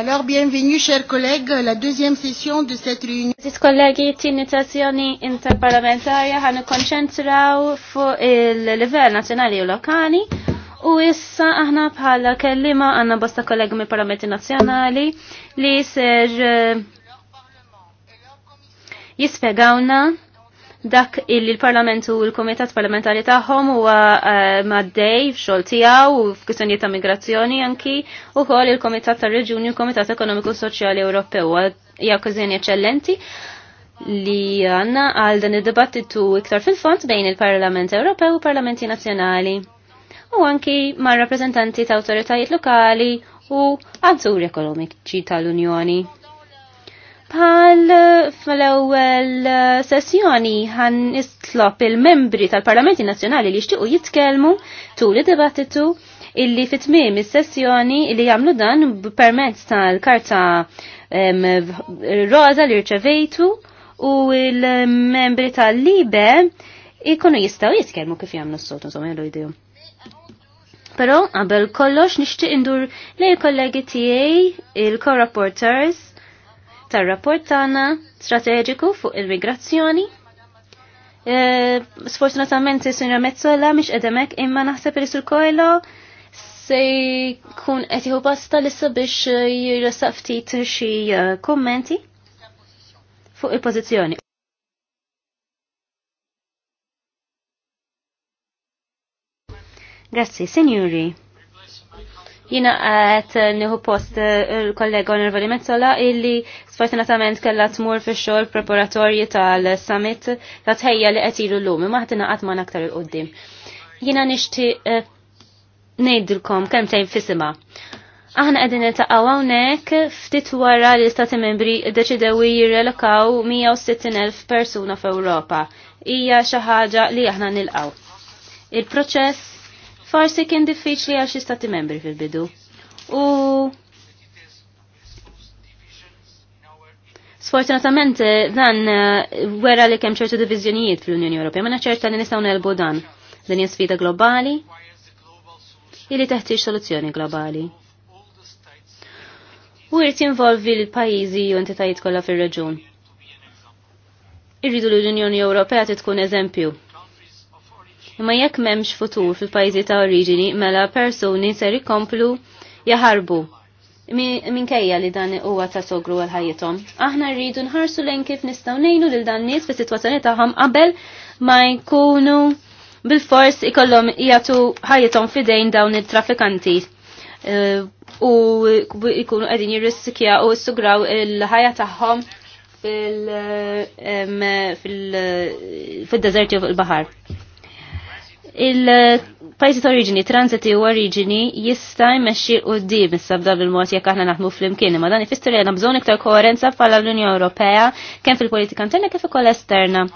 Alors, bienvenue, chers collègues, la deuxième session de cette réunion. Zit kollegi, tini tazzjoni interparlamentarja ħan konċentraw fuq il-level nazjonali u lokali. U issa aħna bħala kellima għanna bosta kollegi mill parlamenti nazjonali li ser eh, jispegawna dak illi l u l-Komitat Parlamentari tagħhom huwa eh, maddej f'xogħol tiegħu u f'kwistjonijiet ta' migrazzjoni anki kol il-Komitat tar-Reġjuni u l-Komitat Ekonomiku Soċjali Ewropew hija okkażjoni eċċellenti li għanna għal dan id-dibattitu iktar fil-font bejn il-Parlament Ewropew u Parlamenti Nazzjonali u anki ma' rappresentanti ta' autoritajiet lokali u għanzuri ekonomiċi tal-Unjoni. Pal fl-ewwel eh, sessjoni ħan istlob il-membri tal-Parlamenti Nazzjonali li jixtiequ jitkellmu tul id-dibattitu illi fit-tmiem is-sessjoni li jagħmlu dan permezz tal-karta roza li rċevejtu u il-membri tal-libe ikunu jistaw jitkellmu kif jagħmlu s sotu insomma jgħidu jdejhom. Pero qabel kollox nixtieq indur lej kollegi tiegħi il-co-rapporters tar-rapport tagħna strateġiku fuq il-migrazzjoni. E, sfortunatament is-Sinja Mezzola mhix edemek imma naħseb li sur Koelo se jkun qed jieħu pasta lissa biex jirressaq ftit xi e, kummenti fuq il-pożizzjoni. Grazzi, signori. Jina għet nħu post il-kollega Onorvali Mezzola illi sfortunatament kella tmur fi xol preparatorji tal-summit ta' tħejja li għetilu l-lum, għetina għatma naktar il-qoddim. Jina nishti eh, nejdilkom kem tajn fisima. Aħna għedin il-taqaw għawnek ftit wara li stati membri deċidew jirrelokaw 160.000 persuna f'Ewropa. Ija xaħġa li aħna nilqaw. Il-proċess forsi kien diffiċli għal xi stati membri fil-bidu. U Sfortunatament dan eh, wera li kemm ċertu diviżjonijiet fl-Unjoni Ewropea, ma ċerta li nistgħu nelbu dan. Din hija sfida globali ili teħtieġ soluzzjoni globali. U jrid jinvolvi l-pajjiżi u entitajiet kollha fir-reġun. Irridu l-Unjoni Ewropea tkun eżempju imma jekk memx futur fil-pajzi ta' oriġini mela persuni ser ikomplu jaħarbu minkejja li dan huwa ta' sogru għal ħajetom Aħna rridu nħarsu lejn kif nistgħu ngħinu lil dan nies fis-sitwazzjoni tagħhom qabel ma jkunu bil-fors ikollhom jagħtu ħajetom fidejn dawn it-traffikanti eh, u jkunu qegħdin jirrissikja u sugraw il-ħajja tagħhom fil deżerti u fil-baħar il-pajzi ta' oriġini, transiti u oriġini jista' jmexxi qudiem issa sabda il-mod jekk aħna fl flimkien, Ma dan ifisser għana bżonn iktar koerenza bħala l-Unjoni Ewropea kemm fil-politika interna kif ukoll esterna.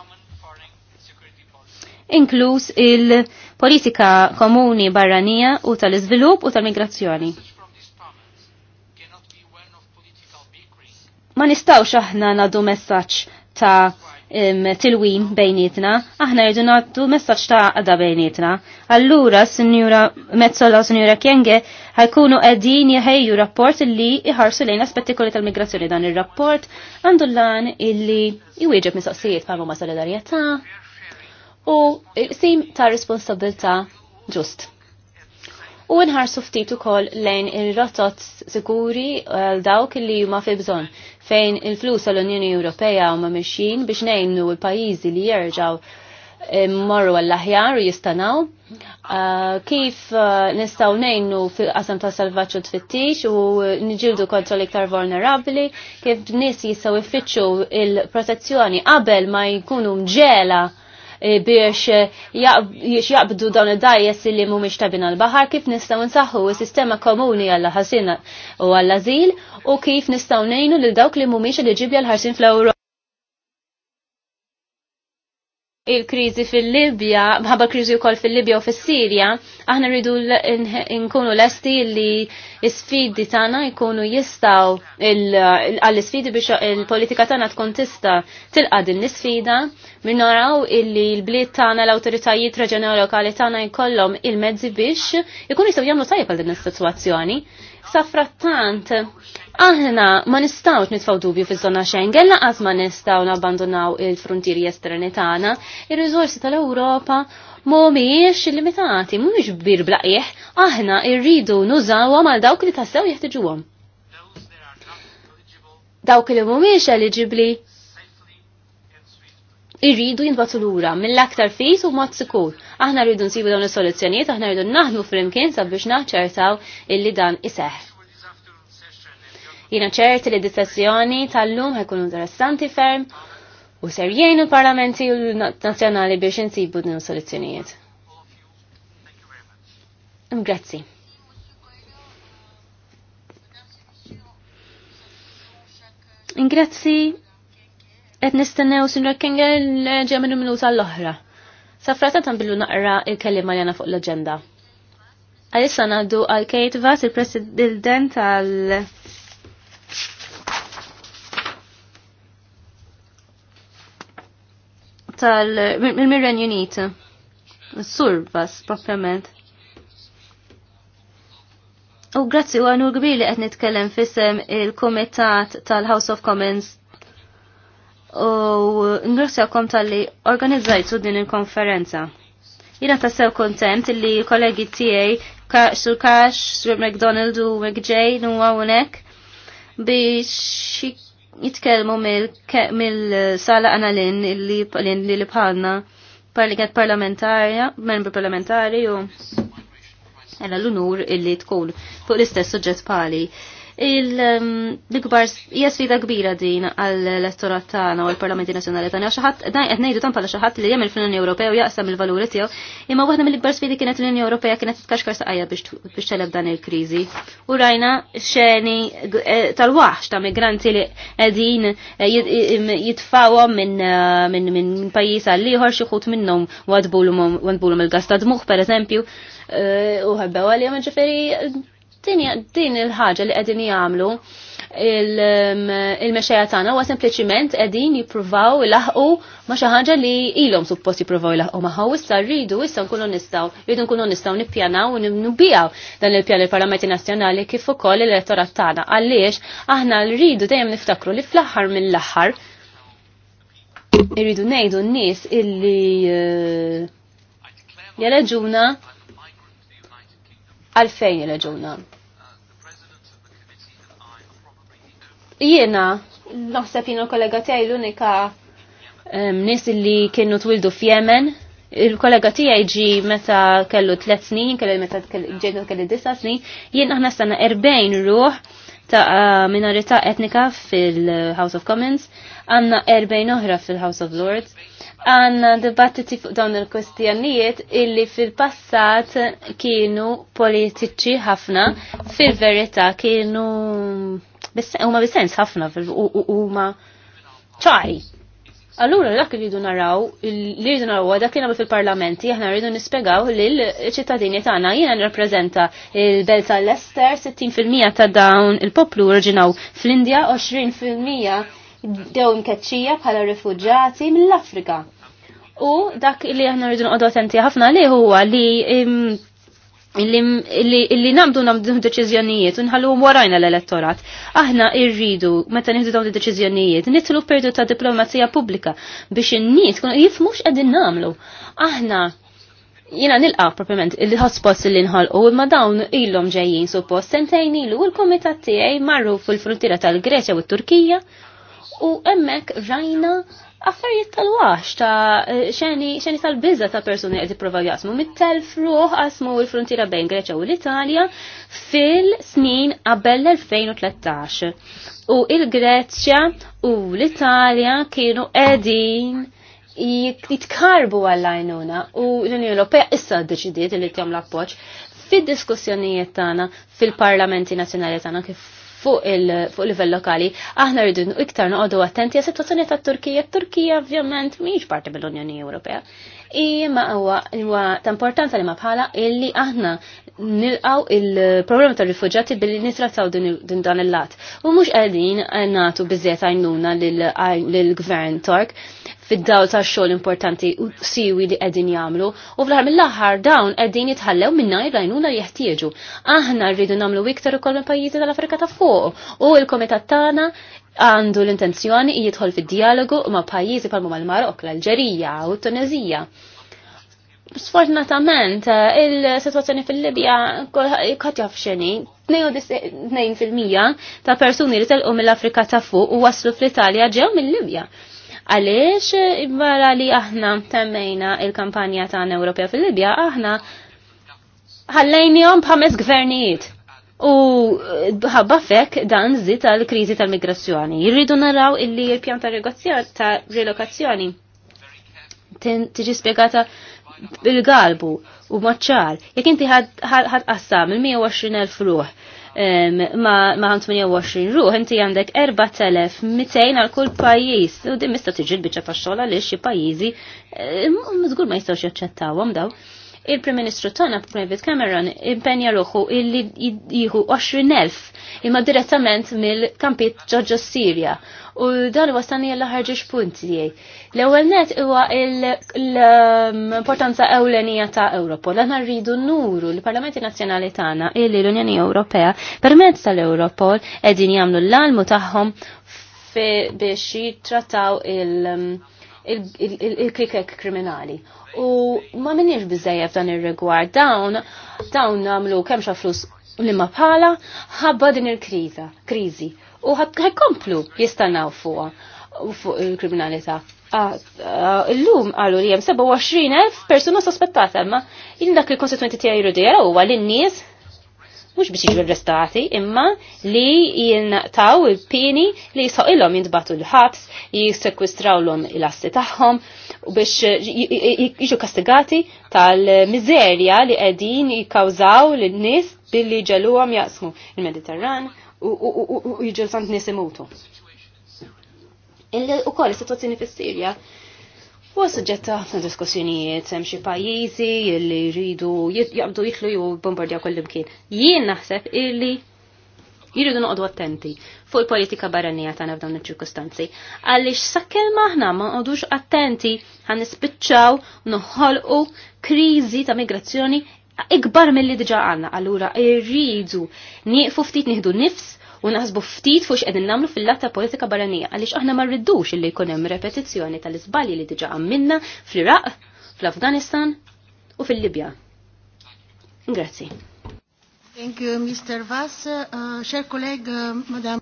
Inkluż il-politika komuni barranija u tal-iżvilupp u tal-migrazzjoni. Ma nistawx aħna nadu messaġġ ta' tilwin bejnietna, aħna jidu nagħtu messaġġ ta' għada bejnietna. Allura Sinjura Mezzola u Sinjura Kienge ħajkunu qegħdin jeħejju rapport illi iħarsu lejn aspetti kolli tal-migrazzjoni dan ir-rapport għandu l lan illi jwieġeb mistoqsijiet bħalma ma' solidarjetà u sim ta' responsabilta' ġust u nħarsu ftit ukoll lejn ir-rotot sikuri għal eh, dawk li huma fi bżonn fejn il-flus għal unjoni Ewropea huma meċin biex ngħinu l-pajjiżi li jerġgħu eh, morru għall-aħjar u jistanaw. Eh, kif nistgħu ngħinu fil-qasam ta' salvaġġu tfittix u niġildu kontra l-iktar vulnerabbli, kif nies jistgħu jfittxu il-protezzjoni qabel ma jkunu mġela E, e, biex jaqbdu dawn id-dajjes li mhumiex tabin għal baħar kif nistgħu nsaħħu s-sistema komuni għall ħasin u għall-azil u kif nistgħu ngħinu lil dawk li mhumiex ġibja l ħarsin fl europa il-krizi fil-Libja, bħabba krizi wkoll fil-Libja u fis-Sirja, aħna rridu nkunu lesti li sfidi tagħna jkunu jistgħu għall-sfidi biex il-politika tagħna tkun tista' tilqa din l-isfida, minn naraw illi l-bliet tagħna l-awtoritajiet u lokali tagħna jkollhom il-mezzi biex ikunu jistgħu jagħmlu tajjeb għal din is-sitwazzjoni. Safrattant, aħna ma nistawx nitfaw dubju fiż zona Schengen, laqas ma nistaw nabbandonaw il-frontieri esterni tagħna, ir-riżorsi tal-Ewropa mhumiex limitati, mhumiex bir blaqih, aħna rridu nużawhom għal dawk li tassew jeħtieġuhom. Dawk li mhumiex eliġibbli irridu jintbatu lura mill-aktar fis u mod sikur. Aħna rridu nsibu dawn is-soluzzjonijiet, aħna rridu naħdmu flimkien sabiex naċċertaw illi dan iseħ. Jiena ċerti li d tal-lum ħekun interessanti ferm u ser jgħinu parlamenti u nazzjonali biex insibu din is-soluzzjonijiet. Grazzi. Ingrazzi Et nistennew sinra kinga l-ġeja minnu minuta l-oħra. Safrata tan billu naqra il-kelima jana fuq l-agenda. Għalissa naddu għal Kate Vass, il-president tal- tal-Mirren Unit. Sur Vass, propjament. U grazzi u għanur kbir li t nitkellem fissem il-komitat tal-House of Commons u kom tal-li organizzajtu din il-konferenza. Jina ta' sew kontent li kollegi tijaj Sur Cash, Sur McDonald u McJay nu għawunek biex jitkelmu mill-sala għanalin li li bħalna parlikat parlamentarja, membri parlamentari u l-unur illi tkun fuq l-istess suġġett pali il-bigbar um, jesfida kbira din għall-elettorat tagħna u l-Parlamenti Nazzjonali tagħna għax ħadd qed ngħidu tant bħala xi ħadd li jagħmel fl-Unjoni Ewropea u jaqsam il-valuri tiegħu, imma waħda mill-ikbar sfidi kienet l-Unjoni Ewropea kienet titkaxkar saqajja biex teleb dan il-kriżi. U rajna xeni eh, tal-waħx ta' migranti li qegħdin eh, jitfawhom eh, minn minn pajjiż għal ieħor xi ħut minnhom wadbulhom il-gas ta' dmuħ pereżempju u ħabbew għalihom ġifieri din il-ħaġa li qegħdin jagħmlu um, il-mexxejja tagħna huwa sempliċiment qegħdin jippruvaw ilaħqu ma' xi ħaġa li ilhom suppost il-ħu magħha issa rridu issa nkunu nistgħu rridu nkunu nistgħu nippjanaw u nibbijaw dan il-pjan il-Parlamenti Nazzjonali kif ukoll il elettorat tagħna għaliex aħna rridu dejjem niftakru li fl-aħħar mill-aħħar irridu ngħidu n-nies illi uh, jeleġuna għalfejn il-ġuna. Jiena, naħseb jina kollega tiegħi l-unika nies li kienu twildu f'Jemen. Il-kollega tiegħi ġi meta kellu tliet snin, kellu meta ġejna kelli disa snin, jiena aħna stanna erbejn ruħ ta' minorità etnika fil-House of Commons, għanna 40 oħra fil-House of Lords, għanna dibattiti fuq dawn il-kustjanijiet illi fil-passat kienu politiċi ħafna, fil-verità kienu huma bisens ħafna huma ċari. Allura dak li rridu naraw, li rridu naraw dak jena fil-parlamenti, aħna rridu nispjegaw lil ċittadini tagħna jiena nirrappreżenta il-Belt tal-Lester, 60% ta' dawn il-poplu rġinaw fl-Indja, 20% dew mkeċċija bħala rifugġati mill-Afrika. U dak li aħna rridu nqogħdu attenti ħafna li huwa li illi namdu namdu deċizjonijiet unħallu warajna l-elettorat. Aħna irridu, meta nieħdu dawn id deċiżjonijiet nitlu perdu ta' diplomazija pubblika biex in-nies kunu jifhmux qegħdin namlu. Aħna jiena nilqa propjament il-hotspots li nħolqu, imma dawn ilhom ġejjin suppost sentejn ilu u l kumitat tiegħi marru fil-frontiera tal-Greċja u t-Turkija u hemmhekk rajna affarijiet tal-wax ta' xeni tal-bizza ta' persuni qed prova jaqsmu mit-telf ruħ il l bejn Greċja u l-Italja fil-snin qabel l-2013. U il-Greċja u l-Italja kienu qegħdin jitkarbu għallajnuna għajnuna u l-Unjoni Ewropea issa ddeċidiet li tjom l-appoġġ fid-diskussjonijiet tagħna fil-parlamenti nazzjonali tagħna kif fuq il-livell lokali, aħna rridu iktar noqogħdu attenti għas situazzjoni tat-Turkija. Turkija ovvjament mhijiex parti mill-Unjoni Ewropea. Imma huwa ta' importanza li ma bħala illi aħna nilqaw il-problema tar rifuġati billi nitrattaw din dan il-lat. U mhux qegħdin nagħtu biżejjed għajnuna lill-gvern Tork fid-daw ta' xogħol importanti u siwi li qegħdin jagħmlu u fl-aħħar mill-aħħar dawn qegħdin jitħallew mingħajr lajnuna li jeħtieġu. Aħna rridu nagħmlu iktar ukoll minn pajjiżi tal-Afrika ta' fuq u l-komitat tagħna għandu l-intenzjoni jidħol fid-dialogu ma' pajjiżi bħal mal-Marok, l-Alġerija u t-Tunezija sfortunatament il-situazzjoni fil-Libja kħat jafxeni. 92% ta' persuni li telqu mill-Afrika ta' fuq u waslu fl-Italja ġew mill-Libja. Għaliex wara li aħna temmejna il-kampanja tagħna Ewropea fil-Libja, aħna ħallejnihom b'ħames gvernijiet. U eh, ħabba fekk dan żid tal-kriżi tal-migrazzjoni. Jirridu naraw illi l-pjan ta' relokazzjoni tiġi spiegata bil-galbu u maċċar. Jek inti ħad qassam il-120.000 ruħ ma' 28 ruħ, inti għandek 4200 għal kull pajis. U din mista tiġi l-bicċa ta' xogħol għaliex xi pajjiżi żgur ma jistgħux jaċċettawhom daw. Il-Prim Ministru tagħna David Cameron impenja ruħu illi jieħu 20,000 imma direttament mill-kampit ġoġo Sirja. U dan wasani l-aħħar punti tiegħi. L-ewwel net huwa l-importanza ewlenija ta' Ewropol. Aħna rridu nuru l-Parlamenti Nazzjonali tagħna illi l-Unjoni Ewropea permezz tal-Europol qegħdin jagħmlu l-almu tagħhom biex jittrattaw il krikek kriminali. U ma minnix bizzejja f'dan ir-rigward dawn dawn nagħmlu kemm xa flus li ma bħala ħabba din il kriza kriżi. U ħajkomplu jistanaw fuqha fuq il-kriminalità. Illum qalu li hemm 27,000 persuna sospettata, ma jien dak il-konstituenti tiegħi jridu jaraw huwa lin-nies mux biex jiġu arrestati, imma li jinnaqtaw il-pini li il-lom jindbatu l-ħabs, jisekwistraw l lom il-assi tagħhom u biex jiġu kastigati tal-mizerja li qegħdin jikkawżaw lin-nies billi ġeluhom jaqsmu il-Mediterran u jiġu sant nies imutu. U koll is-sitwazzjoni fis-Sirja U suġġetta ħafna diskussjonijiet hemm xi pajjiżi li jridu jaqbdu jitlu jew bombardjaw kullimkien. Jien naħseb illi jridu noqogħdu attenti fuq il-politika barranija tagħna f'dawn iċ-ċirkustanzi. Għaliex sakemm aħna ma nqogħdux attenti ħan nispiċċaw noħolqu kriżi ta' migrazzjoni ikbar mill-li diġa għandna. Allura irridu nieqfu ftit nieħdu nifs u naħsbu ftit fuq x'qegħdin nagħmlu fil-latta politika barranija għaliex aħna ma rridux illi jkun hemm repetizzjoni tal-iżbalji li diġà għamminna fl-Iraq, fl-Afganistan u fil-Libja. Grazzi. Thank you, Mr. Vass. Uh, kolleg, uh, madam.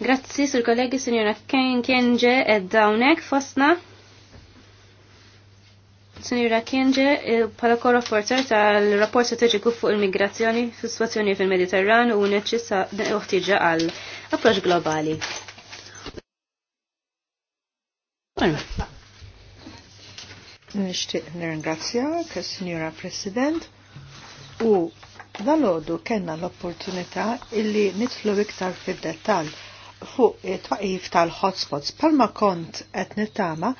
Grazzi, sur kollegi, signora Ken Kenje, ed dawnek, fosna. Sinjura Kienġe, pala korrapporter tal-rapport strategiku fuq il-migrazzjoni fis-situazzjoni fil-Mediterran u neċessa uħtiġa għal approċ globali. Nishtiq nirringrazzjak, Sinjura President, u dal-ħodu kena l-opportunità illi nitlu iktar fid-detal fuq it-twaqif tal-hotspots. Palma kont etnitama, nitama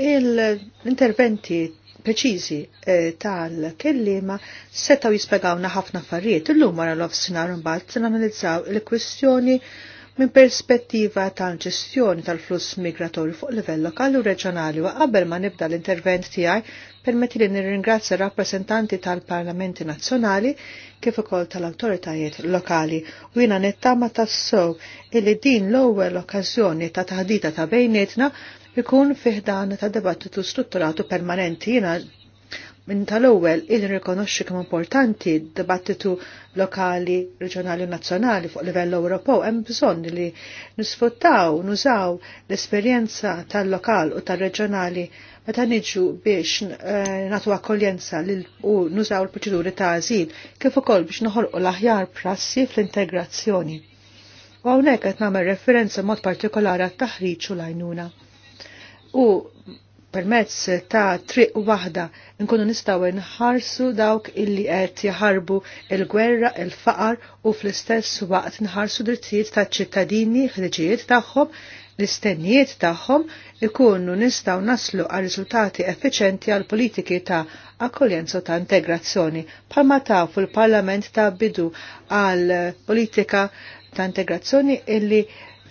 Il-interventi preċizi eh, tal-kellima setaw jispegawna ħafna affarijiet. lum għara l-ofsinar mbagħad analizzaw il-kwistjoni minn perspettiva tal-ġestjoni tal-fluss migratorju fuq livell lokali u reġjonali wa qabel ma nibda l-intervent tiegħi permetti li nirringrazzja rappresentanti tal-Parlamenti Nazzjonali kif ukoll tal-awtoritajiet lokali u jiena nittama tassew illi din l-ewwel okkażjoni ta' taħdita ta' bejnietna ikun fiħdan ta' debattitu strutturatu permanenti jina minn tal-ewwel il-rikonoxxi kemm importanti d-dibattitu lokali, reġjonali u nazzjonali fuq livell Ewropew hemm bżonn li nisfuttaw, nużaw l-esperjenza tal-lokal u tal-reġjonali meta niġu biex eh, natu akkoljenza u nużaw l-proċeduri ta' għażil kif ukoll biex noħolqu l-aħjar prassi fl-integrazzjoni. U hawnhekk qed nagħmel referenza mod partikolari għat-taħriġ u l-għajnuna u permezz ta' triq waħda nkunu nistgħu nħarsu dawk illi qed jaħarbu il-gwerra, il-faqar u fl-istess waqt nħarsu drittijiet ta' ċittadini, ħliġijiet tagħhom, l-istennijiet tagħhom ikunu nistgħu naslu għal riżultati effiċenti għal politiki ta' akkoljenza ta' integrazzjoni bħalma ta' fil-Parlament ta' bidu għal politika ta' integrazzjoni illi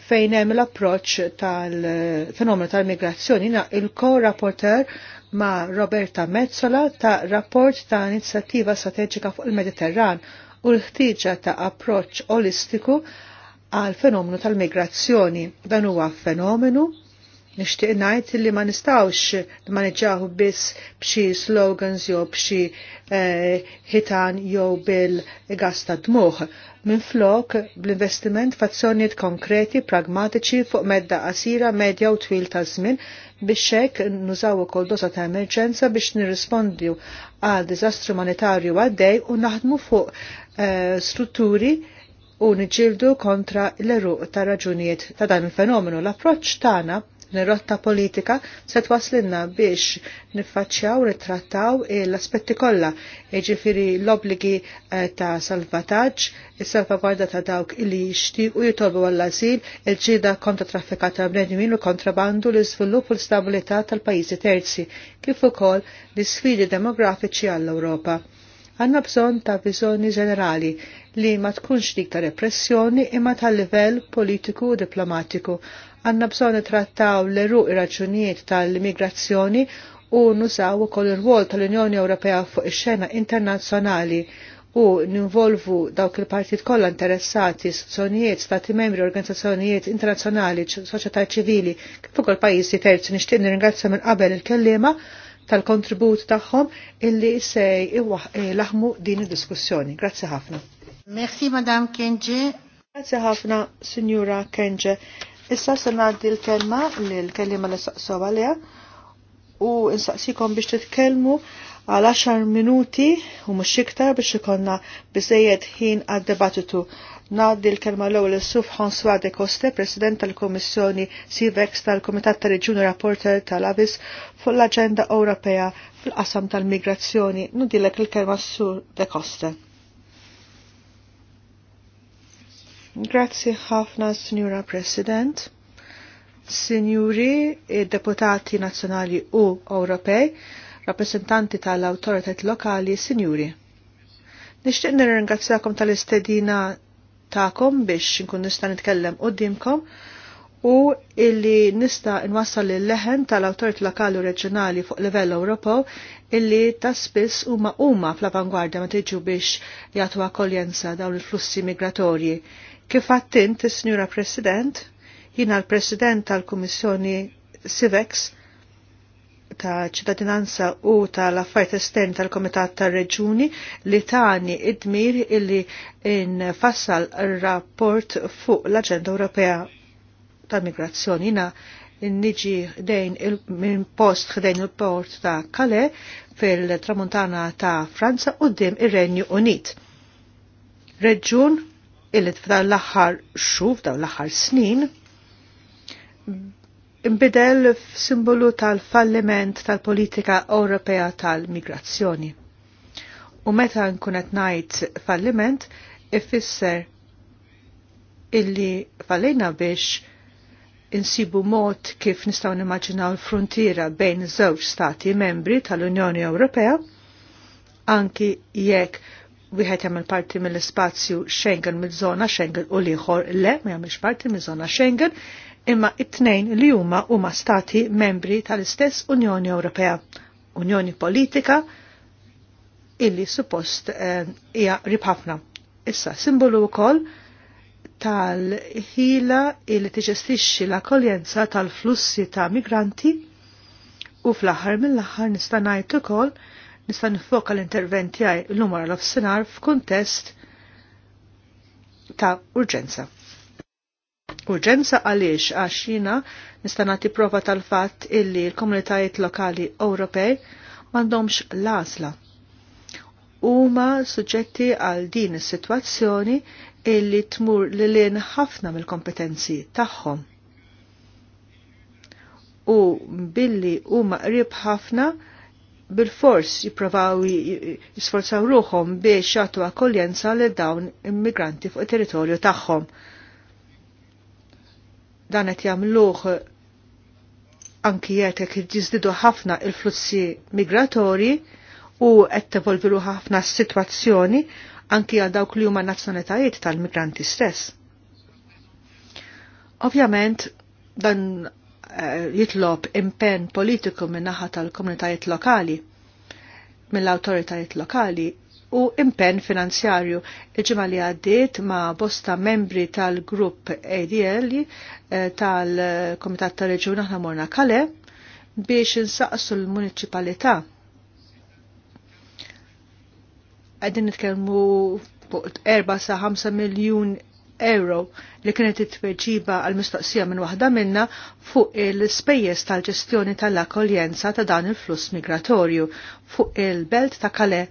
fejn hemm l-approċċ tal-fenomenu tal-migrazzjoni na il-co-rapporter ma' Roberta Mezzola ta' rapport ta' inizjattiva strateġika fuq il-Mediterran u l-ħtieġa ta' approċċ olistiku għal fenomenu tal-migrazzjoni. Dan huwa fenomenu nixtieq ngħid li ma nistgħux maniġġaw biss b'xi slogans jew b'xi eh, ħitan jew bil-gas ta' dmuħ minn flok bl-investiment f'azzjonijiet konkreti, pragmatiċi fuq medda qasira, medja u twil ta' żmien biex hekk nużaw ukoll doza ta' emerġenza biex nirrispondju għal diżastru umanitarju għaddej u naħdmu fuq eh, strutturi u niġildu kontra l-eruq ta' raġunijiet ta' dan il-fenomenu. L-approċċ tagħna Nirrotta politika se twaslinna biex niffaċċjaw nittrattaw eh, l-aspetti kollha, jiġifieri l-obbligi eh, ta' salvataġġ, is-salvagwarda ta' dawk li jixtiequ jitolbu għall-asil, il-ġida kontra traffika ta' bnedmin u kontrabandu l-iżvilupp u l-stabilità tal-pajjiżi terzi, kif ukoll l-isfidi demografiċi għall-Ewropa għanna bżon ta' viżjoni ġenerali li ma tkunx dik ta' repressjoni imma tal livell politiku u diplomatiku Għanna bżon trattaw l-eruq raġunijiet tal-immigrazzjoni u nusaw ukoll ir-rwol tal-Unjoni Ewropea fuq ix-xena internazzjonali u ninvolvu dawk il-partit kollha interessati, istituzzjonijiet, stati membri, organizzazzjonijiet internazzjonali, soċjetà ċivili, kif ukoll pajjiżi terzi nixtieq nirringrazzja minn qabel il-kellima tal-kontribut tagħhom illi se eh, laħmu din id-diskussjoni. Grazzi ħafna. Merci Madame Kenje. Grazzi ħafna, Signora Kenje. Issa se ngħaddi l-kelma lill-kelliema li saqsow għaliha u nsaqsikom biex titkellmu għal 10 minuti u mhux iktar biex ikonna biżejjed ħin għad-debattitu. Ngħaddi l-kelma l-ewwel suf François de Coste, President tal-Kummissjoni Civex tal-Kumitat tal-Reġjuni Rapporter tal-Avis fuq l-Aġenda Ewropea fil-qasam tal-Migrazzjoni. Nudilek l kelma s-Sur de Coste. Grazzi ħafna, Signora President. Signori, deputati nazzjonali u Ewropej, rappresentanti tal awtoritet lokali, Signori. Nishtiq nirringrazzjakom tal-istedina ta'kom biex nkun nista' nitkellem qudiemkom u illi nista' nwassal il leħen tal-awtorit lokali u reġjonali fuq livell Ewropew illi ta' spiss huma huma fl-avangwardja ma tiġu biex jagħtu akkoljenza dawn il-flussi migratorji Kif għattint, Signora President, jina l-President tal-Komissjoni Civex ta' ċittadinanza u tal-affarijiet estern tal-Komitat tar-Reġuni li tani id-dmir illi infassal rapport fuq l-Aġenda Ewropea tal-Migrazzjoni. Jina niġi dejn minn post ħdejn il-port ta' Calais fil-tramuntana ta' Franza u dim ir-Renju Unit. Reġun illi f'dan l-aħħar xuf, daw l-aħħar snin, imbidel f-simbolu tal-falliment tal-politika Ewropea tal-migrazzjoni. U meta nkun qed ngħid falliment, ifisser illi fallina biex insibu mod kif nistgħu nimmaġinaw l-frontiera bejn żewġ stati membri tal-Unjoni Ewropea, anki jekk wieħed jagħmel parti mill-ispazju Schengen miż-żona Schengen u l le ma jagħmilx parti mill żona Schengen, imma it-tnejn li huma huma stati membri tal-istess Unjoni Ewropea, Unjoni Politika illi suppost eh, hija eh, rib ħafna. Issa simbolu wkoll tal-ħila illi tiġestixxi l-akkoljenza tal-flussi ta' migranti u fl-aħħar mill-aħħar nista' ngħid ukoll nista' nifoka l-intervent tiegħi l-lum wara l-offsinar f'kuntest ta' urġenza. Urġenza għaliex għax jiena nista' nagħti prova tal-fatt illi l-komunitajiet lokali Ewropej m'għandhomx l-għażla. Huma suġġetti għal din is-sitwazzjoni illi tmur li lin ħafna mill-kompetenzi tagħhom. U billi huma qrib ħafna bil-fors jiprovaw jisforzaw ruħom biex jagħtu akkoljenza li dawn immigranti fuq it-territorju tagħhom. Dan qed jagħmluh anki jekk jizdidu ħafna il-flussi migratorji u qed tevolvilu ħafna s-sitwazzjoni anki għal dawk li huma nazzjonalitajiet tal-migranti stess. Ovvjament, dan Eh, jitlob impenn politiku min-naħa tal-komunitajiet lokali, mill-autoritajiet lokali, u impenn finanzjarju. Iġimma li għaddiet ma' bosta membri tal-grupp ADL eh, tal-Komitat tal-Reġun aħna morna kale biex insaqsu l-municipalità. Għaddin nitkellmu 4 sa' 5 miljun euro li kienet it-tweġiba għal mistoqsija minn waħda minna fuq il spejjes tal-ġestjoni tal-akkoljenza ta' dan il-fluss migratorju fuq il-belt ta' Kale.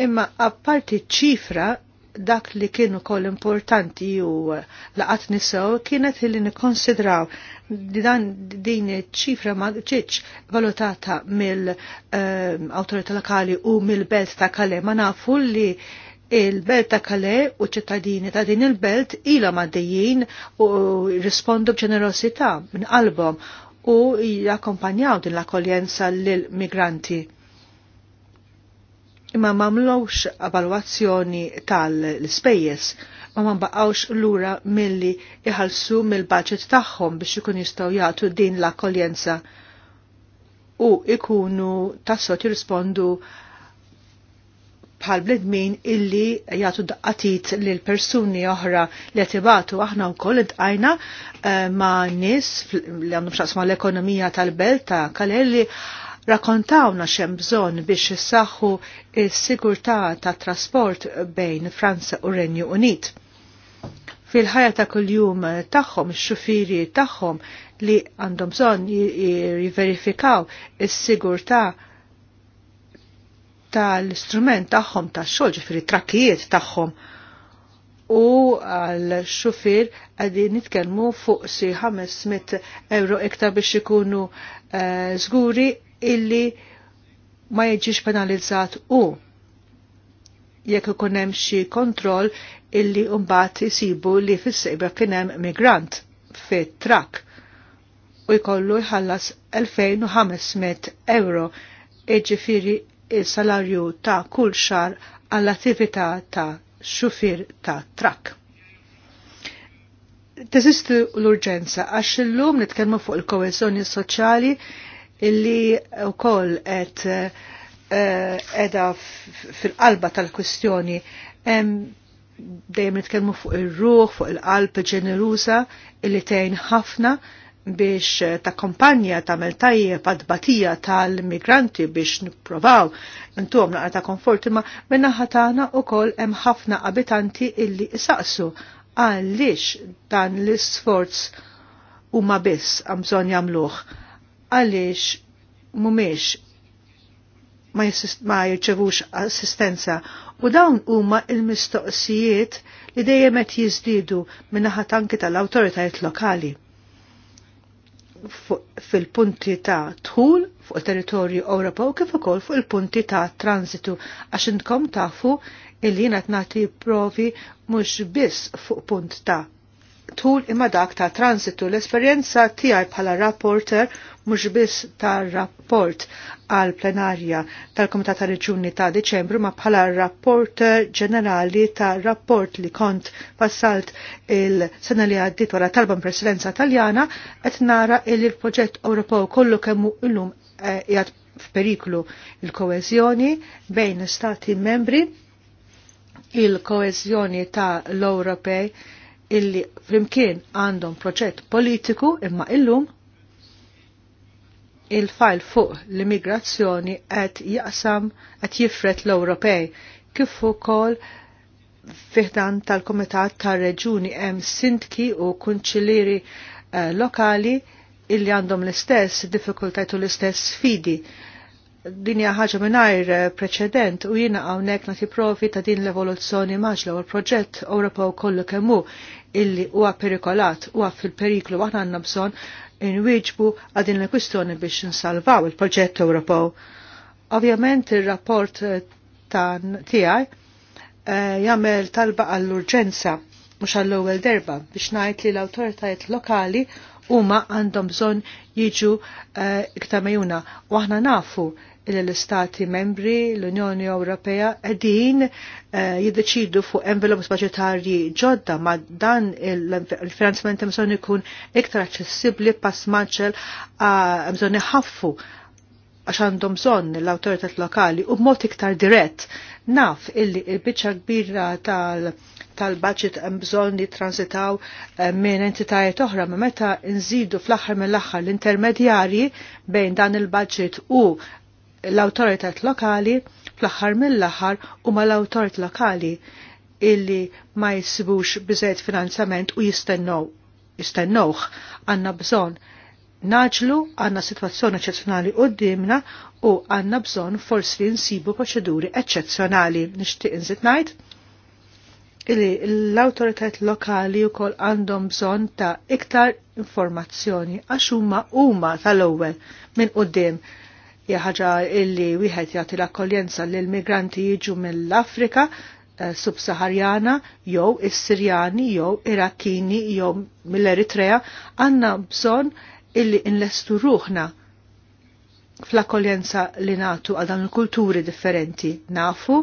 Imma apparti ċifra dak li kienu kol importanti u laqat nisaw kienet li nikonsidraw dan din ċifra ma ċiċ valutata mill eh, autorita lokali u mill-belt ta' kale ma nafu li il-belt ta' Kale u ċittadini ta' din il-belt ila maddijin u rispondu b'ġenerosità minn qalbhom u jakkompanjaw din l-akkoljenza lill-migranti. Imma mlux evalwazzjoni tal-spejjes ma ma baqgħux lura milli iħallsu mill-budget tagħhom biex ikun jistgħu jagħtu din l-akkoljenza u ikunu tassot jirrispondu bħal bledmin illi jagħtu daqqatit lil persuni oħra li aħna u aħna wkoll għajna eh, ma' nies li għandhom xaqsma l-ekonomija tal-belt ta' Kalelli rakontawna xem bżon biex jissaxħu s-sigurtà ta' trasport bejn Franza u Renju Unit. Fil-ħajja ta' kuljum tagħhom, taħħom, xufieri tagħhom li għandhom bżon jiverifikaw is-sigurtà tal-istrument tagħhom tax-xogħol ġifieri trakkijiet tagħhom u għal xufir għadin nitkelmu fuq si 500 euro iktar biex ikunu eh, żguri zguri illi ma jieġiġ penalizzat u jekk ikun hemm xi kontroll illi mbagħad isibu li fis-sejba kien hemm migrant fit-trak u jkollu jħallas 2500 euro. Iġifiri il-salarju ta' kull xar għall-attività ta' xufir ta' trak. Teżisti l-urġenza għax illum nitkellmu fuq il-kohesjoni soċjali illi wkoll qed edha eh, fil-qalba tal-kwistjoni dejjem nitkellmu fuq ir-ruħ, fuq il-qalb ġeneruża illi tgħin ħafna biex ta' kompanja ta' meltajjeb għadbatija tal-migranti biex nipprovaw intuħom naqa ta' konforti ma' minna ħatana u kol hemm ħafna abitanti illi isaqsu għalix dan l-sforz u ma' biss għamżon jamluħ għalix mumiex ma jirċevux assistenza u dawn huma il-mistoqsijiet li dejjem qed jiżdiedu minnaħa tanki tal-awtoritajiet lokali fil-punti ta' tħul fuq il-territorju Ewropew kif ukoll fuq il-punti ta' transitu għax intkom tafu illi jiena nagħti provi mhux biss fuq punt ta' tħul imma dak ta' transitu. L-esperjenza tiegħi bħala rapporter mhux biss tar-rapport għal plenarja tal-Komitat ta' Reġuni ta' Deċembru ma bħala rapport ġenerali ta' rapport li kont passalt il-sena li għaddit wara talba presidenza taljana qed nara il proġett Ewropew kollu kemmu illum qiegħed eh, f'periklu il-koeżjoni bejn stati membri il koezjoni ta' l-Ewropej illi flimkien għandhom proġett politiku imma illum il-fajl fuq l-immigrazzjoni qed jaqsam qed jifret l-Ewropej kif ukoll fiħdan tal-Komitat tar-Reġuni hemm sindki u kunċilieri eh, lokali illi għandhom l-istess diffikultajt u l-istess sfidi. Din hija ħaġa mingħajr eh, preċedent u jiena hawnhekk nagħti provi ta' din l-evoluzzjoni maġla u l-proġett Ewropew kollu kemm hu illi huwa perikolat huwa fil-periklu aħna għandna bżonn inwieġbu għadin la kwistjoni biex nsalvaw il-proġett Ewropew. Ovvjament il-rapport eh, tiegħi eh, jagħmel talba għall-urġenza mhux għall-ewwel derba biex ngħid li l-awtoritajiet lokali huma għandhom bżonn jiġu eh, iktar mejuna. U aħna nafu l-Istati membri, l-Unjoni Ewropea, edin eh, jiddeċidu fuq envelopes budgetarji ġodda ma dan il-finanzjament mżon ikun iktar aċċessibbli pass maċċel mżon iħaffu għax għandhom bżonn l-autoritet lokali u b'mod iktar dirett. Naf illi il-biċċa kbira tal- budget hemm bżonn jittransitaw eh, minn entitajiet oħra, ma meta nżidu fl-aħħar mill-aħħar l-intermedjarji bejn dan il-budget u l-autoritet lokali fl-aħħar mill-aħħar u ma l-autorit lokali illi ma jisibux biżejt finanzjament u jistennow. Jistennowħ għanna bżon naġlu għanna situazzjoni eccezzjonali d-dimna u għanna bżon forsi nsibu proċeduri eccezzjonali. Nishti nżid najt? illi l-autoritet lokali u kol għandhom bżon ta' iktar informazzjoni għax huma huma tal-ewwel minn d-dimna. Ja ħaġa illi wieħed jagħti l-akkoljenza li l-migranti jiġu mill-Afrika eh, subsaharjana jew is-Sirjani jew Irakini jew mill-Eritrea għandna bżonn illi nlestu ruħna fl-akkoljenza li natu għal dan il-kulturi differenti. Nafu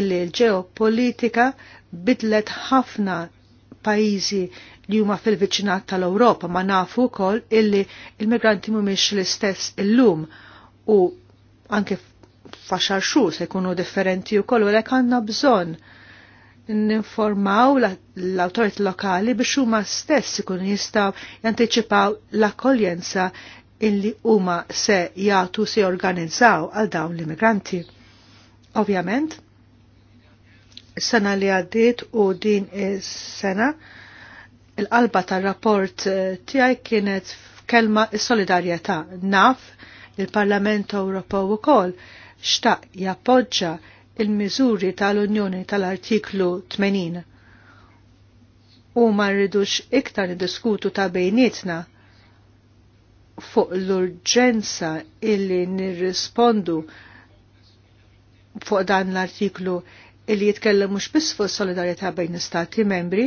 illi l-ġeopolitika bidlet ħafna pajizi li huma fil-viċinat tal-Ewropa ma nafu kol illi il-migranti mhumiex l-istess illum. lum u anke faxar xhur se jkunu differenti u kollu lek għandna bżonn ninformaw l-autorit lokali biex huma stess ikun jistgħu jantiċipaw l-akkoljenza illi huma se jagħtu se jorganizzaw għal dawn l-immigranti. Ovvjament, s sena li għaddiet u din is-sena il-qalba tar-rapport eh, tiegħi kienet f'kelma is-solidarjetà naf Il-Parlament Ewropew ukoll xtaq jappoġġa il-miżuri tal-Unjoni tal-artiklu 80. U ma rridux iktar diskutu ta' bejnietna fuq l-urġenza illi nirrispondu fuq dan l-artiklu illi jitkellem mhux biss fuq solidarjetà bejn istati membri,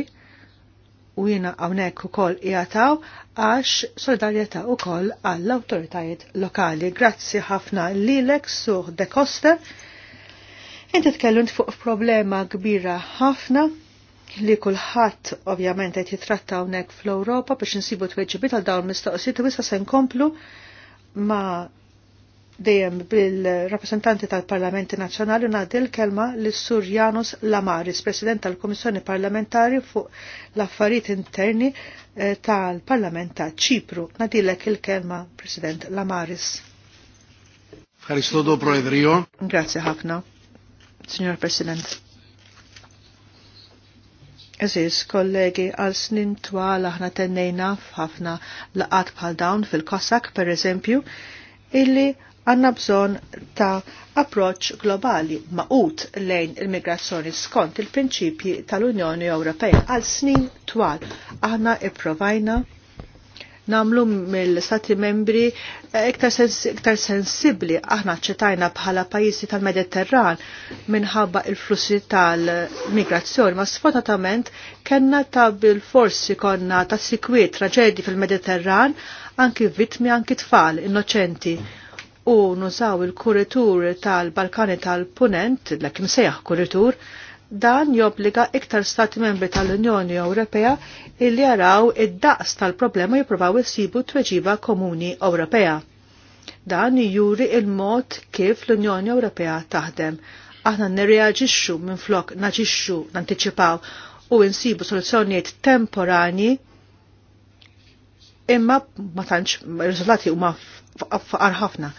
u jina għawnek u koll jgħataw għax solidarieta u koll għall-autoritajiet lokali. Grazzi ħafna lilek suħ de Koster. Inti tkellimt fuq problema kbira ħafna li kulħadd ovvjament qed jitratta hawnhekk fl-Ewropa biex insibu tweġibiet għal dawn mistoqsijiet u issa se nkomplu ma' dejjem bil-rappresentanti tal-Parlamenti Nazzjonali ngħaddi l-kelma lis sur Janus Lamaris, President tal-Komissjoni Parlamentari fuq l-Affarijiet Interni eh, tal-Parlament ta' Ċipru. Nadilek il-kelma, President Lamaris. Aristodo Proedrio. Grazie ħafna, Signor President. Eżis, kollegi, għal snin twal aħna tennejna f'ħafna laqat bħal dawn fil-Kossak, per eżempju, illi għanna bżon ta' approċ globali maqut lejn il-migrazzjoni skont il-prinċipji tal-Unjoni Ewropea għal snin twal. Aħna ipprovajna namlu mill-stati membri eh, iktar, sens iktar sensibli aħna ċetajna bħala pajjiżi tal-Mediterran minħabba il-flussi tal-migrazzjoni, ma sfortunatament kellna ta' bil-forsi konna ta' sikwiet traġedi fil-Mediterran anki vittmi anki tfal innoċenti u nużaw il-kuritur tal-Balkani tal-Punent, l-kim sejħ kuritur, dan jobbliga iktar stati membri tal-Unjoni Ewropea illi jaraw id-daqs tal-problema jipruvaw isibu tweġiba komuni Ewropea. Dan juri il-mod kif l-Unjoni Ewropea taħdem. Aħna nirreaġixxu minn flok naġixxu nanticipaw u nsibu soluzzjonijiet temporani imma ma tantx riżultati huma ħafna.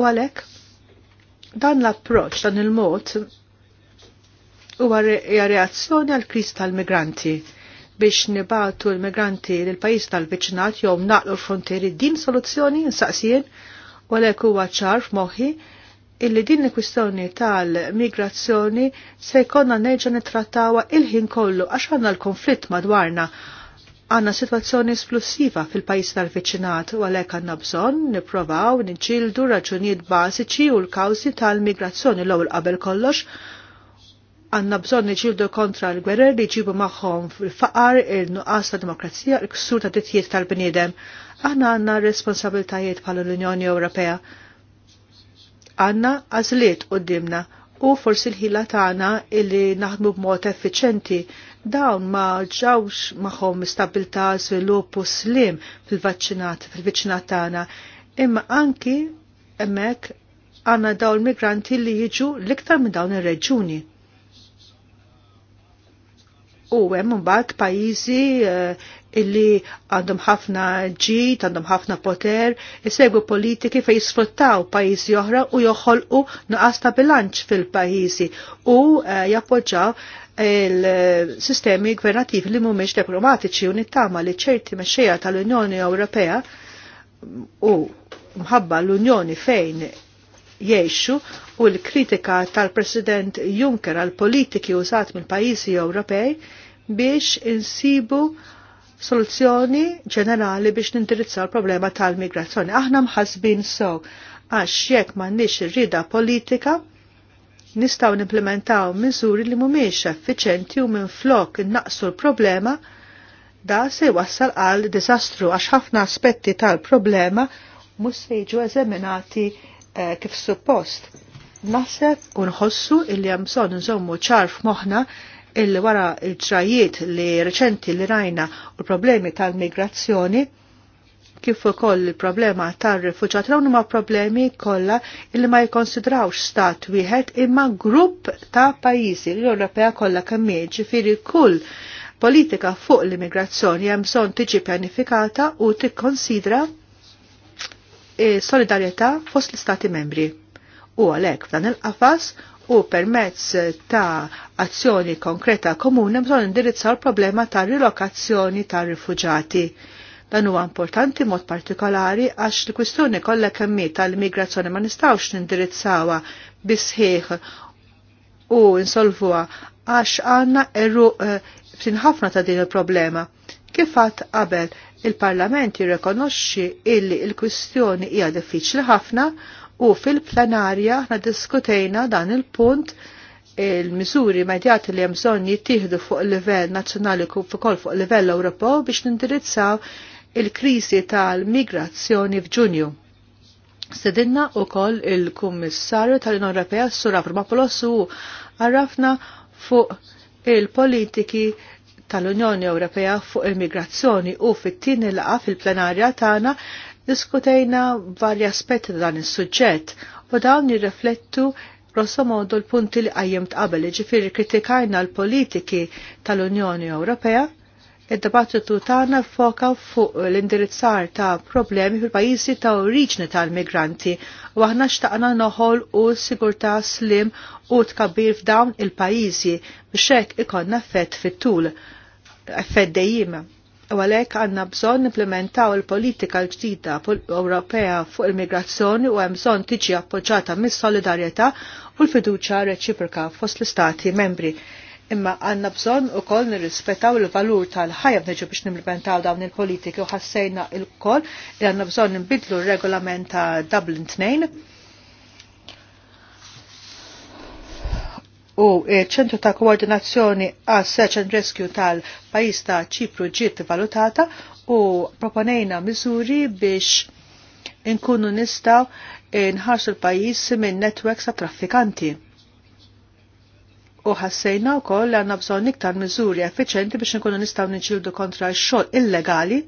U għalek, dan l-approċ, dan il-mod, huwa reazzjoni għal kriż tal-migranti biex nibatu l-migranti l pajis tal-viċinat jew naqlu l-frontieri din soluzzjoni nsaqsien u għalhekk huwa ċarf moħi illi din il-kwistjoni tal-migrazzjoni se jkollna nerġa' nittrattawha il-ħin kollu għax għandna l-konflitt madwarna għanna situazzjoni splussiva fil-pajis tal-veċinat u għalek għanna bżon niprovaw nċildu raġunijiet bażiċi u l-kawzi tal-migrazzjoni l-ewwel qabel kollox għanna bżon nċildu kontra l-gwerer li ġibu maħħom fil-faqar il nuqas ta' demokrazija l-ksur ta' dittijiet tal-bniedem. Aħna għanna responsabiltajiet bħala l-Unjoni Ewropea għanna għazliet u dimna u forsi l-ħila tagħna illi naħdmu b'mod effiċenti dawn ma ġawx maħom stabilta u slim fil-vaccinat, fil vaccinat tagħna, imma anki emmek għanna dawn migranti li jiġu l-iktar minn dawn ir-reġuni u hemm mbagħad pajjiżi eh, illi għandhom ħafna ġid, għandhom ħafna poter, jisegwu politiki fej jisfruttaw pajjiżi oħra u joħolqu nuqqas ta' bilanċ fil-pajjiżi u eh, jappoġġaw il-sistemi gvernativi li mhumiex diplomatiċi u nittama li ċerti meċċeja tal-Unjoni Ewropea u mħabba l-Unjoni fejn jiexu u l-kritika tal-President Juncker għal politiki użat mill-pajjiżi Ewropej biex insibu soluzzjoni ġenerali biex nindirizzaw il-problema tal-migrazzjoni. Aħna mħasbin so għax jekk m'għandniex ir-rida politika nistgħu nimplementaw miżuri li mhumiex effiċenti u minn flok innaqsu l-problema da se wassal għal disastru għax ħafna aspetti tal-problema mhux se jiġu eżaminati eh, kif suppost. Naħseb u nħossu illi hemm bżonn nżommu ċar f'moħħna il-wara il ċrajiet li reċenti li rajna u problemi tal-migrazzjoni kif ukoll il-problema tar-rifuġjat l ma problemi kollha li ma jikkonsidrawx stat wieħed imma grupp ta' pajjiżi l Ewropea kollha kemm jiġifieri kull politika fuq l-immigrazzjoni hemm bżonn tiġi pjanifikata u tikkonsidra eh, solidarjetà fost l-Stati membri. U għalhekk f'dan il-qafas u permezz ta' azzjoni konkreta komuni bżon indirizzaw il-problema ta' rilokazzjoni ta' rifuġati. Dan huwa importanti mod partikolari għax l-kwistjoni kollha kemmi tal-immigrazzjoni ma nistgħux nindirizzawha bisħieħ u insolvuha għax għandna erru eh, ftin ħafna ta' din il-problema. Kif Kifat qabel il-Parlament jirrekonoxxi illi il-kwistjoni hija diffiċli ħafna u fil-plenarja ħna diskutejna dan il-punt il-misuri medjati li jemżon jittihdu fuq livell nazzjonali u fuq fuq livell Ewropew biex nindirizzaw il-krisi tal-migrazzjoni f'Ġunju. Sedinna u koll il-Kummissarju tal-Unjoni Ewropea Sur Avramopoulos u għarrafna fuq il-politiki tal-Unjoni Ewropea fuq il-migrazzjoni u fit-tieni laqa fil-plenarja tagħna Diskutejna varji aspetti dan is-suġġett u dawn jirriflettu rossomodu l-punti li qajjem tqabel, ġifieri kritikajna l-politiki tal-Unjoni Ewropea id-dibattitu tagħna foka fuq l-indirizzar ta' problemi fil-pajjiżi ta' oriġni tal-migranti u aħna xtaqna noħol u sigurtà slim u tkabbir f'dawn il-pajjiżi biex hekk ikollna effett fit-tul effett dejjima u għalhekk għandna bżonn implementaw il-politika l-ġdida Ewropea fuq il-migrazzjoni u hemm bżonn tiġi appoġġata mis-solidarjetà u l-fiduċja reċiproka fost l-istati membri. Imma għandna bżonn ukoll nirrispettaw il-valur tal-ħajja neġu biex nimplementaw dawn il-politiki u ħassejna il-koll li għandna bżonn nbidlu r regolamenta Dublin 2 u ċentru ta' koordinazzjoni għas search and rescue tal-pajis ta' ċipru ġiet valutata u proponejna miżuri biex inkunu nistaw nħarsu l-pajis minn netwerks ta' traffikanti. U ħassejna wkoll li għandna bżonn iktar miżuri effiċenti biex inkunu nistgħu niġġieldu kontra x-xogħol illegali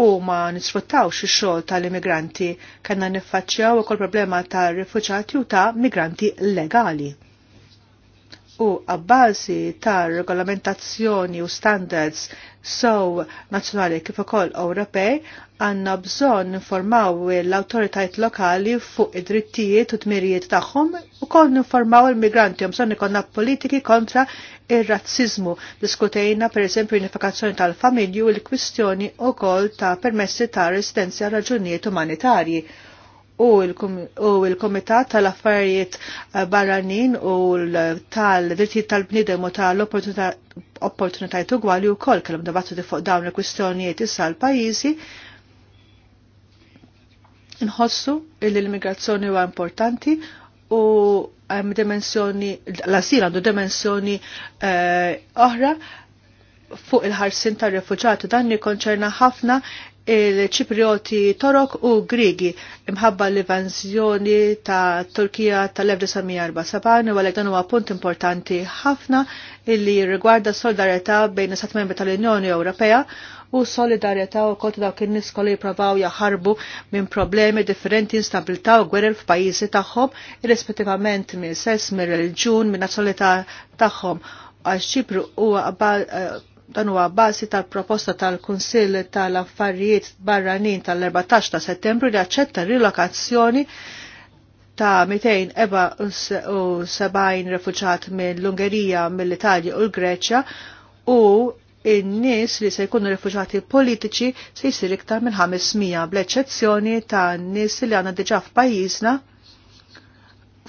u ma nisfruttawx ix-xogħol tal-immigranti kellna niffaċċjaw ukoll problema tar rifuġati u ta' migranti legali. U għabbażi ta' regolamentazzjoni u standards sow nazzjonali kif ukoll Ewropej għandna bżonn informaw l-awtoritajiet lokali fuq id-drittijiet u tmirijiet tagħhom u koll informaw il-migranti hemm bżonn ikollna politiki kontra ir-razziżmu. Diskutejna pereżempju l-unifikazzjoni tal-familju u l-kwistjoni wkoll ta' permessi ta' residenza raġunijiet umanitarji u l-Komitat tal-Affarijiet eh, Barranin u tal dritti tal-Bnidem u tal-Opportunitajiet Ugwali u kol kellhom dibattu fuq dawn il-kwistjonijiet issa l-pajjiżi nħossu li l-immigrazzjoni huwa importanti u hemm dimensjoni l-asil għandu dimensjoni eh, oħra fuq il-ħarsin tar-refuġati dan jikkonċerna ħafna il-ċiprioti Torok u Grigi imħabba l-evanzjoni ta' Turkija tal-1974 u għalek dan huwa punt importanti ħafna illi rigwarda solidarieta bejn is membri tal-Unjoni Ewropea u solidarjetà u kol dawk in li jipprovaw jaħarbu minn problemi differenti instabilta u gwerer f'pajjiżi tagħhom irrispettivament minn sess, minn reliġjun, minn nazzjonalità tagħhom għax ċipru huwa eh, dan huwa bażi tal-proposta tal-Kunsill tal-Affarijiet Barranin tal-14 ta' Settembru li aċċetta rilokazzjoni ta' 277 refuġat mill-Ungerija, mill-Italja u l-Greċja u in-nies li se jkunu rifuġati politiċi se jsir iktar minn 500 bl-eċċezzjoni ta' nies li għandna diġà f'pajjiżna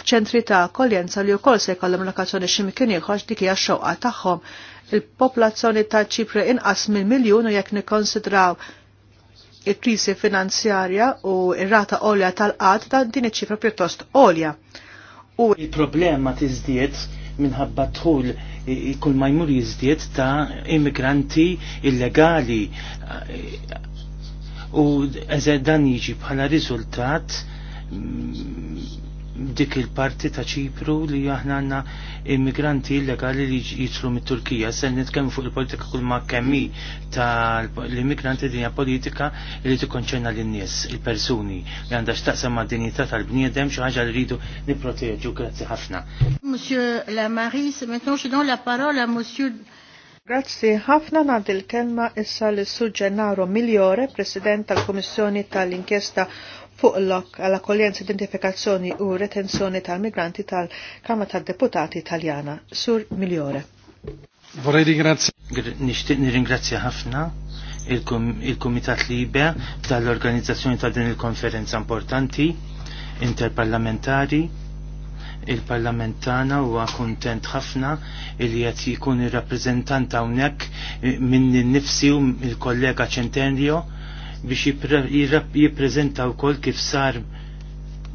f'ċentri ta' akkoljenza li wkoll se jkollhom lokazzjoni x'imkien ieħor dik hija x-xewqa tagħhom il-popolazzjoni ta' ċipre inqas minn miljun u jekk nikkonsidraw il-krisi finanzjarja u ir-rata olja tal-qad ta' din iċ-ċifra pjuttost olja. U il-problema tiżdied minħabba tħul kull ma jmur jiżdied ta' immigranti illegali u eżed dan jiġi bħala riżultat mm, dik il-parti ta' ċipru li aħna għanna immigranti illegali li jitlu mit-Turkija. Sen nitkem fuq il-politika kull ma' kemmi ta' l-immigranti dinja politika li tikkonċenna lin-nies, il-persuni li għandha x'taqsam ma' dinjità tal-bniedem xi ħaġa li rridu nipproteġu. Grazzi ħafna. Monsieur Lamaris, maintenant je donne la parole à monsieur Grazzi ħafna nad il-kelma issa l-Sur Gennaro Migliore, President tal-Komissjoni tal-Inkjesta fuq lok għal akkoljenza identifikazzjoni u retenzjoni tal-migranti tal-Kamra tad-Deputati Italjana, Sur Miljore. Vorrei ringrazzja. nirringrazzja ħafna il-Kumitat Libe tal-organizzazzjoni ta' din il-konferenza importanti interparlamentari il-parlamentana huwa kuntent ħafna il qed jkun ir-rappreżentant hawnhekk eh, minn nifsi u il-kollega Centenrio biex u kol kif sar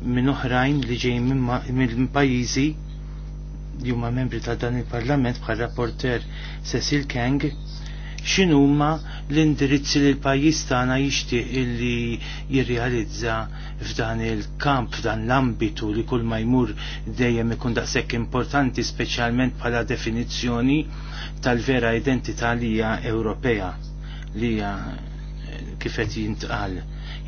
minn oħrajn li ġej minn pajjiżi li huma membri ta' dan il-Parlament bħal rapporter Cecil Kang x'inhuma l-indirizzi li l-pajjiż tagħna jixtieq illi jirrealizza f'dan il-kamp f'dan l-ambitu li kull ma jmur dejjem ikun daqshekk importanti speċjalment bħala definizzjoni tal-vera identità li hija Ewropea li hija kif qed jintqal.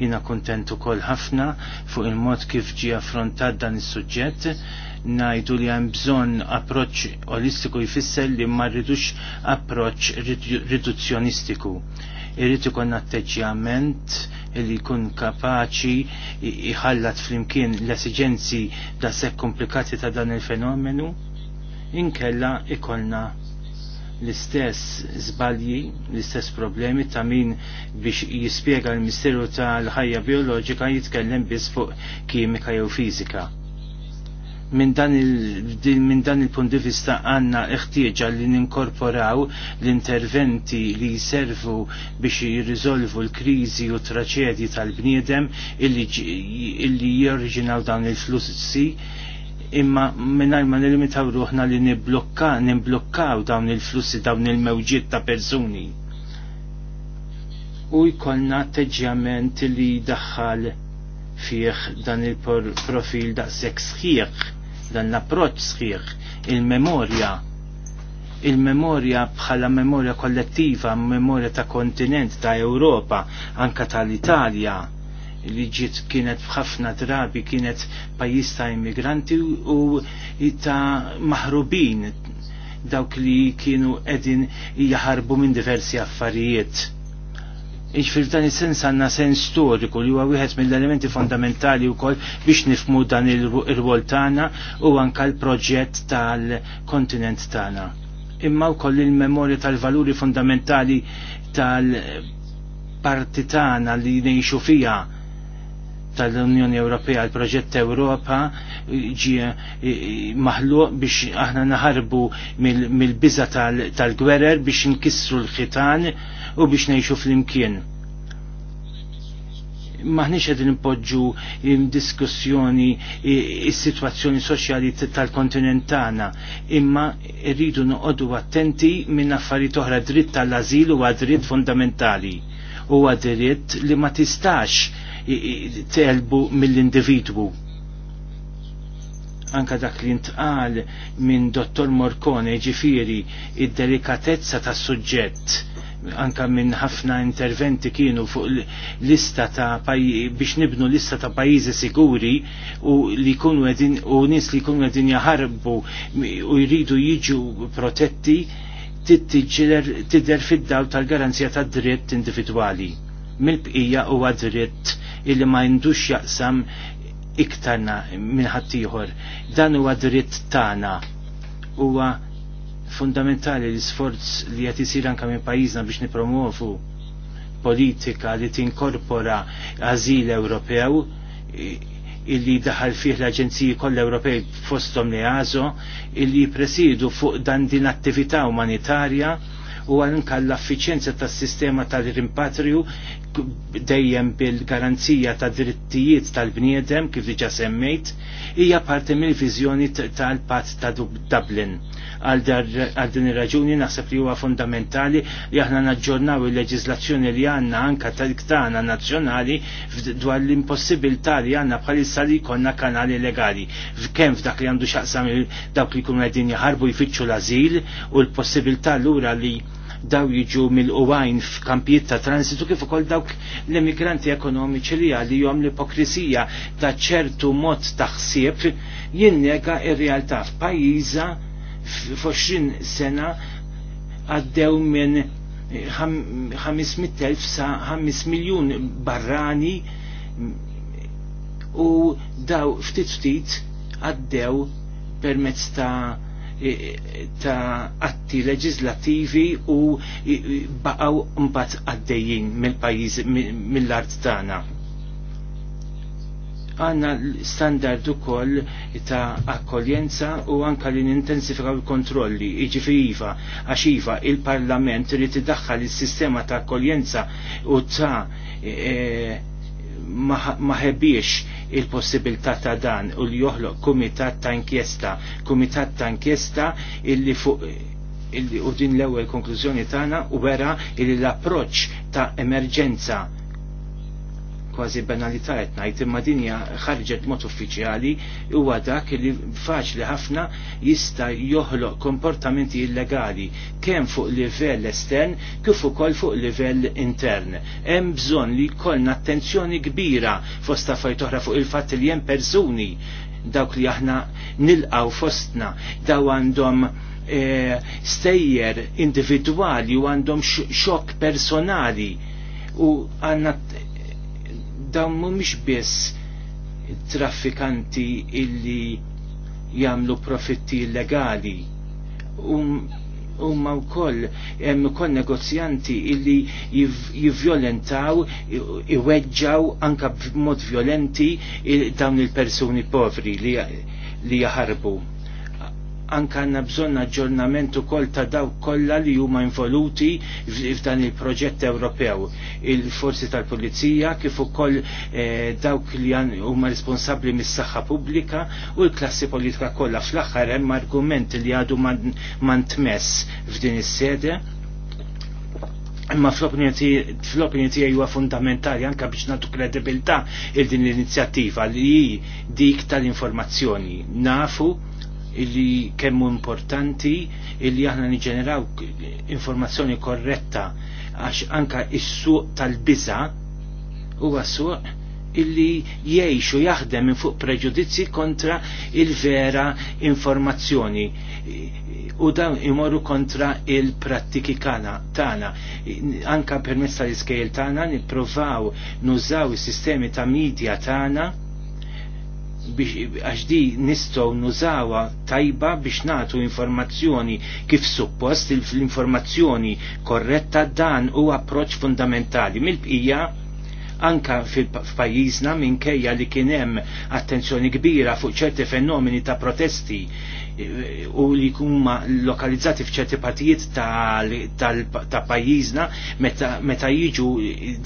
Jiena kuntent ukoll ħafna fuq il-mod kif ġie affrontat dan is-suġġett najdu li għan bżon approċ olistiku jfisser li ma rridux approċ riduzzjonistiku. Irrid ikun atteġġjament li jkun kapaċi iħallat flimkien l-esigenzi da sekk komplikati ta' dan il-fenomenu, inkella ikolna l-istess zbalji, l-istess problemi ta' min biex jispiega l-misteru tal-ħajja biologika jitkellem biss fuq kimika jew fizika. Minn dan il-punt di vista għanna iħtieġa li ninkorporaw l-interventi li jservu biex jirriżolvu l-krizi u traċedji tal-bniedem illi, illi jorġinaw dawn il-flussi imma minnaj ma nilimitaw ruħna li niblokka, nimblokkaw dawn il-flussi, dawn il-mewġiet ta' persuni. U jkollna atteġġjament li daħħal fih dan il-profil da' seks sħiħ, dan l-approċ sħiħ, il-memorja. Il-memorja bħala memorja kollettiva, memorja ta' kontinent, ta' Europa, anka tal-Italja li ġiet kienet f'ħafna drabi kienet pajjiż ta' immigranti u ta' maħrubin dawk li kienu qegħdin jaħarbu minn diversi affarijiet. Iġfir dan is-sens għandna sens storiku li huwa wieħed mill-elementi fondamentali wkoll biex nifmu dan ir-rwol tagħna u anke l-proġett tal-kontinent tagħna. Imma wkoll il-memorja tal-valuri fundamentali tal partitana li ngħixu fiha tal-Unjoni Ewropea l proġett Ewropa ġie eh, maħluq biex aħna naħarbu mill-biża tal-gwerer biex nkissru l-ħitan u biex ngħixu fl-imkien. Maħniex qed nipoġġu diskussjoni s sitwazzjoni soċjali tal-kontinent tagħna, imma rridu noqogħdu attenti minn affarijiet oħra dritt tal-ażil u dritt fundamentali huwa dritt li ma tistax telbu mill-individwu anka dak li ntqal minn dottor Morcone ġifiri id-delikatezza tas suġġett anka minn ħafna interventi kienu fuq lista ta' biex nibnu lista ta' pajjiżi siguri u li kunu edin u nies li jkunu qegħdin jaħarbu u jridu jiġu protetti tidher fid-daw tal-garanzija tad dritt individwali mill-bqija huwa dritt illi ma jindux jaqsam iktarna minn ħaddieħor. Dan huwa dritt tagħna. Huwa fundamentali l-isforz li qed isir anke minn pajjiżna biex nipromovu politika li tinkorpora għażil Ewropew illi daħal fih l-Aġenziji kollha Ewropej fosthom li għazo, illi presidu fuq dan din attività umanitarja u anka l-affiċenza tas sistema tal-rimpatriju dejjem bil-garanzija ta' drittijiet tal-bniedem kif diġa semmejt hija parti mill-viżjoni tal-Patt ta' Dublin. Għal din ir-raġuni naħseb li huwa fundamentali li aħna naġġornaw il-leġiżlazzjoni li għandna anka tal ktana nazzjonali dwar l-impossibilità li għandna bħalissa li jkollna kanali legali. f'kemm f'dak li għandu xaqsam dawk li jkunu qegħdin jaħarbu jfittxu l-ażil u l-possibilità lura li daw jiġu mill-uwajn f'kampijiet ta' transitu kif ukoll dawk l immigranti ekonomiċi li għalihom l-ipokrisija ta' ċertu mod ta' ħsieb jinnega ir-realtà f'pajjiża f'oxrin sena għaddew minn 500.000 sa 5 miljun barrani u daw ftit ftit għaddew permezz ta' ta' atti leġislativi u baqaw mbagħad għaddejjin mill-pajjiż mill-art tagħna. Għanna standard ukoll ta' akkoljenza u anka li nintensifikaw il-kontrolli, iġifri iva, għax iva il-Parlament li tiddaħħal il-sistema ta' akkoljenza u ta' e, e maħebiex il-possibilità ta' dan u li joħloq kumitat ta' inkjesta, kumitat ta' inkjesta illi fuq illi u din l-ewwel konklużjoni tagħna u vera illi l-approċċ ta' emerġenza kważi banalità qed ngħid imma dinja ħarġet mod uffiċjali huwa dak li faċli ħafna jista' joħloq komportamenti illegali kemm fuq livell estern kif ukoll fuq livell intern. Hemm bżonn li jkollna attenzjoni kbira fost affarijiet oħra fuq il-fatt li hemm persuni dawk li aħna nilqaw fostna daw għandhom E, stejjer individwali u għandhom xok personali u għanna dawn mhumiex biss traffikanti illi jagħmlu profitti illegali. Um, huma wkoll hemm ukoll negozjanti illi jivvjolentaw, iweġġaw anka b'mod violenti dawn il-persuni povri li, li jaħarbu anka għanna bżonn aġġornamentu kol ta' dawk kollha li huma involuti f'dan il-proġett Ewropew. Il-forzi tal-pulizija kif ukoll eh, dawk li huma responsabbli mis-saħħa pubblika u l-klassi politika kollha fl-aħħar hemm argument li għadu man tmess f'din is-sede imma fl-opinjoni tiegħi huwa fundamentali anke biex nagħtu kredibilità il din l-inizjattiva li dik tal-informazzjoni. Nafu illi kemmu importanti illi aħna niġeneraw informazzjoni korretta għax anka is-suq tal biza huwa suq illi jiexu jaħdem minn fuq preġudizzi kontra il-vera informazzjoni u dan imorru kontra il-prattiki tagħna. Anka permezz tal-iskejl tagħna nippruvaw nużaw is-sistemi ta' midja tagħna biex għaxdi di nistgħu nużawa tajba biex nagħtu informazzjoni kif suppost l-informazzjoni korretta dan u approċ fundamentali. Mill-bqija anka f'pajjiżna minkejja li kien hemm attenzjoni kbira fuq ċerti fenomeni ta' protesti e, u li kumma lokalizzati f'ċerti partijiet ta' pajjiżna meta jiġu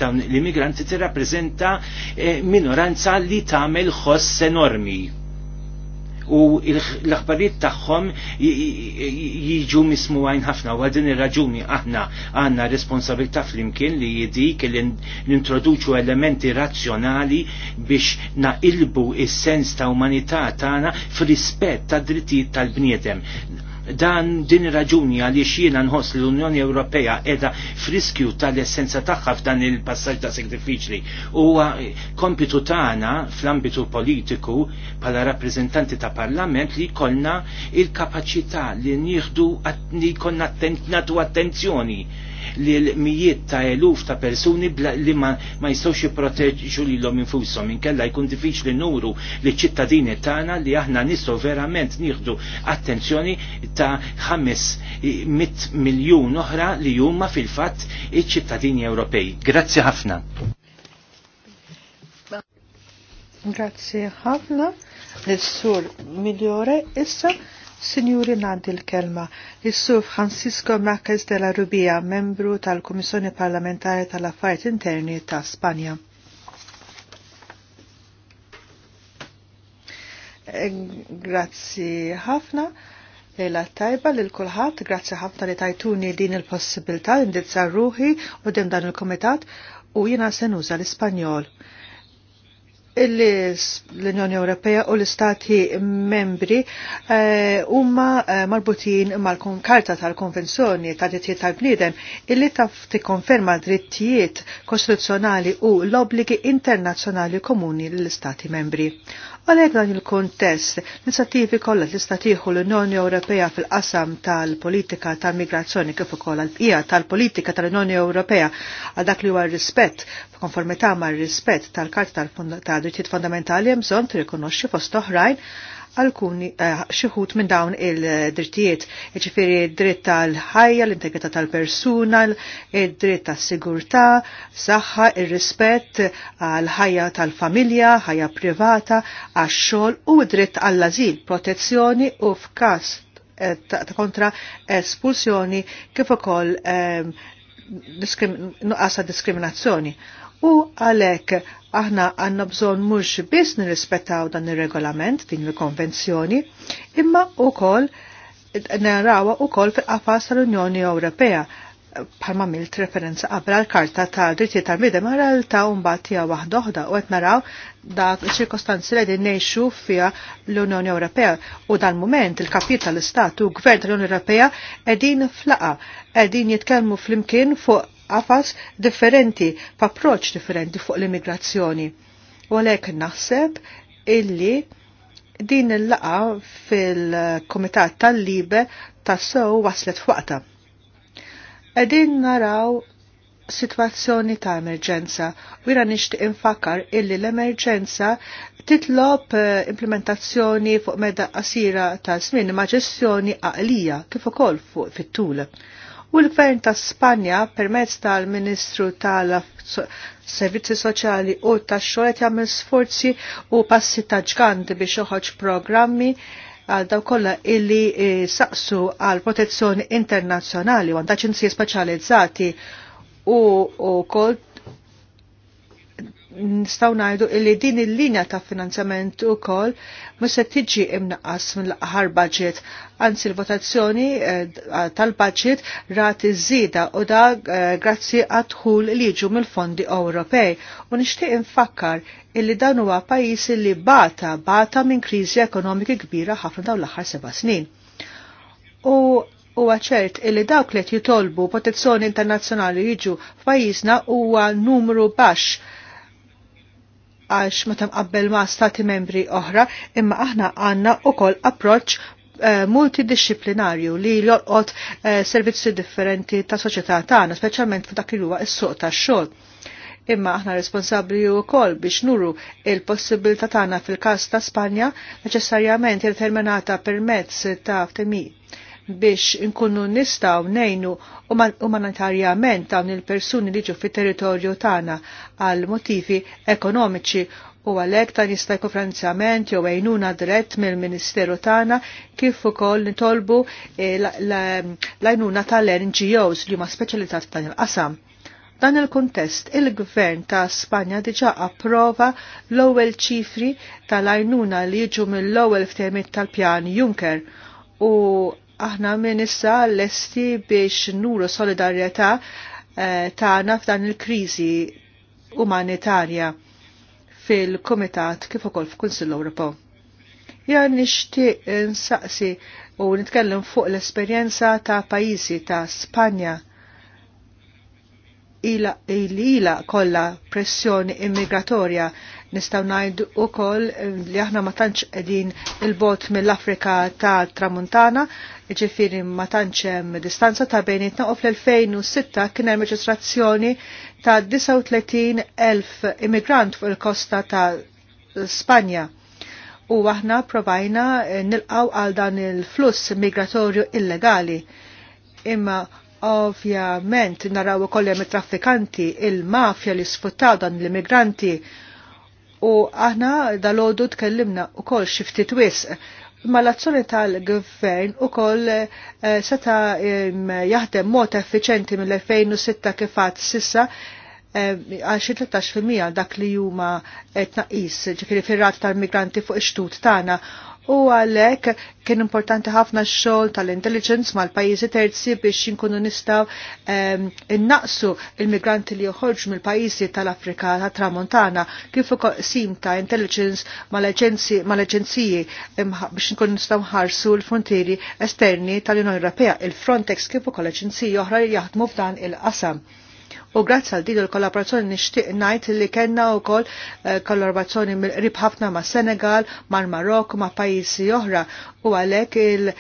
dawn l-immigranti tirrappreżenta e, minoranza li tagħmel ħoss enormi u l-aħbarijiet tagħhom jiġu għajn ħafna u għadin ir-raġuni aħna għandna responsabilità flimkien li jidik li nintroduċu elementi razzjonali biex naqilbu is-sens ta' umanità tagħna fir-rispett tad drittijiet tal-bniedem dan din raġuni għaliex jiena nħoss l-Unjoni Ewropea edha friskju tal-essenza tagħha f'dan il-passaġġ ta' sakrifiċli. Huwa kompitu tagħna fl-ambitu politiku bħala rappreżentanti ta' Parlament li kollna il-kapaċità li nieħdu li konna nagħtu attenzjoni li l-mijiet ta' eluf ta' persuni li ma, ma jistawx jipproteġu li l-om infusom. Inkella jkun diffiċli nuru li ċittadini tagħna li aħna nistgħu verament nieħdu attenzjoni ta' 500 miljun oħra li huma fil-fatt iċ-ċittadini Ewropej. Grazzi ħafna. Grazzi ħafna nessur migliore issa Signori nandi il kelma il Francisco Marquez de la Rubia, membru tal-Komissjoni Parlamentari tal-Affarijiet Interni ta' Spanja. Eh, grazzi ħafna lejla tajba lil kulħadd, grazzi ħafna li tajtuni din il-possibilità indizzar ruħi u dim dan il-komitat u jiena se nuża l-Ispanjol l-Unjoni Ewropea u l-Istati membri eh, huma eh, marbutin mal-Karta tal-Konvenzjoni ta' Drittijiet tal bnidem illi taf tikkonferma drittijiet kostituzzjonali u l-obbligi internazzjonali komuni l-Istati membri. Għalhekk dan il-kuntest, l-inizjattivi kollha tista' tieħu l-Unjoni Ewropea fil-qasam tal-politika ta' migrazzjoni kif ukoll għall tal-politika tal-Unjoni Ewropea għal dak li huwa rispett konformità mar rispett tal-Karta tal-Drittijiet Fundamentali hemm bżonn tirrikonoxxi fost oħrajn għalkun eh, xieħut minn dawn il-drittijiet, ċifiri dritt tal-ħajja, l-integrità tal-persuna, dritt tal-sigurtà, saħħa, il-rispett għal-ħajja tal-familja, ħajja privata, għax-xogħol u dritt għall-azil, protezzjoni u f'każ eh, ta' kontra espulsjoni kif ukoll eh, nuqqasa diskriminazzjoni. U għalhekk aħna għanna bżon mux biss nirrispettaw dan il-regolament din il-konvenzjoni, imma u kol narawa u kol fil-qafas tal-Unjoni Ewropea palma milt referenza għabra l karta ta' dritti tal-midem għal-ta' unbatija wahda oħda u għet naraw dak ċirkostanzi li nejxu fija l-Unjoni Ewropea u dal-moment il-kapital istat u gvern tal-Unjoni Ewropea edin flaqa edin jitkelmu fl-imkien fuq qafas differenti, f'approċċ differenti fuq l-immigrazzjoni. U għalhekk naħseb illi din il-laqa fil-Komitat tal-Libe tassew waslet fuqta. Edin naraw situazzjoni ta' emerġenza. Wira nixtieq infakar illi l-emerġenza titlob eh, implementazzjoni fuq meda qasira ta' żmien ma' ġestjoni għalija kif ukoll fuq fit-tul. U l-Gvern ta' Spanja permezz tal-Ministru tal-Servizzi Soċjali u tax-xogħol jagħmel sforzi u passi ta' ġganti biex joħroġ programmi għal daw kollha illi eh, saqsu għal protezzjoni internazzjonali u għandha ċinsi speċjalizzati u wkoll nistaw najdu illi din il-linja ta' finanzjament u kol musa tiġi imnaqas mill-aħar budget. Anzi l-votazzjoni eh, tal-budget rati zida u da eh, grazzi għadħul li ġu mill-fondi Ewropej. U nishtiq infakkar illi dan huwa pajis li bata bata minn kriżi ekonomiki kbira ħafna dawn l-aħħar seba' snin. U huwa ċert illi dawk li jitolbu protezzjoni internazzjonali jiġu f'pajjiżna huwa numru baxx għax ma tamqabbel ma' stati membri oħra, imma aħna għanna u koll approċ eh, multidisciplinarju li jolqot eh, servizzi differenti ta' soċjetà tagħna, speċjalment f'dak li huwa s-suq tax-xogħol imma aħna responsabli u kol biex nuru il-possibilità tagħna fil-każ ta' Spanja neċessarjament determinata permezz ta' ftemi biex inkunu nistaw nejnu umanitarjament dawn il-persuni li ġu fit-territorju tagħna għal motivi ekonomiċi u għalhekk ta' nistajku franzjament finanzjament jew għajnuna dirett mill-Ministeru tagħna kif ukoll nitolbu eh, l-għajnuna tal-NGOs li huma speċjalitat ta' il-qasam. Dan il-kontest, il-gvern ta' Spanja diġa approva l-ewwel ċifri tal-għajnuna li jiġu mill-ewwel ftehmiet tal-pjan Juncker u aħna minn issa l-esti biex nuru solidarjetà eh, tagħna f'dan il-kriżi umanitarja fil-Komitat kif ukoll f'Kunsill Ewropew. Ja nixtieq nsaqsi u nitkellem fuq l-esperjenza ta' pajjiżi ta' Spanja ila ila kollha pressjoni immigratorja Nistaw najd u kol eh, li aħna ma tantx edin il-bot mill-Afrika ta' Tramuntana, ġifiri ma tantx hemm distanza ta' bejnietna u fl-2006 kien hemm reġistrazzjoni ta' 39,000 immigrant fuq il-kosta ta' Spanja. U aħna provajna eh, nilqaw għal dan il-fluss migratorju illegali. Imma ovvjament naraw ukoll hemm traffikanti il-mafja li sfuttaw dan l-immigranti U aħna dal-ħodu tkellimna u kol xifti wisq Ma l-azzjoni tal-gvern u kol eh, seta jaħdem mod effiċenti mill-2006 kifat sissa eh, għal xi 13% dak li huma eh, tnaqqis ġifieri fir-rat tal-migranti fuq ix-xtut tagħna u għalek kien importanti ħafna xogħol tal-intelligence mal-pajjiżi terzi biex inkunu nistgħu ehm, innaqsu il-migranti li joħorġu mill-pajjiżi tal-Afrika ta' Tramontana kif ukoll sim ta' intelligence mal-aġenziji biex inkunu nistgħu nħarsu l-frontieri esterni tal-Unjoni Ewropea, il-Frontex kif ukoll aġenziji oħra li jaħdmu f'dan il-qasam U grazzi għal din il-kollaborazzjoni nixtieq ngħid li kellna wkoll eh, kollaborazzjoni rib ħafna ma' Senegal, ma' marok ma' pajjiżi oħra u għalhekk il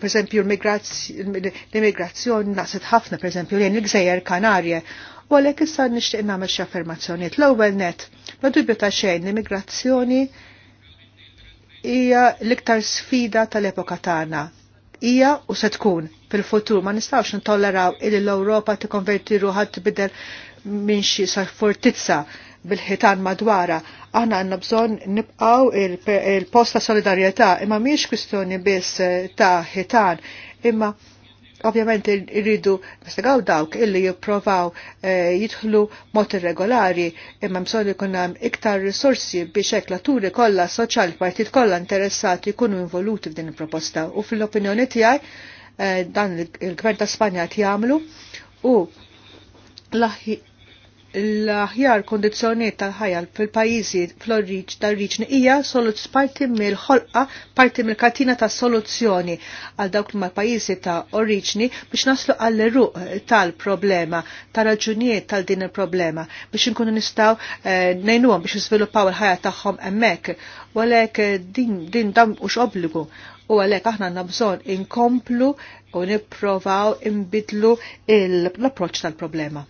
pereżempju l-immigrazzjoni naqset ħafna perżempju, lejn il-Gżejjer Kanarje. U għalhekk issa nixtieq nagħmel xi affermazzjonijiet. L-ewwel net, ma dubju ta' xejn l-immigrazzjoni hija l-iktar sfida tal-epoka tagħna. Hija u se tkun fil-futur. Ma nistawx nitolleraw illi l-Europa tikkonverti ruħat tibidel minn xi sa fortizza bil-ħitan madwara. Aħna għandna bżon nibqaw il-post ta' imma miex kwistjoni biss ta' ħitan, imma ovvjament irridu investigaw dawk illi jipprovaw eh, jidħlu mod irregolari imma bżonn ikun hemm iktar risorsi biex hekk l-atturi kollha soċjali partit kollha interessati jkunu involuti f'din il-proposta u fil-opinjoni tiegħi Eh, dan il-Gvern ta' Spanja qed jagħmlu u l-aħjar kondizzjoniet tal-ħajja fil-pajjiżi fl-oriġ tal-riġni hija parti mill-ħolqa, parti mill-katina ta' soluzzjoni għal dawk ma' pajjiżi ta' oriġni biex naslu għall ruq tal-problema, ta' raġunijiet tal din il-problema biex inkunu nistgħu eh, ngħinuhom biex jiżviluppaw il-ħajja tagħhom hemmhekk. Walek eh, din dam mhux obbligu u għalhekk aħna għandna bżonn inkomplu u nipprovaw imbidlu l-approċċ tal-problema.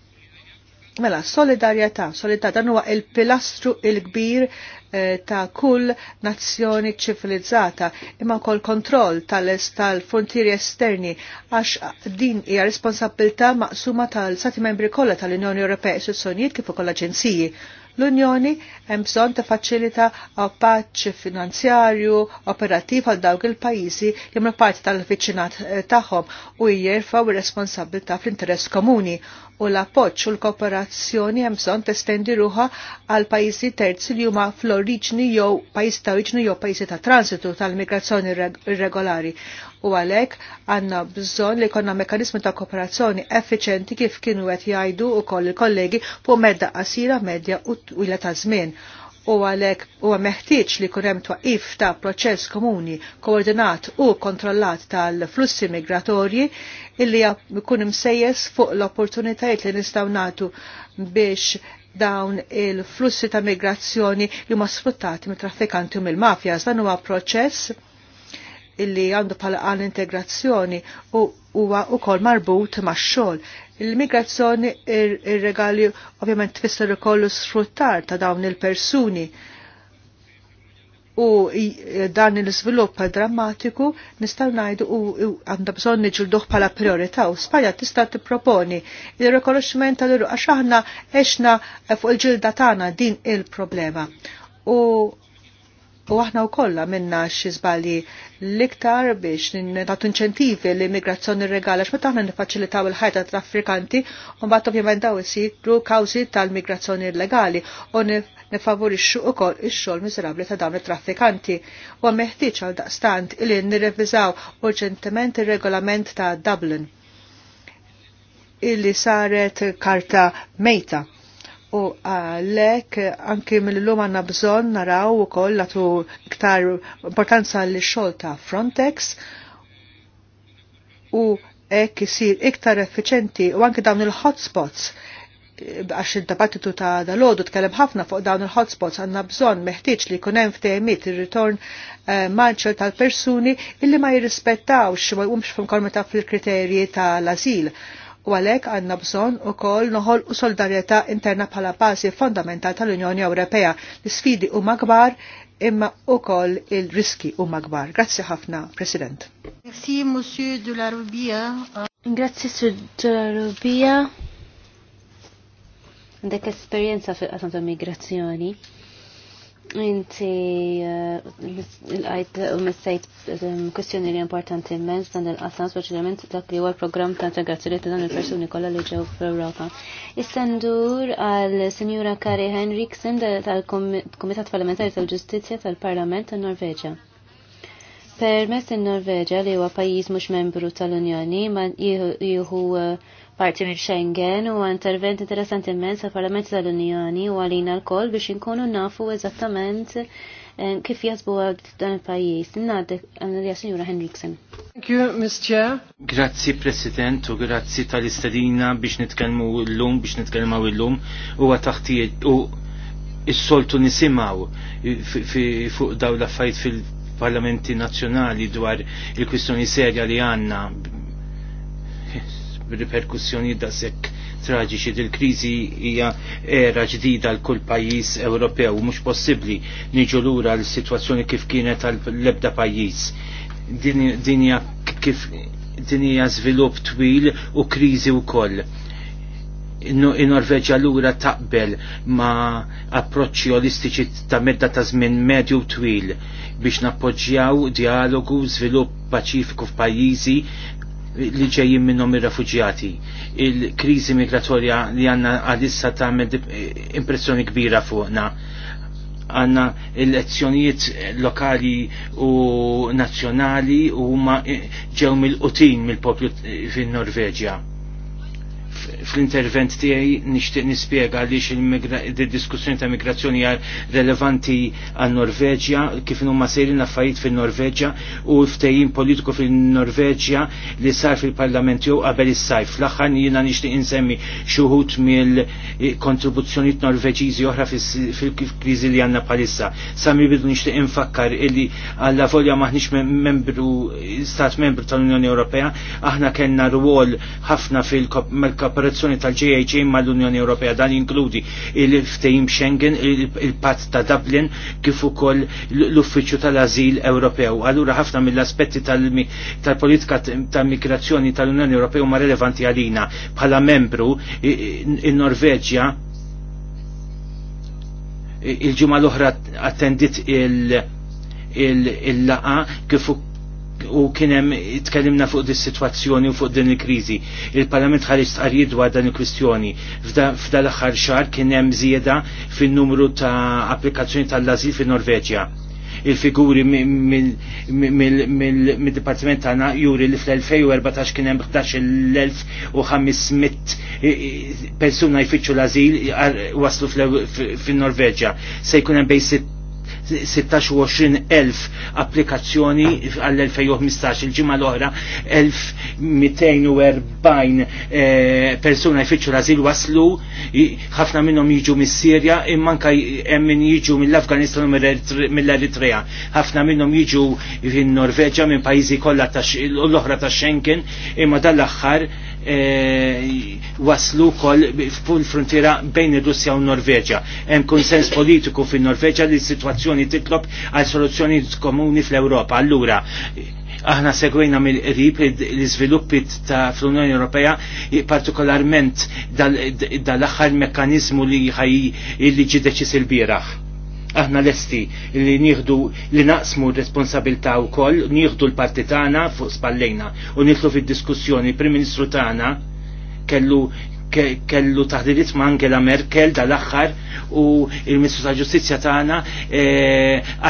Mela, solidarjetà, solidarjetà dan huwa il-pilastru il-kbir eh, ta' kull nazzjoni ċivilizzata imma kol kontroll tal-frontieri esterni għax din hija responsabilità maqsuma tal-Stati membri kollha tal-Unjoni Ewropea istituzzjonijiet kif ukoll aġenziji L-Unjoni hemm bżonn tiffaċilita paċ finanzjarju operattiv għal dawk il-pajjiżi li ma parti tal-viċinat eh, tagħhom u jirfaw ir-responsabilità fl-interess komuni u l-appoġġ u l-kooperazzjoni hemm bżonn testendi ruħa għal pajjiżi terzi li huma fl-oriġni jew pajis ta' oriġni jew pajjiżi ta' transitu tal-migrazzjoni irregolari. U għalhekk għandna bżonn li jkollna mekkaniżmi ta' kooperazzjoni effiċenti kif kienu qed jgħidu wkoll il-kollegi fuq medda qasira medja u twila ta' żmien u għalek u meħtieġ li kunem twaqif ta' proċess komuni koordinat u kontrollat tal-flussi migratorji illi jkun msejjes fuq l-opportunitajiet li nistaw natu biex dawn il-flussi ta' migrazzjoni li ma sfruttati mit traffikanti u mill-mafja. Dan huwa proċess illi għandu pala għal integrazzjoni u huwa ukoll marbut ma' xogħol Il-migrazzjoni ir-regali ovvjament tfisser ikollu sfruttar ta' dawn il-persuni u dan il-svilupp drammatiku nistaw ngħidu u bżonn bżon niġilduħ bħala priorità u Spanja tista' tipproponi il rikonoxximent tal-iru għax aħna fuq il-ġilda tagħna din il-problema. U U aħna u kolla minna xizbali l-iktar biex nagħtu inċentivi l-immigrazzjoni regala xmet aħna nifaċilitaw il-ħajta tal-Afrikanti u mbagħad ovvjament daw isidru kawżi tal-migrazzjoni illegali u nifavorixxu wkoll ix-xogħol miżrabbli ta' dawn it-traffikanti. U meħtieġ għal daqstant illi nirreviżaw urġentement ir-regolament ta' Dublin illi saret karta mejta U għalek anki mill-lum għanna bżon naraw u koll għatu ktar importanza li xol ta' Frontex u ek jisir iktar effiċenti u anki dawn il-hotspots għax il-dabattitu ta' dal-ħodu tkellem ħafna fuq dawn il-hotspots għanna bżon meħtieġ li kunem ftejmit il-ritorn eh, maċċel tal-persuni illi ma jirrispettawx ma jgħumx fil-kormita fil-kriterji tal-azil u għalhekk għandna bżonn ukoll noħolqu solidarjetà interna bħala bażi fondamentali tal-Unjoni Ewropea. L-isfidi huma kbar imma kol il-riski huma kbar. Grazzi ħafna, President. Grazzi, Monsieur de la Rubia. Grazzi, Sur de la Rubia. Għandek fil-qasam ta' migrazzjoni. Inti eh, l-għajt u messajt eh, kustjoni li importanti immens dan il-qasam speċjalment dak li huwa program ta' integrazzjoni ta' dan il-persuni kollha li ġew fl-Ewropa. Istendur għal senjura Kari Henriksen tal-Kumitat Parlamentari tal-Ġustizzja tal-Parlament tan Norveġa. Permess in Norveġa li huwa pajjiż mhux membru tal-Unjoni ma jieħu eh, parti minn Schengen u intervent interessant immens għal Parlament tal-Unjoni u għalina l-koll biex inkunu nafu eżattament eh, kif jasbu dan il-pajis. Nadek għandja Signora Henriksen. Thank you, Ms. Chair. Grazzi, President, u grazzi tal-istadina biex nitkelmu l-lum, biex nitkelmu l-lum, u għataħtijiet, u s-soltu nisimaw fuq daw l-affajt fil-parlamenti nazjonali dwar il-kwistjoni serja li għanna b'riperkussjoni daqshekk traġiċi dil-kriżi hija era ġdida l kull pajjiż Ewropew mhux possibbli niġu lura l-sitwazzjoni kif kienet għall-ebda pajjiż. Din hija kif dinja zvilup żvilupp twil u kriżi wkoll. In-Norveġa lura taqbel ma approċċi olistiċi ta' medda ta' żmien medju twil biex nappoġġjaw dialogu żvilupp paċifiku f'pajjiżi li ġejjin minnhom ir-refuġjati. Il-kriżi migratorja li għandna għalissa tagħmel eh, impressjoni kbira fuqna għanna elezzjonijiet lokali u nazzjonali u ma eh, ġew mill-qutin mill-poplu eh, fin-Norveġja fl-intervent tiegħi nixtieq nispjega għaliex il-diskussjoni ta' migrazzjoni hija relevanti għal Norveġja kif huma sejrin affarijiet fin-Norveġja u ftehim politiku fin-Norveġja li sar fil-Parlament jew qabel is-sajf. L-aħħar jiena nixtieq insemmi xi wħud mill-kontribuzzjonijiet Norveġiżi oħra fil-kriżi li għandna bħalissa. Sami bidu nixtieq infakkar illi għalla volja maħniex membru stat membru tal-Unjoni Ewropea aħna kellna rwol ħafna fil kooperazzjoni tal ma mal-Unjoni Ewropea dan inkludi il ftejim Schengen, il-Patt ta' Dublin kif ukoll l-Uffiċċju tal-Azil Ewropew. Allura ħafna mill-aspetti tal-politika tal-migrazzjoni tal-Unjoni Ewropea huma relevanti għalina bħala membru in-Norveġja il-ġimgħa l-oħra attendit il-laqa kif ukoll u kienem tkellimna fuq dis situazzjoni u fuq din il-krizi. Il-Parlament ħareġ tqarrijiet dwar dan il-kwistjoni. F'dan l-aħħar xahar kien hemm żieda fin-numru ta' applikazzjoni tal-azil fin-Norveġja. Il-figuri mill-Dipartiment tagħna juri li fl-2014 kien hemm 11,500 persuna jfittxu l-azil waslu fin-Norveġja. Se jkun hemm bejn 26.000 applikazzjoni għall-2015 il-ġimma l-oħra 1240 persuna jfittxu l-azil waslu ħafna minnhom jiġu mis-Sirja imma anke hemm min jiġu mill-Afganistan u mill-Eritrea ħafna minnhom jiġu fin-Norveġġa minn pajjiżi kollha l-oħra ta' Schengen imma dal-aħħar E, waslu kol f'punt frontiera bejn ir-Russja u Norveġa. Hemm konsens politiku fin-Norveġa li s-sitwazzjoni titlob għal soluzzjoni komuni fl-Ewropa. Allura, aħna segwejna mill-qrib l-iżviluppi ta' fl-Unjoni Ewropea partikolarment dal-aħħar mekkanizmu li ħaj il-liġi deċis il-bieraħ aħna lesti li nieħdu li naqsmu r-responsabilità wkoll, nieħdu l-parti tagħna fuq spallejna u nitlu fid-diskussjoni il-Prim Ministru tagħna kellu kellu taħdirit ma' Angela Merkel dal-axħar u il-Ministru ta' Ġustizzja tagħna e,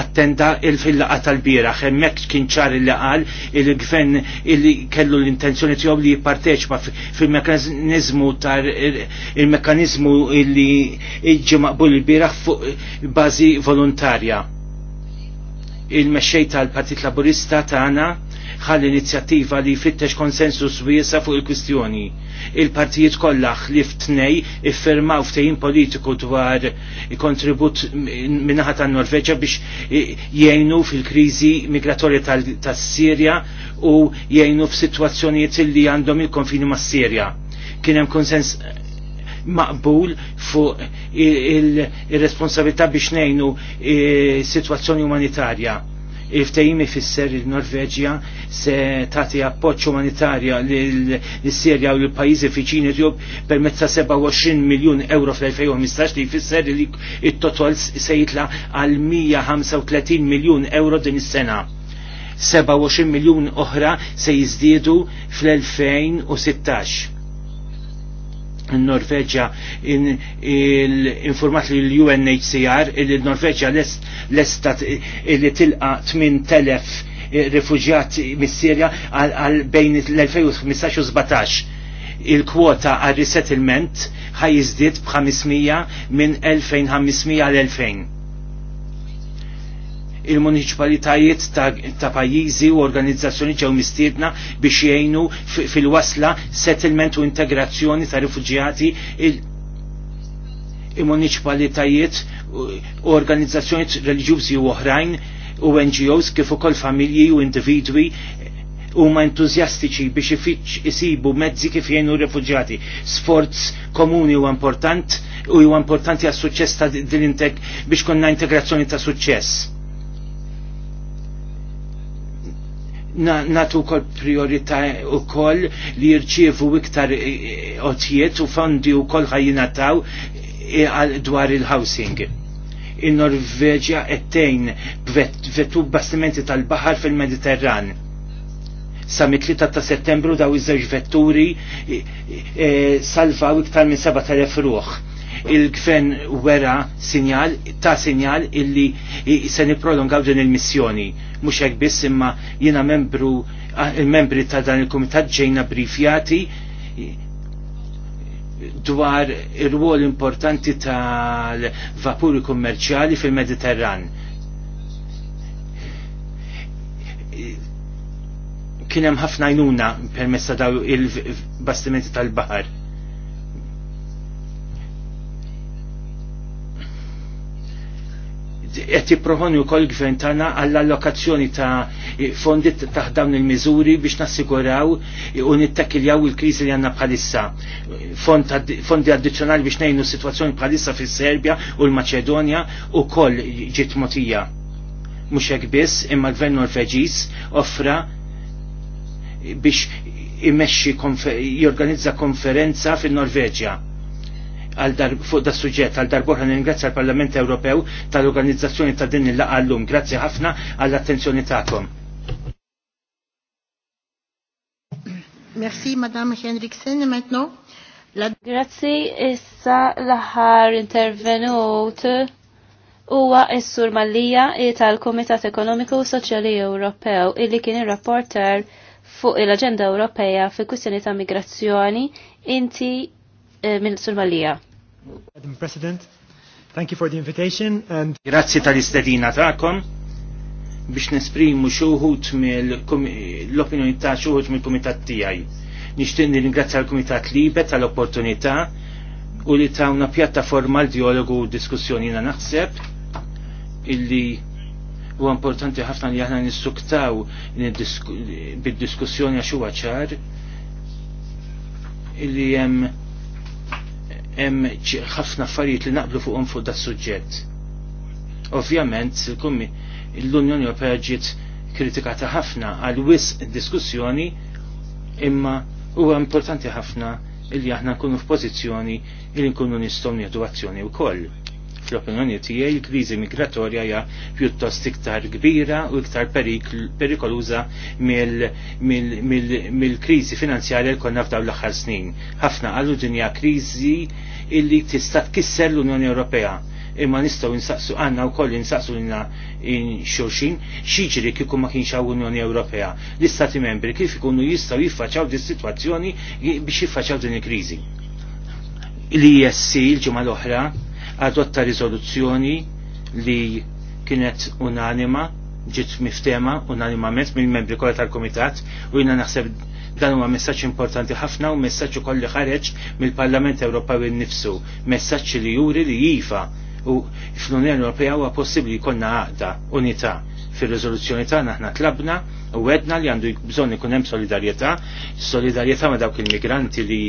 attenda il-fillaqa tal-bieraħ. Hemmhekk kien ċar li qal il-gvern illi kellu l-intenzjoni tiegħu li jipparteċipa fil-mekkaniżmu tar il-mekkaniżmu li jiġi maqbul il-bieraħ fuq bażi volontarja il-mexxej tal-Partit Laburista tagħna ħalli inizjattiva li jfittex konsensus wiesa fuq il-kwistjoni. Il-partijiet kollha li ftnej iffirmaw ftejn politiku dwar kontribut minnaħat tan-Norveġa biex jgħinu fil-kriżi migratorja tas-Sirja u jgħinu f'sitwazzjonijiet li għandhom il-konfini mas-Sirja. Kien hemm konsens eh, maqbul fuq il-responsabilità biex nejnu eh, situazzjoni umanitarja il-ftejim ifisser il-Norveġja se tagħti appoġġ umanitarja l sirja u l-pajjiżi fiċini tiegħu per ta' 27 miljun euro fl-2015 li jfisser li il total se jitla għal 135 miljun euro din is-sena. 27 miljun oħra se jiżdiedu fl-2016 Norveġa informat li l-UNHCR li Norveġa l-estat li tilqa 8000 eh, rifugjati mis-Sirja għal bejn l-2015 u 17 il-kwota għal resettlement ħaj b'500 minn 2500 għal 2000 il-municipalitajiet ta' pajjiżi u organizzazzjoni ġew mistiedna biex jgħinu fil-wasla settlement u integrazzjoni ta' rifuġjati il-municipalitajiet u organizzazzjoni reliġjużi u oħrajn u NGOs kif ukoll familji u individwi huma entużjastiċi biex ifittx isibu mezzi kif jgħinu refuġjati. Sforz komuni u important u huwa importanti għas suċċess ta' din biex konna integrazzjoni ta' suċċess. natu kol priorita u kol li jirċievu iktar e, e, otiet u fondi u kol ħajinataw e, dwar il-housing. Il-Norveġja ettejn vetu bastimenti tal-bahar fil-Mediterran. Sa mit-3 ta' settembru daw iż-żewġ vetturi salvaw iktar minn 7000 ruħ il-gvern wera sinjal ta' sinjal illi se niprolongaw din il-missjoni mhux hekk biss imma jina membru il-membri ah, ta' dan il-kumitat ġejna brifjati dwar ir wol importanti tal-vapuri kummerċjali fil-Mediterran. Kien hemm ħafna jnuna permessa daw il-bastimenti tal-baħar qed jipprovoni wkoll gvern tagħna għall-allokazzjoni ta' fondi ta' dawn il-miżuri biex nassiguraw u nittakiljaw il-kriżi li għandna bħalissa. Fondi addizzjonali biex ngħinu s-sitwazzjoni bħalissa fis-Serbja u l-Maċedonja wkoll ġiet motija. Mhux hekk biss, imma l-Gvern Norveġiż offra biex imexxi jorganizza konferenza fin-Norveġja fuq da suġġett għal darbohra ningrazzja l-Parlament Ewropew tal-organizzazzjoni ta' din il laqgħa llum. Grazzi ħafna għall-attenzjoni tagħkom. Merci Madame Henriksen maintenant. La... Grazzi issa l-aħħar intervenut huwa s-sur Mallija tal-Kumitat Ekonomiku u Soċjali Ewropew illi kien ir-rapporter fuq il-Aġenda Ewropea fi kwistjoni ta' migrazzjoni inti Eh, minn Somalia. Madam President, thank you for the invitation and Grazzi tal-istedina ta'kom biex nesprimu xuħut mill-opinjoni ta' xuħut mill-komitat tiegħi. Nixtieq nirringrazzja l-Kumitat Libet tal-opportunità u li ta' una pjattaforma l-dialogu u diskussjoni na naħseb illi u importanti ħafna li aħna nissuktaw bid-diskussjoni għax huwa ċar illi hemm hemm ħafna affarijiet li naqblu fuqhom fuq da' suġġett. Ovvjament, l-Unjoni Ewropea ġiet kritikata ħafna għal wis diskussjoni imma huwa importanti ħafna li aħna nkunu f'pożizzjoni li nkunu nistgħu nieħdu azzjoni wkoll fl-opinjoni tiegħi il-kriżi migratorja hija pjuttost iktar kbira u iktar perikoluża mill-kriżi finanzjarja li konna f'dawn l-aħħar snin. Ħafna qalu din hija kriżi illi tista' tkisser l-Unjoni Ewropea imma nistgħu insaqsu għandna wkoll insaqsu in xulxin xieġri kieku ma kienx għaw Unjoni Ewropea. L-Istati membri kif ikunu jistgħu jiffaċaw dis sitwazzjoni biex jiffaċċaw din il-kriżi. L-ISC l-ġimgħa l-oħra adotta riżoluzzjoni li kienet unanima, ġiet miftema unanimament mill-membri kollha tal-Kumitat u jiena naħseb dan huwa messaġġ importanti ħafna u messaċ ukoll li ħareġ mill-Parlament Ewropew innifsu, Messaċ li juri li jifa u fl-Unjoni Ewropea huwa possibbli jkollna għaqda unità fir-riżoluzzjoni tagħna aħna tlabna u għedna li għandu bżonn ikun hemm solidarjetà, solidarjetà ma' dawk il-migranti li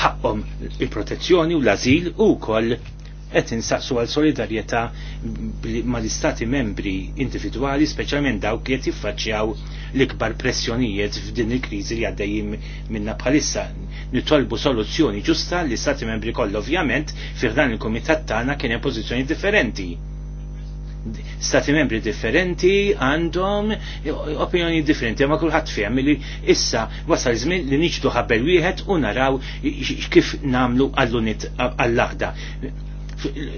ħaqhom il-protezzjoni u l-azil u koll qed insaqsu għal solidarjetà mal-istati membri individwali speċjalment dawk li jiffaċjaw l-ikbar pressjonijiet f'din il-kriżi li għaddejjin minna bħalissa. Nitolbu soluzzjoni ġusta l-istati membri kollha ovvjament fir dan il-kumitat tagħna kien pożizzjoni differenti stati membri differenti għandhom opinjoni differenti, ma kulħadd fehem li issa wasal żmien li niġdu ħabel wieħed u naraw kif namlu għall għall-laħda.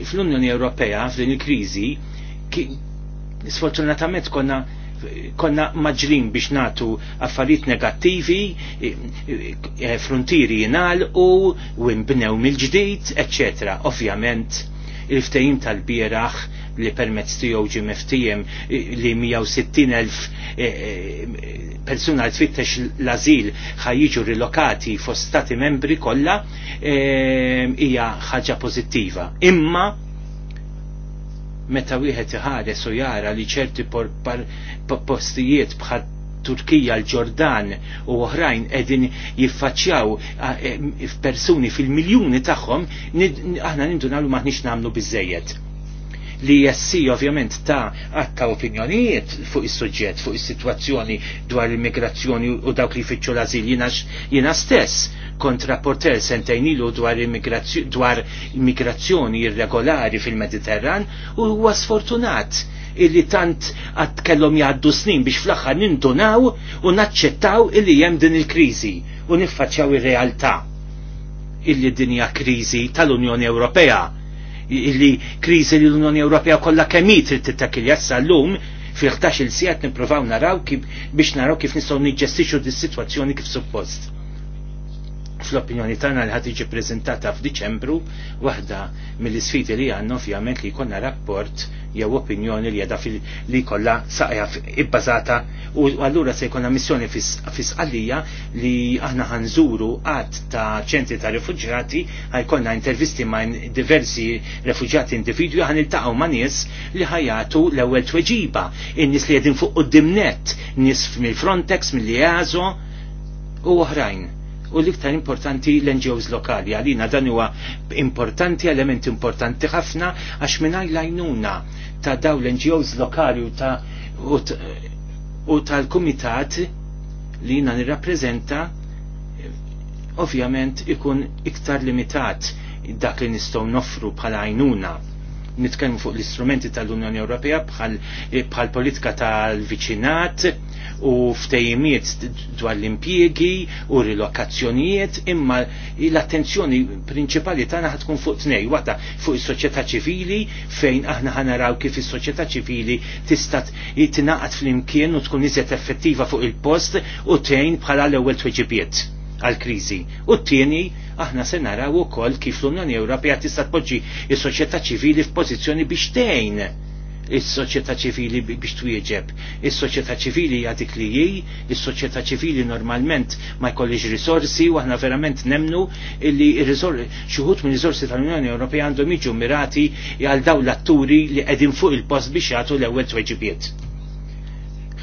Fl-Unjoni Ewropea f'din il-kriżi sfortunatament konna konna maġrin biex natu affarijiet negattivi, e, e, frontieri jinal u wimbnew mill-ġdid, eccetera. Ovvjament, il-ftejim tal-bieraħ li permezz tiegħu ġie meftijem li 160,000 e- e- persuna li tfittex l-azil ħajjiġu rilokati fost stati membri kollha e- hija ħaġa pozittiva. Imma meta wieħed iħares u jara li ċerti postijiet bħad Turkija, l-Ġordan u oħrajn edin jiffaċċjaw f'persuni fil-miljuni tagħhom, aħna nindunalu maħniex namlu biżejjed li jessi ovvjament ta' għatta opinjonijiet fuq is-suġġett, fuq is-sitwazzjoni dwar l-immigrazzjoni u dawk li fitxu l-azil jina stess kontraporter sentajnilu dwar dwar immigrazzjoni irregolari fil-Mediterran u huwa sfortunat illi tant għat kellom jgħaddu snin biex fl-aħħar nindunaw u naċċettaw illi hemm din il-kriżi u niffaċċjaw ir-realtà illi dinja kriżi tal-Unjoni Ewropea li kriżi li l-Unjoni Ewropea kollha kemm trid tittakilja jassa llum fil ħtax il sijat nippruvaw naraw kif biex naraw kif nistgħu niġġestixxu dis-sitwazzjoni kif suppost fl-opinjoni tagħna li ħad tiġi preżentata f'Diċembru waħda mill-isfidi li għandna ovvjament li jkollna rapport jew opinjoni li għadha li kollha saqja ibbażata u allura se jkollna missjoni fisqalija li aħna ħanżuru qatt ta' ċentri ta' rifuġjati ħajkollna intervisti ma' diversi refuġjati individwi ħan iltaqgħu ma' nies li ħajatu l-ewwel tweġiba, in-nies li qegħdin fuq qudiem net, nies mill-Frontex, mill-EASO u oħrajn u l-iktar importanti l-NGOs lokali. Għalina dan huwa importanti, element importanti ħafna għax minnaj lajnuna ta' daw l-NGOs lokali u ta' u tal-kumitat li jina nirrapprezenta ovvjament ikun iktar limitat dak li nistgħu nofru bħala għajnuna nitkellmu fuq l-istrumenti tal-Unjoni Ewropea bħal eh, politika tal-viċinat u ftejimiet dwar l-impjiegi u rilokazzjonijiet imma l-attenzjoni prinċipali tagħna ħad tkun fuq tnej wata fuq is-soċjetà ċivili fejn aħna ħanaraw kif is-soċjetà ċivili tista' tingħaqad flimkien u tkun iżet effettiva fuq il-post u tgħin bħala l-ewwel tweġibiet għal-kriżi. U t-tieni aħna se naraw ukoll kif l-Unjoni Ewropea tista' tpoġġi is-soċjetà ċivili f'pożizzjoni biex tgħin is-soċjetà ċivili biex twieġeb. Is-soċjetà ċivili hija dik li hi, is-soċjetà ċivili normalment ma jkollix risorsi u aħna verament nemnu li xi wħud minn riżorsi tal-Unjoni Ewropea għandhom jiġu mirati għal dawn l-atturi li qegħdin fuq il-post biex jagħtu l-ewwel tweġibiet.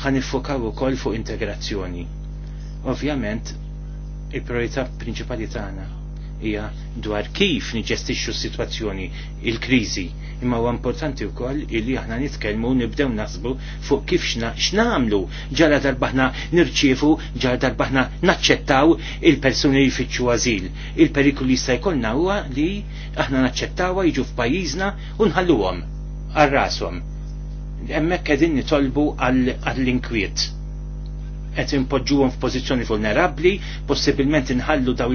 Ħan niffokaw ukoll fuq integrazzjoni. Ovvjament, il-priorità prinċipali tagħna hija dwar kif niġestixxu s-sitwazzjoni il-kriżi. Imma huwa importanti wkoll illi aħna nitkellmu nibdew nasbu fuq kif x'namlu ġara darbaħna nirċievu, ġara darbaħna naċċettaw il-persuni li jfittxu għażil. Il-periklu li jista' jkollna huwa li aħna naċċettawha jiġu f'pajjiżna u nħalluhom għal rashom Hemmhekk qegħdin nitolbu għall-inkwiet qed impoġġuhom f'pożizzjoni vulnerabbli, possibilment inħallu daw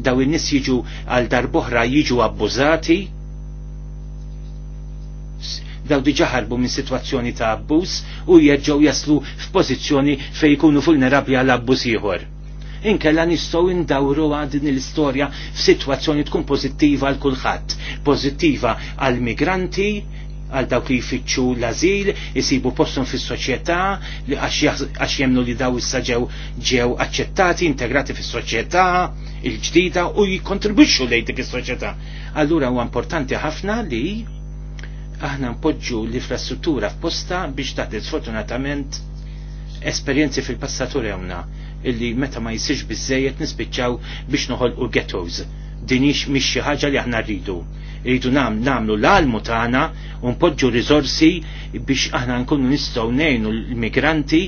daw in-nies jiġu għal darboħra jiġu abbużati daw diġa ħarbu minn sitwazzjoni ta' abbuż u jerġgħu jaslu f'pożizzjoni fejn jkunu vulnerabbli għal abbuż ieħor. Inkella nistgħu indawru għad din l-istorja f'sitwazzjoni tkun pożittiva għal kulħadd, pożittiva għal migranti, għal dawk li jfittxu l-azil, jisibu postum fis soċjetà għax jemnu li daw issa ġew ġew aċċettati, integrati fis soċjetà il-ġdida u jikontribwixxu lejn dik is-soċjetà. Allura huwa importanti ħafna li aħna npoġġu l-infrastruttura f'posta biex taħdet sfortunatament esperjenzi fil-passatur hawnna illi meta ma jisirx biżejjed nispiċċaw biex noħolqu ghettos. Din mhix xi ħaġa li aħna rridu Rridu nam, namlu l-almu tagħna u npoġġu riżorsi biex aħna nkunu nistgħu ngħinu l-migranti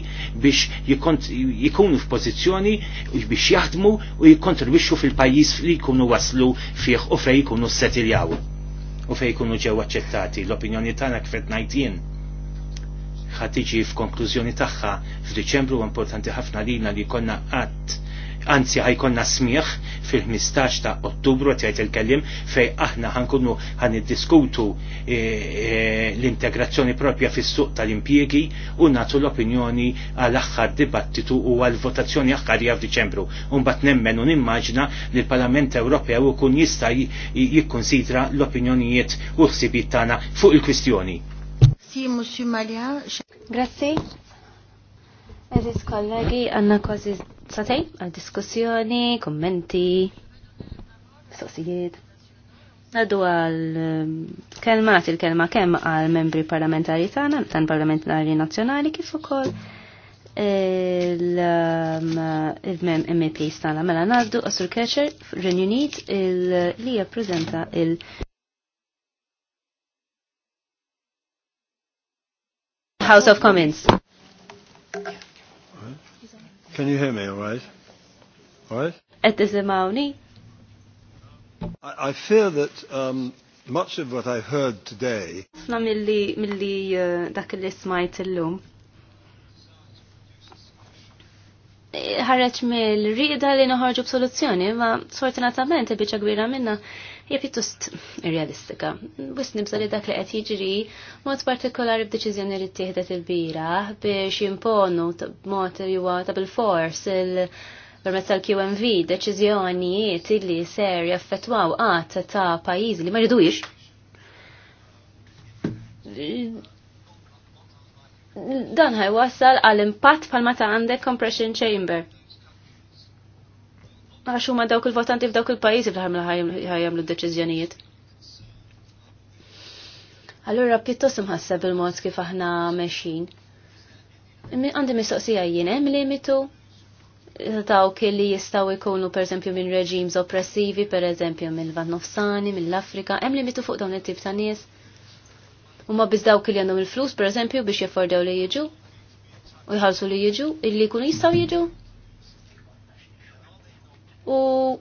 biex jikunu f'pożizzjoni biex jaħdmu u jikkontribwixxu fil-pajjiż li jkunu waslu fih u fej jkunu settiljaw u fej jkunu ġew aċċettati. L-opinjoni tagħna kif qed ngħid ħatiġi f'konklużjoni tagħha f'Diċembru importanti ħafna lina li konna qatt anzi ħajkonna smieħ fil-15 ta' ottubru għet il-kellim fej aħna ħankunu ħan diskutu e, eh, e, eh, l-integrazzjoni propja fis-suq tal-impjiegi u natu l-opinjoni għal aħħar dibattitu u għal votazzjoni aħħarija f'Diċembru. Umbat nemmen un immaġna li l-Parlament Ewropew ikun jista' jikkonsidra l-opinjonijiet u l tagħna fuq il-kwistjoni. Grazie. Eżis kollegi, Anna kozi satej għal diskussjoni, kommenti, sosijiet. Għaddu għal kelma nagħti l-kelma kemm għal membri parlamentari tagħna, tan parlamentari nazzjonali kif ukoll il-mem MEP stana mela naddu għasur Keċer il li jappresenta il- House of Commons. Can you hear me all right? All right? Et isimawni? I, I fear that um, much of what I've heard today Ħafna milli milli uh, dak li smajt illum. Eh, ħareġ mill-rieda li noħorġu b'soluzzjoni, ma sfortunatament biċċa kbira minna hija pjuttost realistika. Wis nibsa li dak li qed jiġri mod partikolari b'deċiżjoni li ttieħdet il-bira biex jimponu mod li huwa ta' bil-fors il- permezz tal-QMV deċiżjonijiet li ser jaffettwaw qatt ta' pajjiżi li ma jridux dan ħaj wassal għal impatt pal-mata għandek compression chamber għax huma dawk il-votanti f'dawk il-pajjiżi fl ħajjamlu d-deċiżjonijiet. Allura pjuttost imħasseb il-mod kif aħna mexxin. Għandi mistoqsija jien hemm limitu dawk li jistgħu jkunu pereżempju minn reġims oppressivi, pereżempju mill-Van Nofsani, mill-Afrika, hemm limitu fuq dawn it-tip ta' nies. Huma biss dawk li għandhom il-flus pereżempju biex jaffordew li jiġu u jħallsu li jiġu, illi jkunu jistgħu jiġu u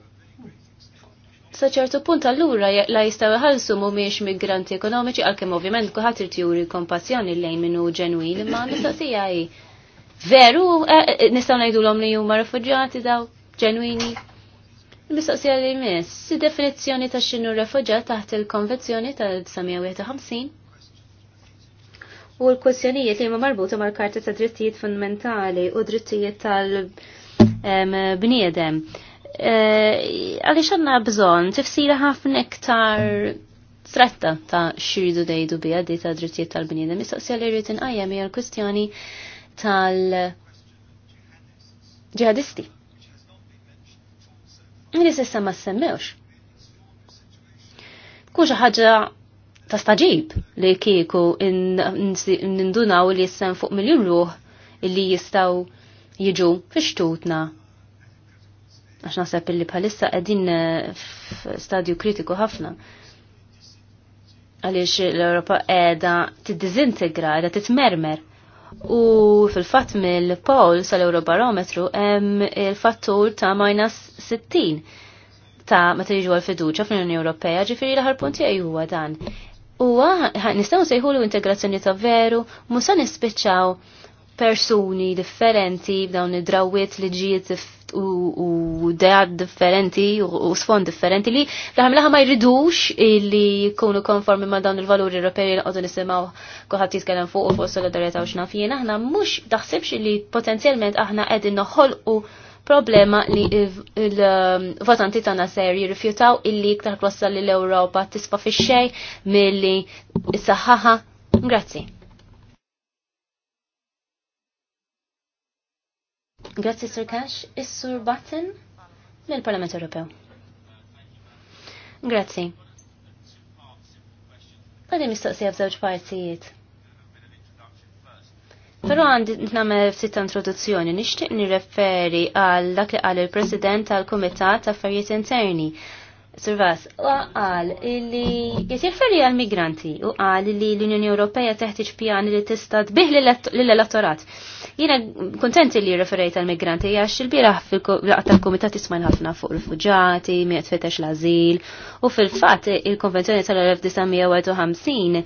saċertu punt allura la jistaw ħalsu mumiex migranti ekonomiċi għalkemm ovvjament kuħat irtjuri kompassjoni lejn minnu ġenwin imma nistaqsija hi. Veru e, e, nistgħu ngħidulhom li huma refuġjati daw ġenwini. Mistoqsija li miss, si definizzjoni ta' xinu refuġjat taħt il-konvenzjoni tal-1951? U l-kwestjonijiet li huma marbuta mal-Karta ta' Drittijiet Fundamentali u Drittijiet tal-Bniedem. Um, Eh, għaliex għandna bżonn tifsira ħafna iktar stretta ta' xiridu dejdu bi għaddi ta' drittijiet tal-bniedem. Mistoqsija li rrid inqajjem hija l-kwistjoni tal-ġihadisti. Nis sissa ma semmewx. Kuxa ħagġa ħaġa ta' staġib li kieku nindunaw li jissem fuq miljon ruħ illi jistaw jiġu fi xtutna għax naħseb illi bħalissa qegħdin eh, f'stadju kritiku ħafna. Għaliex l-Ewropa qiegħda tiddiżintegra, qiegħda titmermer. U fil-fatt mill-Pol sal-Eurobarometru hemm il-fattur ta' minus 60 ta' meta jiġu għal-fiduċa fl-Unjoni Ewropea, ġifieri l-aħħar punti huwa dan. Huwa nistgħu sejħulu integrazzjoni ta' veru, musa nispiċċaw persuni differenti b'dawn id-drawiet li ġiet u dead differenti u sfond differenti li raħam laħa ma jridux li jkunu konformi ma dawn il-valuri Ewropej li għodu nisimaw kuħat jitkellem fuq u fuq solidarieta u xnafjien. Aħna mux daħsibx li potenzjalment aħna għedin noħol u problema li il-votanti um, tana ser jirrifjutaw illi iktar klossa li l-Europa tispa fi xej mill-li saħħaħa. Grazie. Grazzi Sur Cash, is-Sur Button mill-Parlament Ewropew. Grazzi. Għandi mistoqsija f'żewġ partijiet. Però għandi nagħmel ftit introduzzjoni nixtieq nirreferi għal dak li qal il-President tal-Kumitat Affarijiet Interni. Vass, u qal illi jitirferi għal migranti u qal li l-Unjoni Ewropea teħtieġ pjani li tista' tbih lill-elettorat. Jiena kontenti li referejt għal migranti għax il-bieraħ fil-laqgħa tal-Kumitat ismajn ħafna fuq rifuġati, miet fetax l-azil u fil-fatt il-Konvenzjoni tal-1951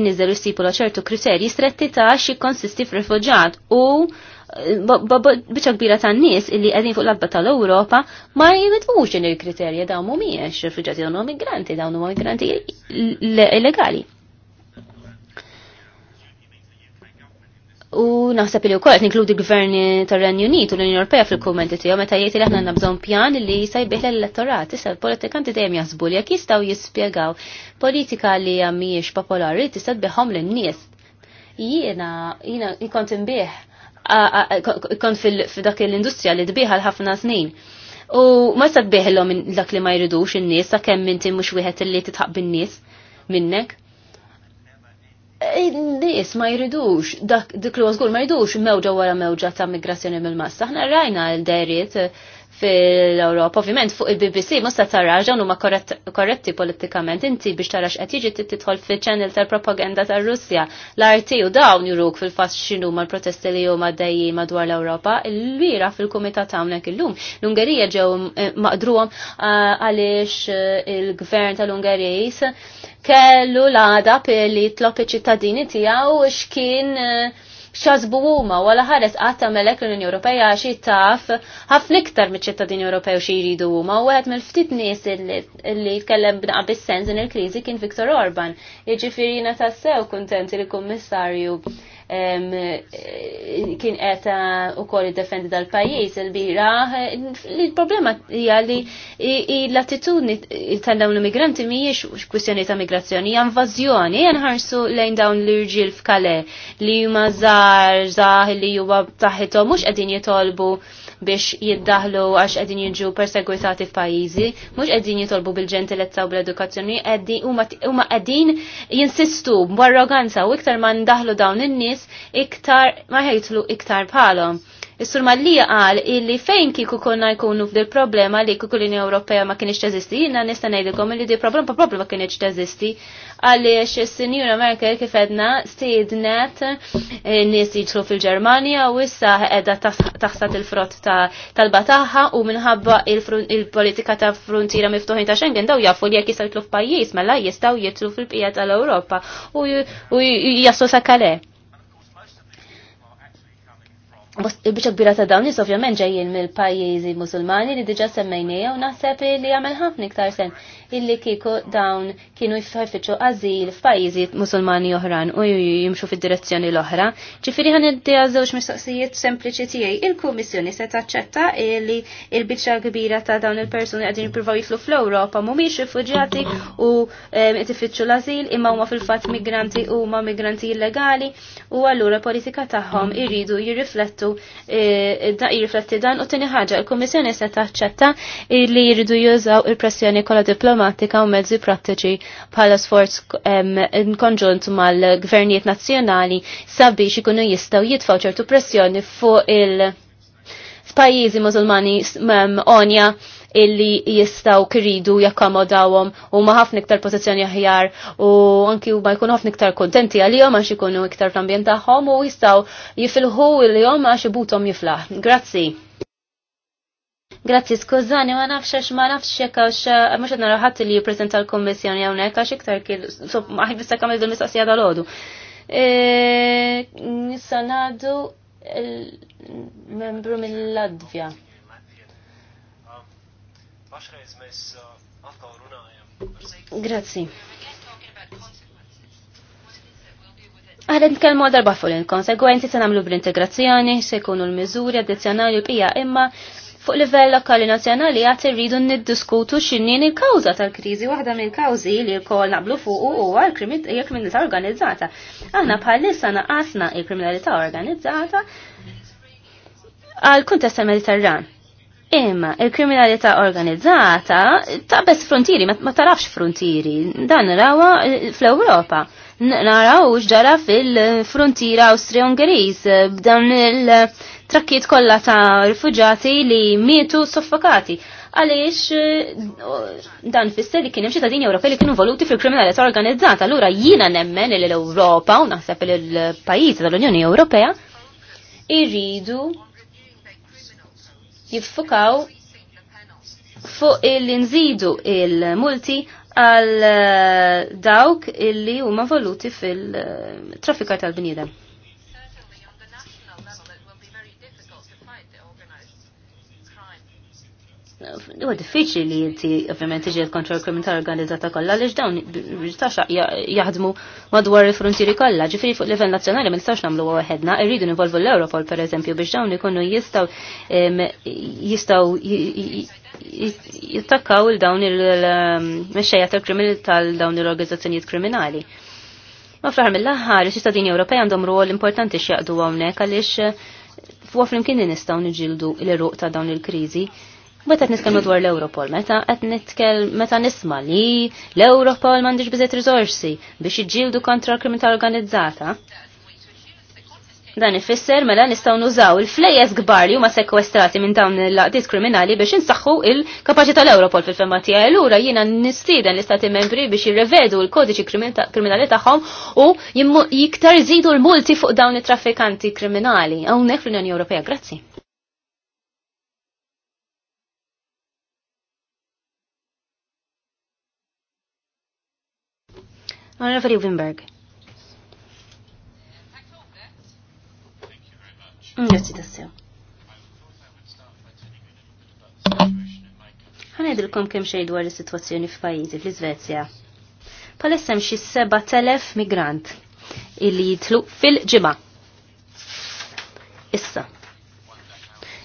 inizzel istipula ċertu kriterji stretti ta' xi konsisti f'rifuġat u biċa kbira ta' nies illi għedin fuq l-abba tal-Europa ma jimedwux in il-kriterja dawn mumiex rifuġati dawn migranti dawn migranti illegali. U naħseb li wkoll qed ninkludi gvern tar-Renju Unit u l-Unjoni Ewropea fil-kummenti tiegħu meta jgħid li aħna għandna bżonn pjan li jsajbih l-elettorat. Issa l-politikanti dejjem jaħsbu li jekk jistgħu jispjegaw politika li hija mhijiex popolari tista' tbihom lin-nies. Jiena jiena kont imbieħ kont f'dak dak l-industrija li tbieħ għal ħafna snin. U ma sadbieħ l-om dak li ma jridux in-nies sakemm inti mhux wieħed li titħaq bin-nies minnek. Nis ma jridux, dak dik li żgur ma jridux mewġa wara mewġa ta' migrazjoni mill-massa. Aħna rajna l-deriet fil-Europa. Ovvijament fuq il-BBC musta tara ġan huma korretti politikament inti biex tarax qed jiġi tidħol fil-ċannel tal-propaganda tar-Russja. L-RT u dawn juruk fil xinu ma l protesti li huma dejjin madwar l-Ewropa. l wira fil-kumitat hawnhekk illum. L-Ungerija ġew eh, maqdruhom eh, għaliex eh, il-gvern tal-Ungerijs kellu l-għada li tlop iċ-ċittadini tiegħu x'kien uh, xazbu huma wala ħares qatt għamelek l-Unjoni Ewropea xi taf ħafna iktar miċ-ċittadini Ewropew xi jridu huma u wieħed mill-ftit nies li jitkellem b'naqab bis sens il-kriżi kien Viktor Orban. Jiġifieri tassew kuntent il-Kummissarju kien qed uh, ukoll iddefendi dal-pajjiż il-bira. Il-problema hija li l-attitudni ta' dawn l-immigranti mhijiex kwistjoni ta' migrazzjoni, hija invażjoni, hija nħarsu lejn dawn l-irġiel f'Kale li huma żgħar żgħar li huwa taħħithom mhux qegħdin jitolbu biex jiddaħlu għax qegħdin jiġu persegwitati f'pajjiżi, mhux qegħdin jitolbu bil-ġentilezza u bl-edukazzjoni, huma qegħdin jinsistu b'arroganza u iktar ma ndaħlu dawn in-nies iktar ma ħejtlu iktar bħalhom. Is-sur Mallija qal illi fejn kieku konna jkunu f'dil problema li kieku l-Unjoni Ewropea ma kienx teżisti, jiena nista' ngħidilkom li dil problema problema kienx teżisti għaliex is-Sinjura Merkel kif edna stiednet eh, nies jidħlu fil-Ġermanja u issa qiegħda taħsad il-frott tal-bataħħa u minħabba il-politika ta' frontiera miftuħin ta' Schengen daw jafu li jekk jistgħu jitlu f'pajjiż mela jistgħu jitlu fil bqija tal-Ewropa u jassu sakale. Biċa kbira ta' dawn nis ovvjament ġejjin mill-pajjiżi Musulmani li diġa semmejnija u naħseb li għamel ħafna iktar sen illi kieku dawn kienu jistħarfiċu għazil f'pajizi musulmani oħran u jimxu fid-direzzjoni l-oħra. għan id iddija żewġ mistoqsijiet sempliċi tiegħi. Il-Kummissjoni se taċċetta li l-biċċa kbira ta' dawn il-persuni għadin jiprofaw jitlu fl-Ewropa mhumiex rifuġjati u tifittxu l-azil imma huma fil-fatt migranti huma migranti illegali u għallura politika tagħhom irridu jirriflettu e, jirrifletti dan u tieni ħaġa l-Kummissjoni se taċċetta li jridu jużaw il-pressjoni kollha diplomatika diplomatika u mezzi prattiċi bħala sforz konġunt mal-gvernijiet nazzjonali sabiex ikunu jistaw jitfaw ċertu pressjoni fuq il- pajizi mużulmani onja illi jistaw kiridu jakkomodawhom u ma ħafna iktar pożizzjoni aħjar u anki ma jkunu ħafna iktar kontenti għalihom għax ikunu iktar fl-ambjent tagħhom u jistaw jifilħu ilhom għax ibutom jiflaħ. Grazzi. Grazzi, skużani, ma nafx għax ma nafx jekk għax eh, mux qed nara ħadd li jippreżenta l kommissjoni hawnhekk għax iktar kien maħi bissa kamil din mistoqsija dal ħodu Nisanadu eh, l membru mill-Latvja. Grazzi. Għadin kelmu darba fuq il-konsegwenzi se nagħmlu bl-integrazzjoni, se jkunu l-miżuri addizzjonali pija imma fuq livell lokali nazzjonali għat irridu niddiskutu xinnin il-kawża tal-kriżi waħda mill-kawżi li wkoll naqblu fuq huwa l-kriminalità organizzata. Aħna bħalissa naqasna il-kriminalità organizzata għal kuntest tal-Mediterran. Imma, il-kriminalità organizzata tabes frontieri, ma tarafx frontieri, dan rawa fl-Europa. Naraw ġara fil-frontiera austria ungeriz b'dan il- trakkiet kollha ta' rifuġati li mietu soffokati. Għaliex eh, dan fisser li kien hemm ċittadini Ewropej li kienu voluti fil-kriminalità organizzata. Allura jiena nemmen li europa ewropa u naħseb li l-pajjiżi tal-Unjoni Ewropea irridu jiffukaw fuq il-nżidu il-multi għal eh, dawk illi huma voluti fil-traffika eh, tal-bniedem. huwa diffiċli li inti ovvjament tiġi kontra l-kriminalità organizzata kollha għaliex dawn jistax jaħdmu madwar il-frontieri kollha. Ġifieri fuq livell nazzjonali ma nistax nagħmlu waħedna, irridu nivolvu l-Europol pereżempju biex dawn ikunu jistgħu jistgħu jittakkaw il dawn il-mexxejja tal-kriminalità tal-dawn il-organizzazzjonijiet kriminali. Ma fl mill-aħħar, il ċittadini Ewropej għandhom rol importanti x'jaqdu hawnhekk għaliex fuq flimkien nistgħu niġildu l-eruq ta' dawn il-kriżi. il il kriżi Meta qed nitkellmu dwar l-Europol, meta qed nitkellem meta nisma' li l-Europol m'għandix bizet rizorsi biex iġildu kontra l-kriminalità organizzata. Dan ifisser mela nistgħu nużaw il flejes kbar li huma sekwestrati minn dawn il-laqdiet kriminali biex insaħħu il-kapaċità l-Europol fil-femma tiegħi. Lura jiena nistieden l-istati membri biex jirrevedu l-kodiċi kriminali tagħhom u jiktar iżidu l-multi fuq dawn it-traffikanti kriminali hawnhekk fl-Unjoni Ewropea. Grazzi. Non Onorevoli Wimberg. Grazie tassew. Ħanedilkom kemm xejn dwar is-sitwazzjoni f'pajjiżi fl-Iżvezja. Palissa hemm xi 7000 migrant illi jitlu fil-ġimgħa. Issa.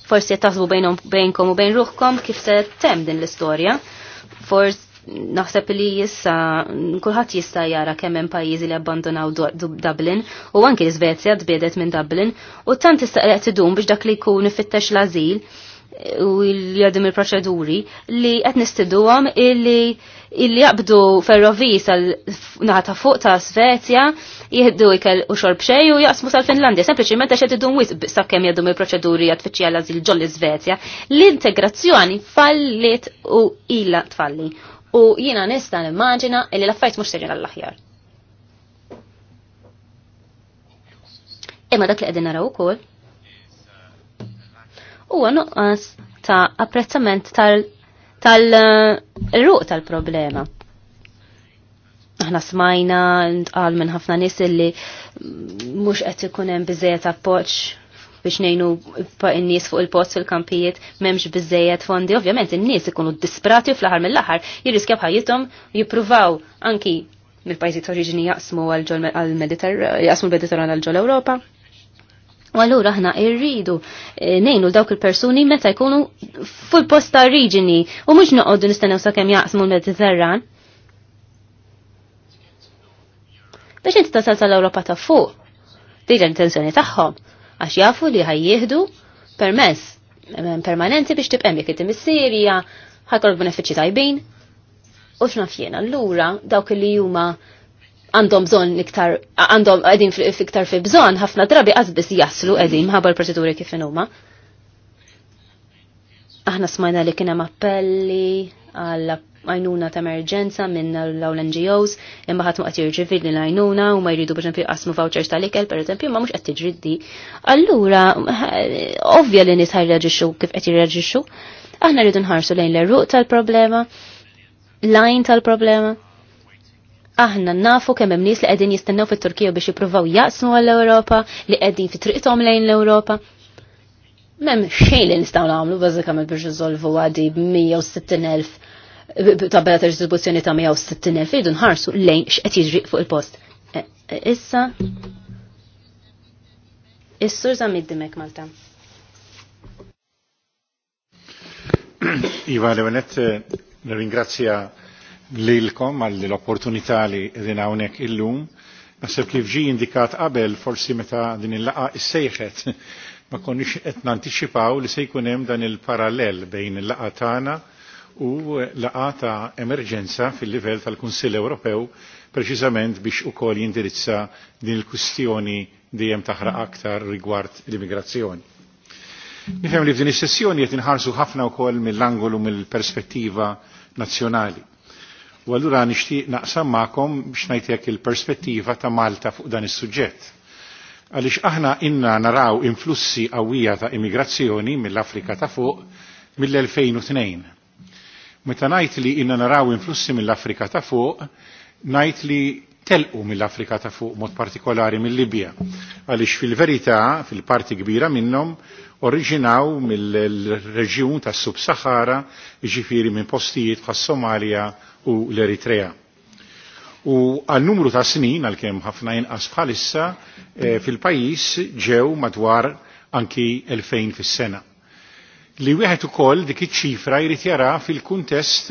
Forsi qed taħsbu bejnkom u bejn ruħkom kif se tem din l-istorja. Forsi naħseb li jissa kulħadd jista' jara kemm hemm pajjiżi li abbandonaw Dublin u anki l-Iżvezja tbiedet minn Dublin u tant tista' qed idum biex dak li jkun ifittex l-ażil u li jadim il-proċeduri li qed nistiduhom illi illi jaqbdu ferrovij sal-naħta fuq ta' Svezja jihdu ikel u xorb xej u jaqsmu sal-Finlandja. Sempliċiment għax wisq wis sakkem jadum il-proċeduri għatfiċi l azil ġolli Svezja. L-integrazzjoni fallit u ila tfalli u jiena nista' nimmaġina li l-affarijiet mhux seġin għall-aħjar. Imma dak li qegħdin naraw ukoll huwa nuqqas ta' apprezzament tal-ruq tal-problema. Aħna smajna ntqal minn ħafna nies illi mhux qed ikun hemm biżejjed appoġġ biex nejnu n-nies fuq il-post fil-kampijiet memx bizzejet fondi. Ovvjament n-nies ikunu disprati fl-ħar mill-ħar jirriskja bħajjitom jipruvaw anki mill-pajzi ta' oriġini jaqsmu għal-Mediterran għal-ġol Ewropa. U allura aħna irridu eh, nejnu dawk il-persuni meta jkunu full post ta' oriġini u mhux noqogħdu nistennew sakemm jaqsmu l-Mediterran. Biex inti tasal tal-Ewropa ta' fuq, diġa l-intenzjoni tagħhom għax jafu li jihdu permess eh, permanenti biex tibqem jekk inti mis-Sirja, ħajkollok benefiċċji tajbin. U x'naf l allura dawk li huma għandhom bżonn iktar għandhom qegħdin iktar fi bżonn ħafna drabi għazbis jaslu qegħdin ħabba l-proċeduri kif huma. Aħna smajna li kien hemm appelli għal għajnuna ta' emerġenza minn l-għaw l-NGOs, imma ħatmu għat jirġivi li l-għajnuna u ma jridu biex jqasmu vouchers tal-ikel, per eżempju, ma mux għat tiġriddi. Allura, eh, ovvja li nisħaj reġiċu kif għat jirreġiċu, aħna rridu nħarsu lejn l-ruq tal-problema, lajn tal-problema. Aħna nafu kemm hemm nies li qegħdin jistennew fit-Turkija biex jippruvaw jaqsmu għall-Ewropa, li qegħdin fi triqthom lejn l-Ewropa, Mem xejn li nistgħu nagħmlu bażikament biex iżolvu għadi elf tabella ta' distribuzzjoni ta' 160.000 fejdu nħarsu lejn x'qed jiġri fuq il-post. E, e, issa Is-sur Middimek Malta. Iva Levenet, nirringrazzja eh, lilkom għall-opportunità li edin hawnhekk illum. Naħseb kif ġi indikat qabel forsi meta din il-laqa issejħet ma konniex qed nanticipaw li se jkun hemm dan il-parallel bejn il-laqa tagħna u laqata emerġenza fil-livell tal-Kunsill Ewropew preċiżament biex ukoll jindirizza din il-kwistjoni dejjem taħraq aktar rigward l-immigrazzjoni. Nifhem li f'din is-sessjoni qed inħarsu ħafna wkoll mill-angolu mill-perspettiva nazzjonali. U allura nixtieq naqsam magħkom biex ngħidlek il-perspettiva ta' Malta fuq dan is-suġġett. Għaliex aħna inna naraw influssi qawwija ta' immigrazzjoni mill-Afrika ta' fuq mill-2002 Meta najt li inna naraw influssi mill-Afrika ta' fuq, najt li telqu mill-Afrika ta' fuq mod partikolari mill-Libja. Għalix fil-verità, fil-parti kbira minnom, oriġinaw mill-reġjun tas sub-Sahara, ġifiri minn postijiet bħas Somalia u l-Eritrea. U għal numru ta' snin, għal kem ħafna jinqas bħalissa, eh, fil-pajis ġew madwar anki 2000 fis-sena li wieħed ukoll dik iċ-ċifra jrid jara fil-kuntest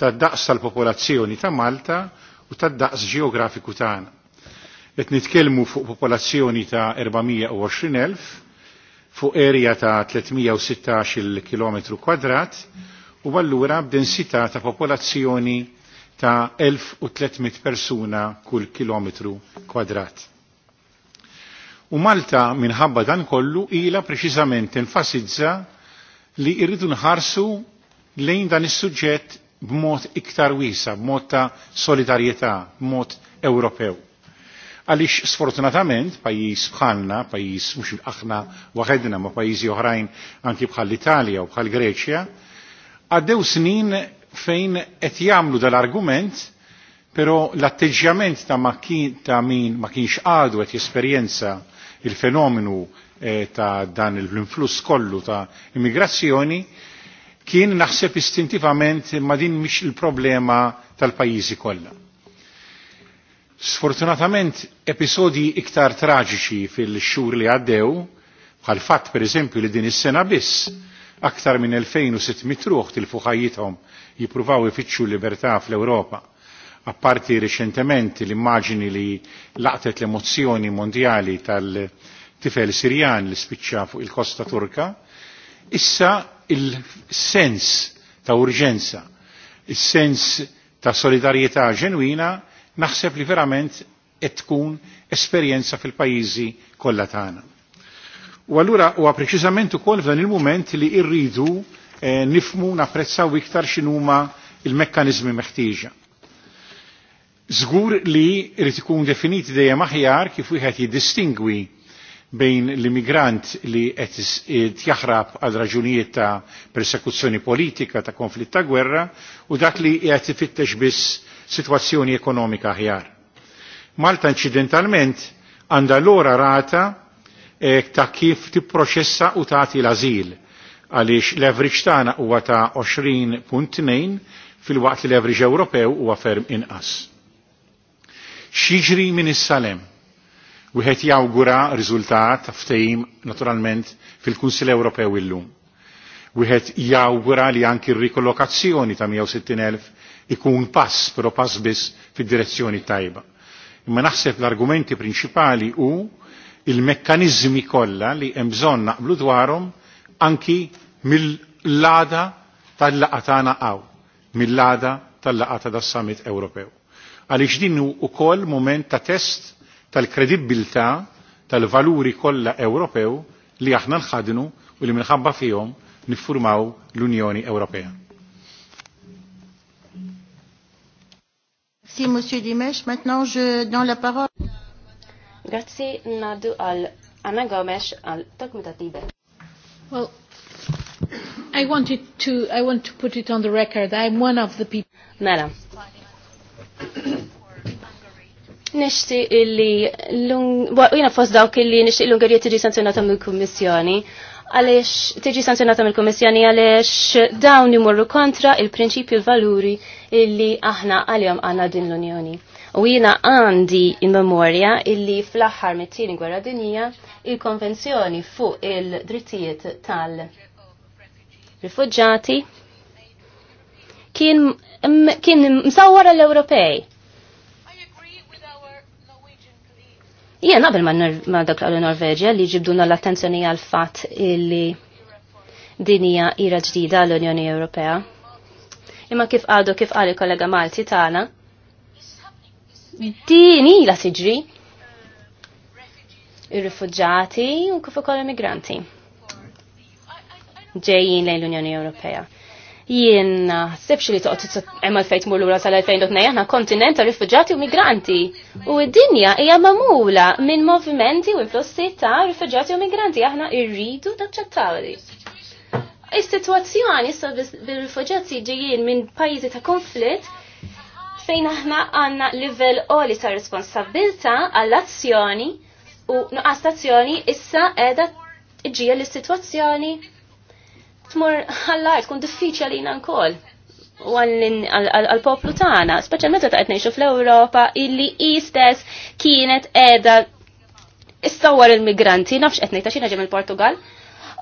tad-daqs tal-popolazzjoni ta' Malta u tad-daqs ġeografiku tagħna. Qed nitkellmu fuq popolazzjoni ta' 420,000 fuq area ta' 316 km kwadrat u allura b'densità ta' popolazzjoni ta' 1300 persuna kull kilometru kwadrat. U Malta minħabba dan kollu ila preċiżament enfasizza li irridu nħarsu lejn dan is-suġġett b'mod iktar wiesa, b'mod ta' solidarjetà, b'mod Ewropew. Għaliex sfortunatament pajjiż bħalna, pajjiż mhux aħna waħedna ma' pajjiżi oħrajn anki bħal Italja u bħal Greċja, għaddew snin fejn qed jagħmlu dal-argument però l-atteġġjament ta' ma' ta' min ma kienx għadu qed jesperjenza il-fenomenu E, ta' dan l-influss kollu ta' immigrazzjoni kien naħseb istintivament ma din mhix il-problema tal-pajjiżi kollha. Sfortunatament episodi iktar traġiċi fil-xhur li għaddew bħal fatt pereżempju li din is-sena biss aktar minn 2600 ruħ tilfu ħajjithom jippruvaw ifittxu libertà fl-Ewropa. Apparti riċentement l-immaġini li laqtet l-emozzjoni mondjali tal- tifel Sirjan li spiċċa fuq il-kosta Turka, issa il-sens ta' urġenza, il-sens ta' solidarietà ġenwina naħseb li verament qed tkun esperjenza fil-pajjiżi kollha tagħna. U allura huwa preċiżament ukoll f'dan il-mument li rridu eh, nifmu napprezzaw iktar x'inhuma il-mekkaniżmi meħtieġa. Zgur li rrid ikun definiti dejjem aħjar kif wieħed jiddistingwi bejn l-immigrant li qed eh, jaħrab għal raġunijiet ta' persekuzzjoni politika, ta' konflitt ta' gwerra u dak li qed ifittex biss sitwazzjoni ekonomika aħjar. Malta inċidentalment għandha l-ora rata eh, ta' kif tipproċessa u tagħti l-ażil għaliex l-average tagħna huwa ta' 20.2 fil-waqt li l-average Ewropew huwa ferm inqas. Xiġri minn is-salem wieħed jawgura riżultat ftehim naturalment fil-Kunsill Ewropew illum. Wieħed jawgura li anki r-rikollokazzjoni ta' 160,000 ikun pass, però pass biss fid-direzzjoni tajba. Imma naħseb l-argumenti prinċipali u il-mekkanizmi kollha li hemm bżonn naqblu dwarhom anki mill-lada tal-laqa tagħna qaw, mill-lada tal laqata ta' das-Summit Ewropew. Għaliex din wkoll moment ta' test tal-kredibilità tal-valuri kollha Ewropew li aħna nħadnu u li minħabba fihom niffurmaw l-Unjoni Ewropea. Merci, Monsieur Dimesh. Maintenant, je donne la parole. Grazie, Nadu al Anna Gomes al Tibet. Well, I wanted to, I want to put it on the record. I'm one of the people. Mela. Nishti illi, jina fost dawk illi nishti l-Ungarija tiġi sanzjonata mill-Kummissjoni, għalix tiġi sanzjonata mill-Kummissjoni għalix dawn imorru kontra il-prinċipju l-valuri illi aħna għal-jom għanna din l-Unjoni. U jina għandi in memoria illi fl-axħar mit-tieni gwerra dinija il-konvenzjoni fuq il-drittijiet tal-rifugġati kien, kien msawwara l-Ewropej Ija nabil ma dak l-Norveġja li ġibduna l-attenzjoni għal fatt li dinija ira ġdida l-Unjoni Ewropea. Imma kif għadu kif għal kollega Malti tagħna, din ila tiġri ir-rifuġġati u kif ukoll immigranti ġejjin lejn l-Unjoni Ewropea jien naħsebx li toqgħod hemm għalfejn tmur lura sal-2002 aħna kontinent ta' u migranti. U d-dinja hija magħmula minn movimenti u influssi ta' rifugġati u migranti aħna rridu naċċettawli. Is-sitwazzjoni issa bil rifugġati ġejjin minn pajjiżi ta' konflitt fejn aħna għandna livell oli ta' responsabilta għall-azzjoni u nuqqas tazzjoni issa qiegħda ġija l-sitwazzjoni tmur ħallar tkun diffiċja lina wkoll u għal-poplu tagħna, speċjalment meta qed ngħixu fl-Ewropa illi istess kienet qiegħda istawar il-migranti, nafx qed ta' għax il-Portugal.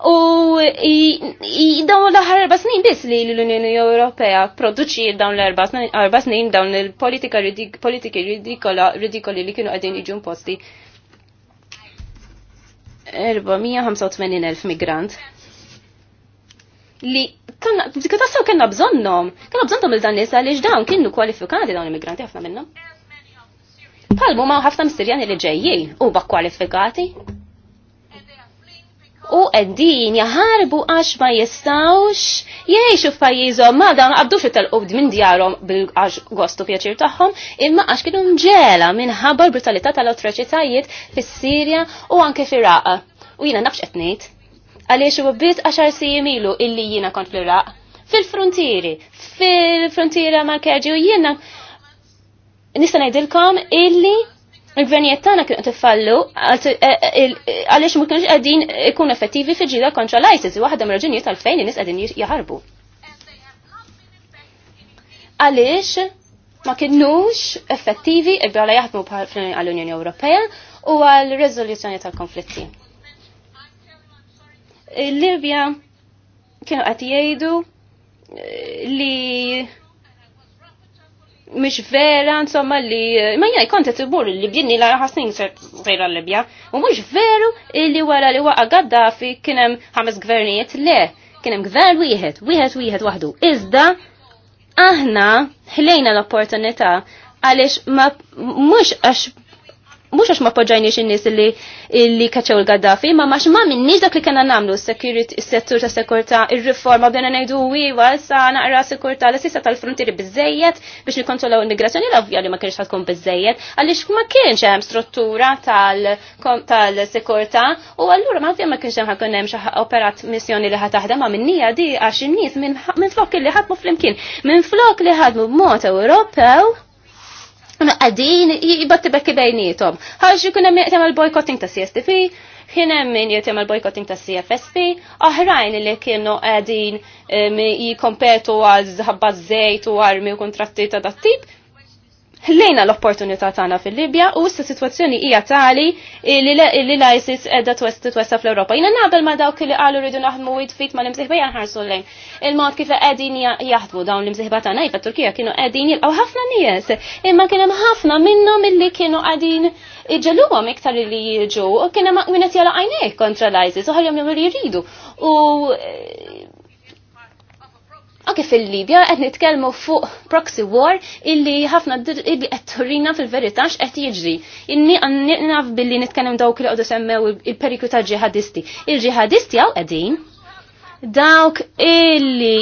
U dawn l-aħħar erba' snin biss li l-Unjoni Ewropea produċi dawn l-erba' snin dawn il-politika politiki ridikoli li kienu qegħdin jiġu posti. 485,000 migrant li kanna, tassaw kanna bżonnom, kanna bżonnom il-dan nisa li ġdawn kienu kwalifikati dawn immigranti ħafna minnom. Palmu ma' għafna mistirjani li ġejjin u bak kwalifikati. U għeddin jaharbu għax ma jistawx jiexu f'pajjiżhom ma dan għabdux it-telqub minn djarhom bil-għax gostu pjaċir tagħhom, imma għax kienu mġela minħabba l-brutalità tal-atroċitajiet fis-Sirja u anke fir-Raqa. U jiena nafx qed ngħid għaliex u bbiet 10 sijim ilu illi jiena kont fl-Iraq. Fil-frontieri, fil-frontiera ma' kerġi u jina. nista' ngħidilkom illi il-gvernijiet tagħna kienu tifallu e- e- għaliex ma kienux qegħdin ikun effettivi fil-ġida kontra l-ISIS, waħda mir-raġunijiet għalfejn in-nies qegħdin jaħarbu. Għaliex ma kienux effettivi ibbala jaħdmu għall-Unjoni Ewropea u għal-rezoluzjoni tal-konflitti libja kienu qed jgħidu eh, li mhix vera, insomma, li, ma jaj, kontet ibur li bjinni la ħasnin sejra l-Libja, u mhux veru li wara li waqa Gaddafi kien hemm ħames gvernijiet, le, kien hemm gvern wieħed, wieħed wieħed waħdu iżda aħna ħlejna l-opportunità għaliex ma mhux għax mhux għax ma poġġajniex in-nies li li kaċċew il-Gaddafi, ma max ma minniex dak li kena nagħmlu security is-settur ta' sekurtà, ir-riforma bdejna ngħidu wiewa sa naqra sekurta, l sisa tal-frontieri bizzejiet biex nikontrollaw l-immigrazzjoni l ovvja li ma kienx tkun bizzejiet, għaliex ma kienx hemm struttura tal-sekurtà u allura ma ovvja ma kienx hemm ħakun hemm xi operat missjoni li ħataħdem ma minnija di għax in-nies minn flok li ħadmu flimkien, minn flok li ħadmu b'mod Ewropew għadin bekki bejnietom. Ħarġu kuna jgħetem għal-boykotting ta' CSTP, kienem min jgħetem għal-boykotting ta' CFSP, oħrajn li kienu għadin jikompetu għal zħabba zejt u armi u kontratti ta' dat tip, ħlejna l-opportunità tagħna fil-Libja u issa sitwazzjoni hija tali li l-ISIS qiegħda titwessa fl-Ewropa. Jiena naqbel ma dawk li qalu rridu naħdmu wid fit ma l-imsieħba jaħarsu lejn. Il-mod kif qegħdin jaħdmu dawn l-imsieħba tagħna iva Turkija kienu qegħdin jilqgħu ħafna nies, imma kien hemm ħafna minnhom illi kienu qegħdin iġeluhom iktar li jiġu u kien hemm qed jala għajnejh kontra l-ISIS u ħalhom jagħmlu li jridu. Anke fil-Libja qed nitkellmu fuq proxy war illi ħafna illi qed turina fil-verità x'qed jiġri. Inni naf billi nitkellem dawk li qogħdu semmew il-periklu ta' ġihadisti. Il-ġihadisti hawn qegħdin dawk illi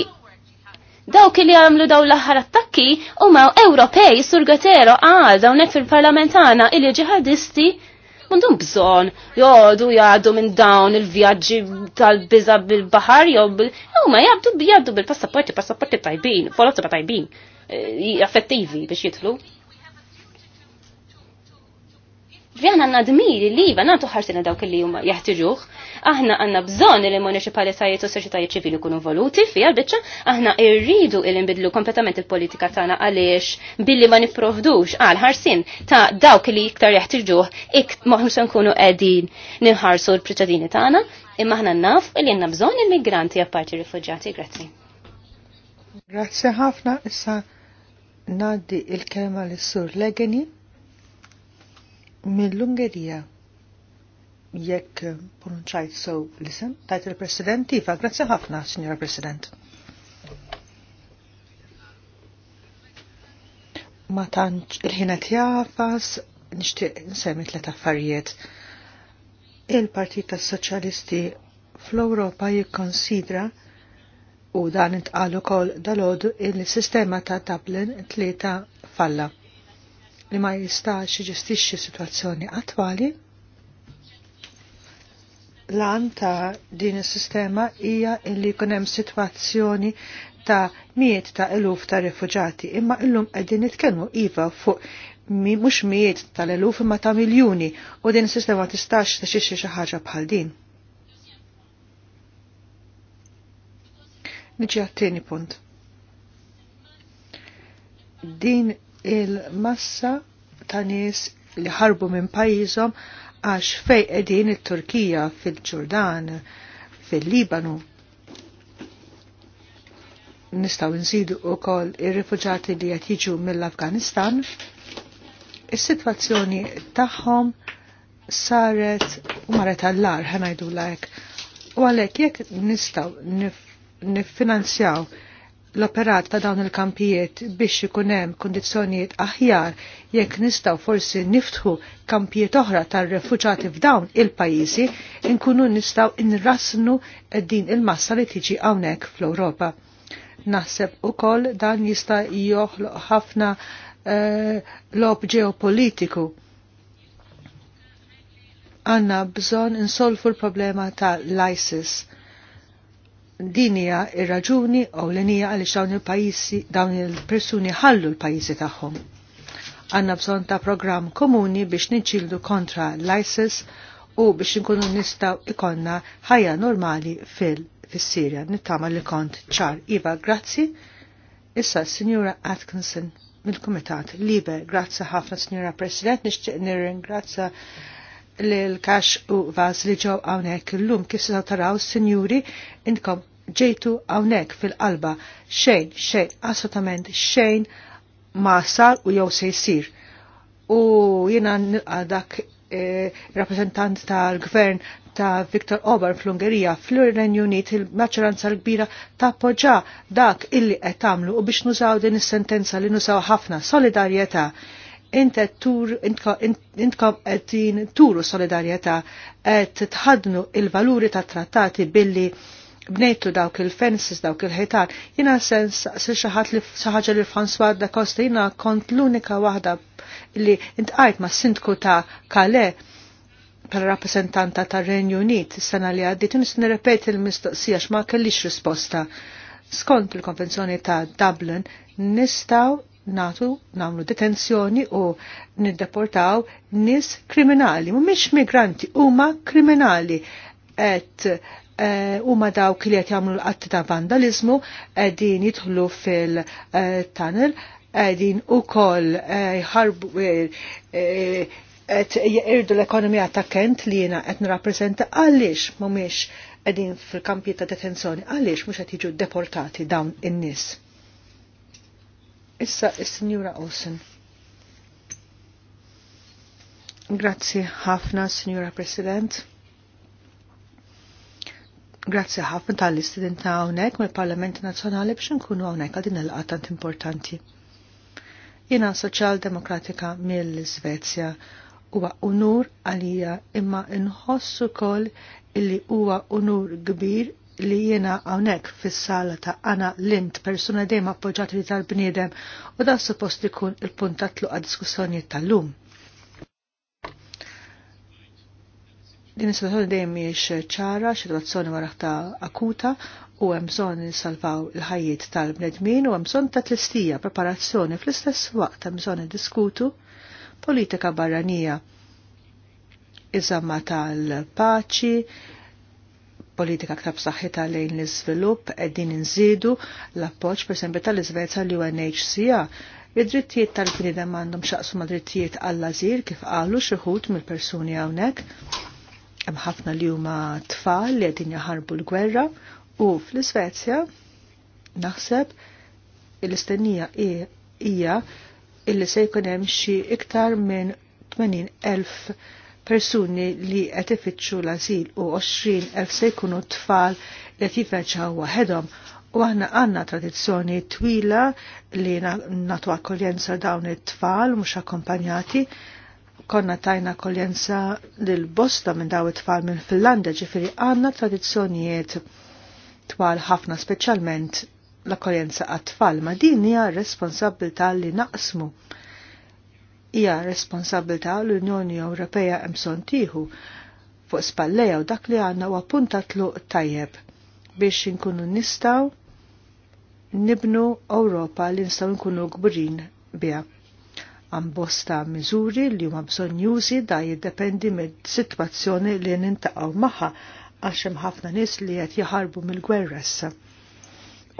dawk li għamlu daw l-aħħar attakki huma Ewropej surgatero għal dawnek fil-parlamentana illi ġihadisti Mundum bżon, jodu jgħadu minn dawn il-vjaġġi tal-biza bil-bahar, jow ma jaddu jgħaddu bil-passaporti, passaporti tajbin, folozza tajbin, eh, affettivi biex jitlu. Vjana għanna dmiri li jiva għanna ħarsina dawk li juma jahtiġuħ, Aħna għanna bżon li municipalitajiet u soċjetajiet ċivili kunu voluti fija bieċa aħna irridu il nbidlu kompletament il-politika tagħna għaliex billi ma niprovdux għal ħarsin ta' dawk li iktar jahtiġuħ, ik maħnus nkunu qegħdin nħarsu l-priċadini tagħna imma aħna naf li għanna bżon il-migranti apparti rifugġati, Grazzi. Grazzi ħafna issa naddi il-kelma l-sur Legeni mill-Ungerija. Jekk pronunċajt so l-isem, tajt il-President Tifa, grazzi ħafna, Signora President. Ma tantx il-ħinet jafas, nixtieq nsemmi tlet affarijiet. Il-Partit tas-Soċjalisti fl-Ewropa jikkonsidra u dan intqal ukoll dalgħodu il-sistema ta' Dublin tlieta falla li ma jistax iġestixxi situazzjoni attwali. l l-għan ta' din is-sistema hija illi jkun hemm sitwazzjoni ta' miet ta' eluf ta' rifuġati, imma illum qegħdin nitkellmu iva fuq mhux miet tal-eluf imma ta' miljuni u din is-sistema tistax taxixxi xi ħaġa bħal din. Niġi għat-tieni punt. Din il-massa ta' nies li ħarbu minn pajjiżhom għax fej qegħdin it-Turkija fil-Ġordan, fil-Libanu. Nistgħu nżidu wkoll ir-rifuġati li qed jiġu mill-Afganistan. Is-sitwazzjoni tagħhom saret u maret għallar ħanajdu lajk. U għalhekk jekk nistgħu niffinanzjaw nif l-operat ta' dawn il-kampijiet biex ikun hemm kundizzjonijiet aħjar jekk nistgħu forsi niftħu kampijiet oħra tar-refuġati f'dawn il-pajjiżi nkunu nistgħu inrasnu din il-massa li tiġi hawnhekk fl-Ewropa. Naħseb ukoll dan jista' joħloq ħafna eh, lob ġeopolitiku. Għanna bżon insolfu l-problema ta' l-ISIS dinija ir-raġuni u l-enija għaliex dawn il-pajjiżi dawn il-persuni ħallu l-pajjiżi tagħhom. Għanna bżonn ta' programm komuni biex niġġieldu kontra l-ISIS u biex inkunu nistaw ikonna ħajja normali fil fis-Sirja. Nittama li kont ċar Iva, grazzi. Issa Signora Atkinson mill-Kumitat Libe, grazzi ħafna Signora President, nixtieq nirringrazza l-kax u vas li ġew hawnhekk illum kif se taraw s-senjuri inkom ġejtu hawnhekk fil-qalba xejn xejn assolutament xejn ma sar u jew se jsir. U jiena għadak dak eh, rappresentant tal-gvern ta' Viktor Obar fl-Ungerija fl-Renju Unit il-maċċoranza l-kbira poġġa dak illi qed tagħmlu u biex nużaw din is-sentenza li nużaw ħafna solidarjetà inta tur intkom qed turu solidarjetà qed tħadnu il-valuri ta' trattati billi bnejtu dawk il-fences, dawk il-ħitan. Jina sens sil xaħat li xaħġa li François da Costa jina kont l-unika wahda li intqajt ma sindku ta' Kale per rappresentanta ta' Renju Unit sena li għaddit nis nirrepeti l-mistoqsija x'ma kellix risposta. Skont il-konvenzjoni ta' Dublin nistaw natu, namlu detenzjoni u niddeportaw nis kriminali. miex migranti, huma kriminali. Et eh, huma e, dawk li qed jagħmlu l-qatti ta' vandalizmu qegħdin jidħlu fil-tunnel eh, qegħdin ukoll eh, jħarbu e, qed jirdu l-ekonomija ta' Kent li jiena qed nirrappreżenta għaliex mhumiex qegħdin fil kampi ta' detenzjoni, għaliex mhux qed jiġu deportati dawn in-nies. Issa is-Sinjura Olsen. Grazzi ħafna, Sinjura President. Grazzi ħafna tal-istudenta hawnhekk mill-Parlament Nazzjonali biex nkunu hawnhekk għal din il tant importanti. Jiena soċjal-demokratika mill-Svezja huwa unur għalija imma nħossu kol illi huwa unur kbir li jiena hawnhekk fis-sala ta' Ana lint persuna dejjem appoġġat li tal-bniedem u da' suppost ikun il-punt ta' tluqa diskussjonijiet tal-lum. Din is-sitwazzjoni dejjem mhijiex ċara, sitwazzjoni wara akuta u hemm bżonn nisalvaw il-ħajjiet tal-bnedmin u hemm bżonn ta' tlistija preparazzjoni fl-istess waqt hemm bżonn diskutu politika barranija iżamma tal-paċi, politika aktar b'saħħitha lejn l-iżvilupp qegħdin inżidu l-appoġġ pereżempju tal-Iżvezja l UNHCR. Id-drittijiet tal-bniedem għandhom xaqsu ma' drittijiet għall-ażir kif qalu xi ħut mill-persuni hawnhekk. Hemm ħafna li huma tfal li qegħdin jaħarbu l-gwerra u fl-Iżvezja naħseb l-istennija hija illi se jkun hemm xi iktar minn 80 elf persuni li qed ifittxu l-asil u 20,000 se jkunu tfal li qed jifeċaw waħedhom. U aħna għanna tradizzjoni twila li natu akkoljenza dawn it-tfal mhux akkompanjati. Konna tajna akkoljenza lil bosta minn daw it-tfal minn Finlandja ġifieri għandna tradizzjonijiet twal ħafna speċjalment l-akkoljenza għat-tfal ma din hija responsabilità li naqsmu hija responsabilità l-Unjoni Ewropea hemm tieħu fuq spalleja u dak li għandna u punta tluq tajjeb biex inkunu nistaw nibnu Ewropa li nistgħu nkunu gburin biha. Ambosta miżuri li huma bżonn jużi da jiddependi mid-sitwazzjoni li nintaqgħu magħha għax hemm ħafna nies li qed jaħarbu mill-gwerra issa.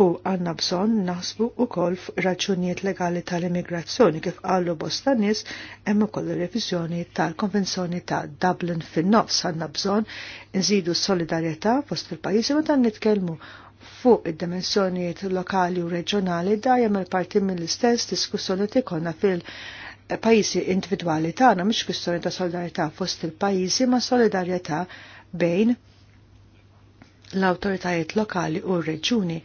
U għanna bżon naħsbu u kol raġunijiet legali tal-immigrazzjoni kif għallu bosta hemm emma kollu revizjoni tal-konvenzjoni ta' Dublin fin-nofs għanna bżon nżidu solidarieta fost il-pajjiżi dan nitkellmu fuq id-dimensjonijiet lokali u reġjonali dajem il-parti mill-istess diskussjoni tikonna fil- pajjiżi individwali tagħna mhux kwistjoni ta' solidarjetà fost il-pajjiżi ma' solidarjetà bejn l-awtoritajiet lokali u r-reġuni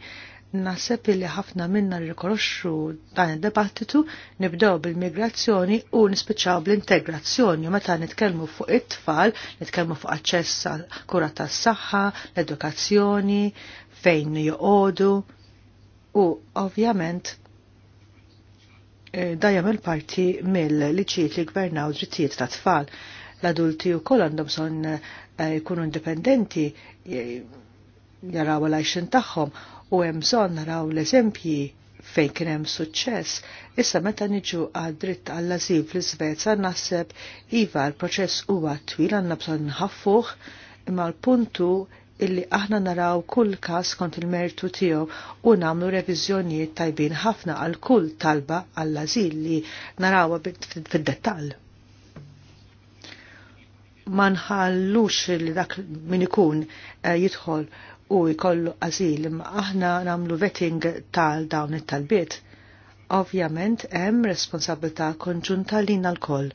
Naħseb li ħafna minna rikonoxxu dan id-debattitu nibdew bil-migrazzjoni u nispiċċaw bl-integrazzjoni u meta nitkellmu fuq it-tfal, nitkellmu fuq aċċess għal kura tas-saħħa, l-edukazzjoni, fejn joqogħdu u ovvjament eh, da jagħmel parti mill-liċijiet li gvernaw drittijiet ta' tfal. L-adulti u koll għandhom son eh, jkunu indipendenti eh, jaraw l-għajxin tagħhom u hemm bżonn naraw l-eżempji fejn kien hemm suċċess, issa meta niġu għal dritt għall ażil fl-Iżvezja naħseb iva l-proċess huwa twil għandna bżonn nħaffuh imma l-puntu illi aħna naraw kull każ kont il-mertu tiegħu u nagħmlu reviżjonijiet tajbin ħafna għal kull talba għall ażil li narawha fid-dettall. Ma nħallux li dak min ikun eh, jidħol u jkollu azil, imma aħna namlu vetting tal dawn it-talbiet. Ovvjament hemm responsabilità konġunta lina l-koll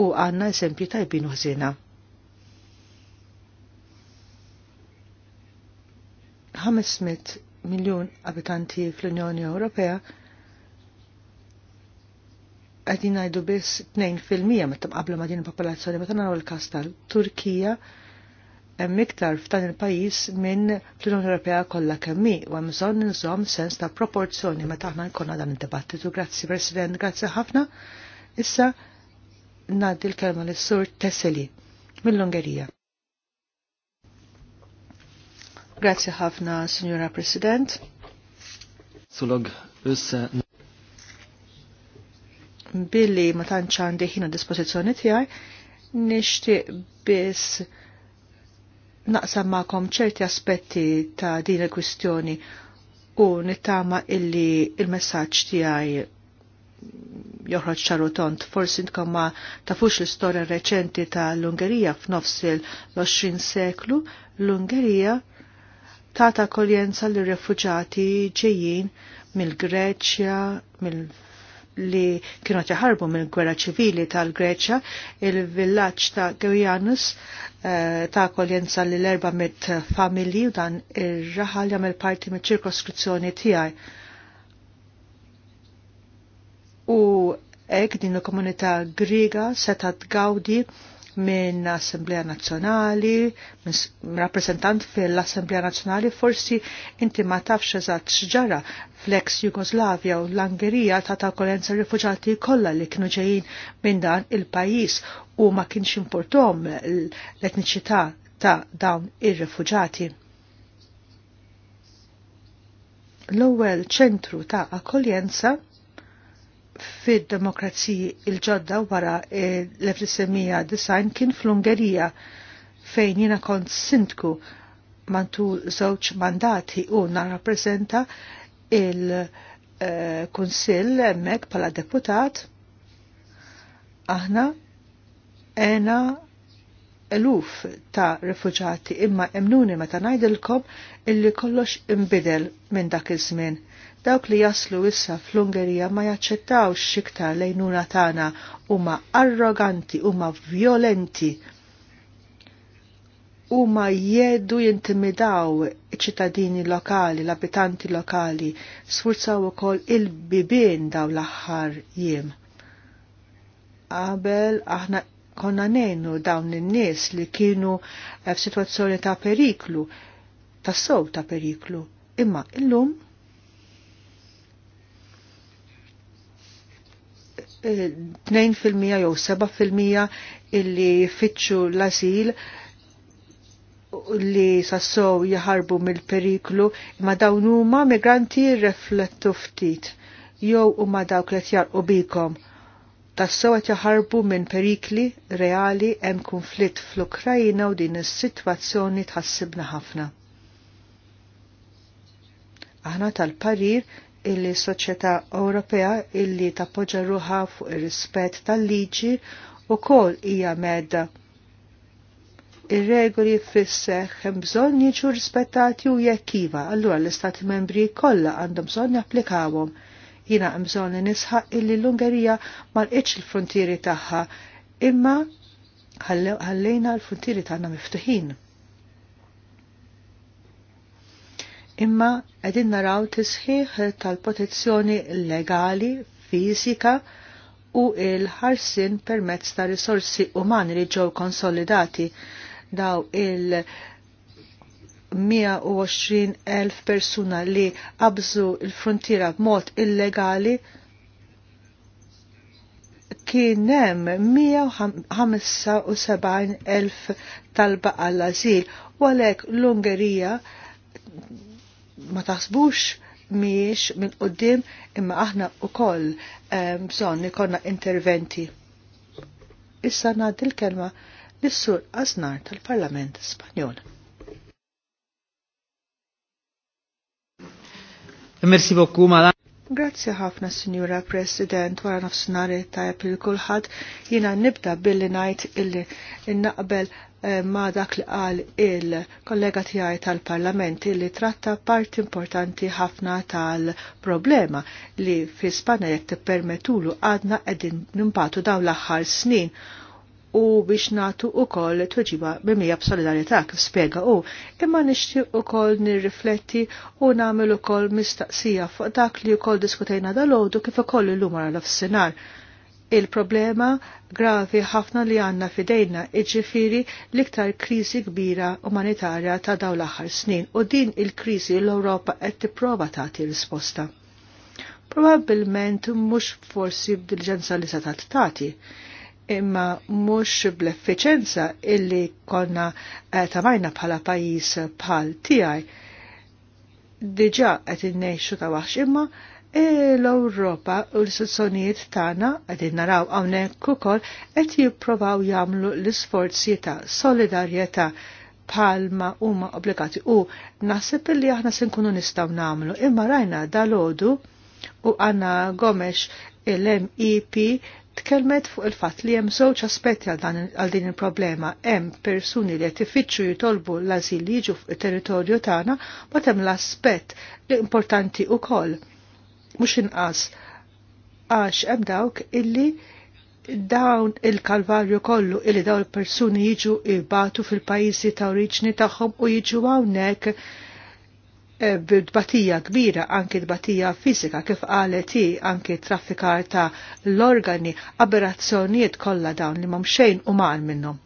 u għanna eżempju tajbin uħżina. Ħamesmit miljon abitanti fl-Unjoni Ewropea għedin għajdu biss 2% meta mqabla ma din il-popolazzjoni meta naraw il kastal tal-Turkija hemm iktar f'dan il-pajjiż minn fl-Unjoni Ewropea kollha kemm hi u hemm bżonn nżomm sens ta' proporzjoni meta aħna jkollna dan id-dibattitu. Grazzi President, grazzi ħafna. Issa ngħaddi l-kelma lis sur Tesseli mill-Ungerija. Grazzi ħafna, Signora President. Sulog issa billi ma tantx għandi ħin dispożizzjoni tiegħi nixtieq biss naqsam ma'kom ċerti aspetti ta' din il-kwistjoni u nittama illi il-messagġ tiegħi joħroġ ċarutont. Forsi intkom ma tafux l-istorja reċenti ta' l-Ungerija f'nofs il-20 seklu, l-Ungerija ta' koljenza l refugġati ġejjin mill-Greċja, mill li kienu ħarbu mill-gwerra ċivili tal-Greċja, il-villaġġ ta' Gaujanus eh, ta' koljenza li l mit familji u dan ir-raħal jagħmel parti mit ċirkoskrizzjoni tiegħi. U hekk din il-komunità Griga seta' gawdi minn Assemblea Nazzjonali, minn rappresentant fil-Assemblea Nazzjonali, forsi inti ma tafx eżatt x'ġara fl Jugoslavia Jugoslavja u l-Angerija ta' ta' kolenza rifuġati kollha li kienu ġejjin minn dan il-pajjiż u ma kienx importom l-etniċità ta' dawn ir-rifuġati. L-ewwel ċentru ta' akkoljenza fid-demokraziji il-ġodda wara eh, l-1990 kien fl-Ungerija fejn jina kont sindku mantul żewġ mandati u narrapprezenta il-Kunsill eh, hemmhekk bħala deputat aħna ena eluf ta' rifuġati imma emnuni meta ngħidilkom illi kollox imbidel minn dak iż-żmien dawk li jaslu issa fl-Ungerija ma jaċċettawx xiktar lejnuna tagħna huma arroganti, huma violenti. Huma jedu jintimidaw ċittadini lokali, l-abitanti lokali, sfurzaw ukoll il bibin daw l-aħħar jiem. Qabel aħna konna nenu dawn in-nies li kienu eh, f'sitwazzjoni ta' periklu, ta' sow ta' periklu. Imma illum 2% jew 7% illi fitxu l-asil li sassow jaħarbu mill-periklu imma dawn huma migranti riflettu ftit jew huma dawk li u bikom. Tassow qed jaħarbu minn perikli reali hemm konflitt fl-Ukrajina u din is-sitwazzjoni tħassibna ħafna. Aħna tal-parir illi soċjetà Ewropea illi tappoġġa ruħa fuq ir-rispett tal-liġi wkoll hija medda. Ir-regoli fisseħ hemm bżonn jiġu rispettati u jekk iva, allura l-Istati membri kollha għandhom bżonn japplikawhom. Jiena hemm bżonn li nisħaq illi l-Ungerija ma lqitx il-frontieri tagħha, imma ħallejna l-frontieri tagħna miftuħin. imma qegħdin naraw tisħiħ tal-protezzjoni legali, fizika u il-ħarsin permezz ta' risorsi umani li ġew konsolidati daw il- 120.000 persuna li qabżu il-frontiera b'mod illegali kienem 175.000 talba għall-azil u għalek l-Ungerija ma taħsbux miex minn qoddim imma aħna u koll bżon ikonna interventi. Issa naddi l-kelma l-sur Aznar tal-Parlament Spanjol. Merci beaucoup, Grazzi ħafna, Sinjura President, wara nafsinari ta' il kulħadd jina nibda billi najt illi naqbel eh, ma dak li qal il-kollega tiegħi tal-Parlament illi tratta parti importanti ħafna tal-problema li fi Spanja jekk tippermetulu għadna qegħdin nimbatu dawn l-aħħar snin u biex natu u koll tweġiba bimija b'solidarietà kif spjega u imma nixti u koll nirrifletti u namel u koll mistaqsija fuq dak li u koll diskutejna dal-ħodu kif u koll l-lum l-afsinar. Il-problema gravi ħafna li għanna fidejna iġifiri liktar krizi kbira umanitarja ta' daw l-axar snin u din il-krizi l-Europa qed tipprova tagħti risposta. Probabilment mhux forsi b'dilġenza li se tagħti imma mhux bl-effiċenza illi konna eh, tamajna bħala pajjiż bħal tiegħi. Diġà qed innejxu ta' waħx imma e, l-Ewropa u l tana tagħna qegħdin naraw hawnhekk ukoll qed jiprovaw jagħmlu l-isforzi ta' solidarjetà palma huma obbligati u nasib li aħna se nkunu nistgħu nagħmlu imma rajna dalodu u għanna Gomes il-MEP tkellmet fuq il-fatt li hemm żewġ aspetti għal din il-problema. Hemm persuni li qed ifittxu jitolbu l-ażil li jiġu fuq it-territorju tagħna, ma hemm l-aspett li importanti wkoll. Mhux inqas għax hemm dawk illi dawn il-kalvarju kollu illi dawn il-persuni jiġu ibatu fil-pajjiżi ta' oriġni tagħhom u jiġu hawnhekk E, b'dbatija kbira, anki dbatija fizika, kif qalet hi anki traffikar ta' l-organi, aberrazzjonijiet kollha dawn li mam xejn uman minnhom.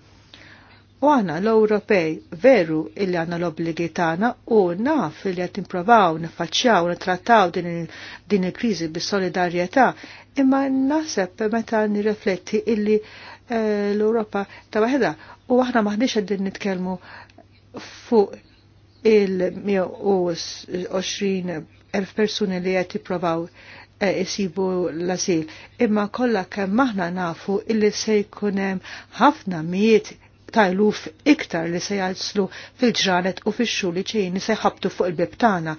U għana l-Ewropej veru illi għana l-obligi tagħna u naf illi qed nipprovaw nifaċċjaw nittrattaw din il-kriżi bis-solidarjetà, imma naħseb meta nirrifletti illi e, l-Ewropa ta' waħda u aħna maħniex din nitkellmu fuq il-120.000 persuni li qed jipprovaw jisibu l asil Imma kollha kemm aħna nafu illi se jkun hemm ħafna mijiet tajluf iktar li se jgħalslu fil-ġranet u fix-xhur li ċejni se jħabtu fuq il-bibtana.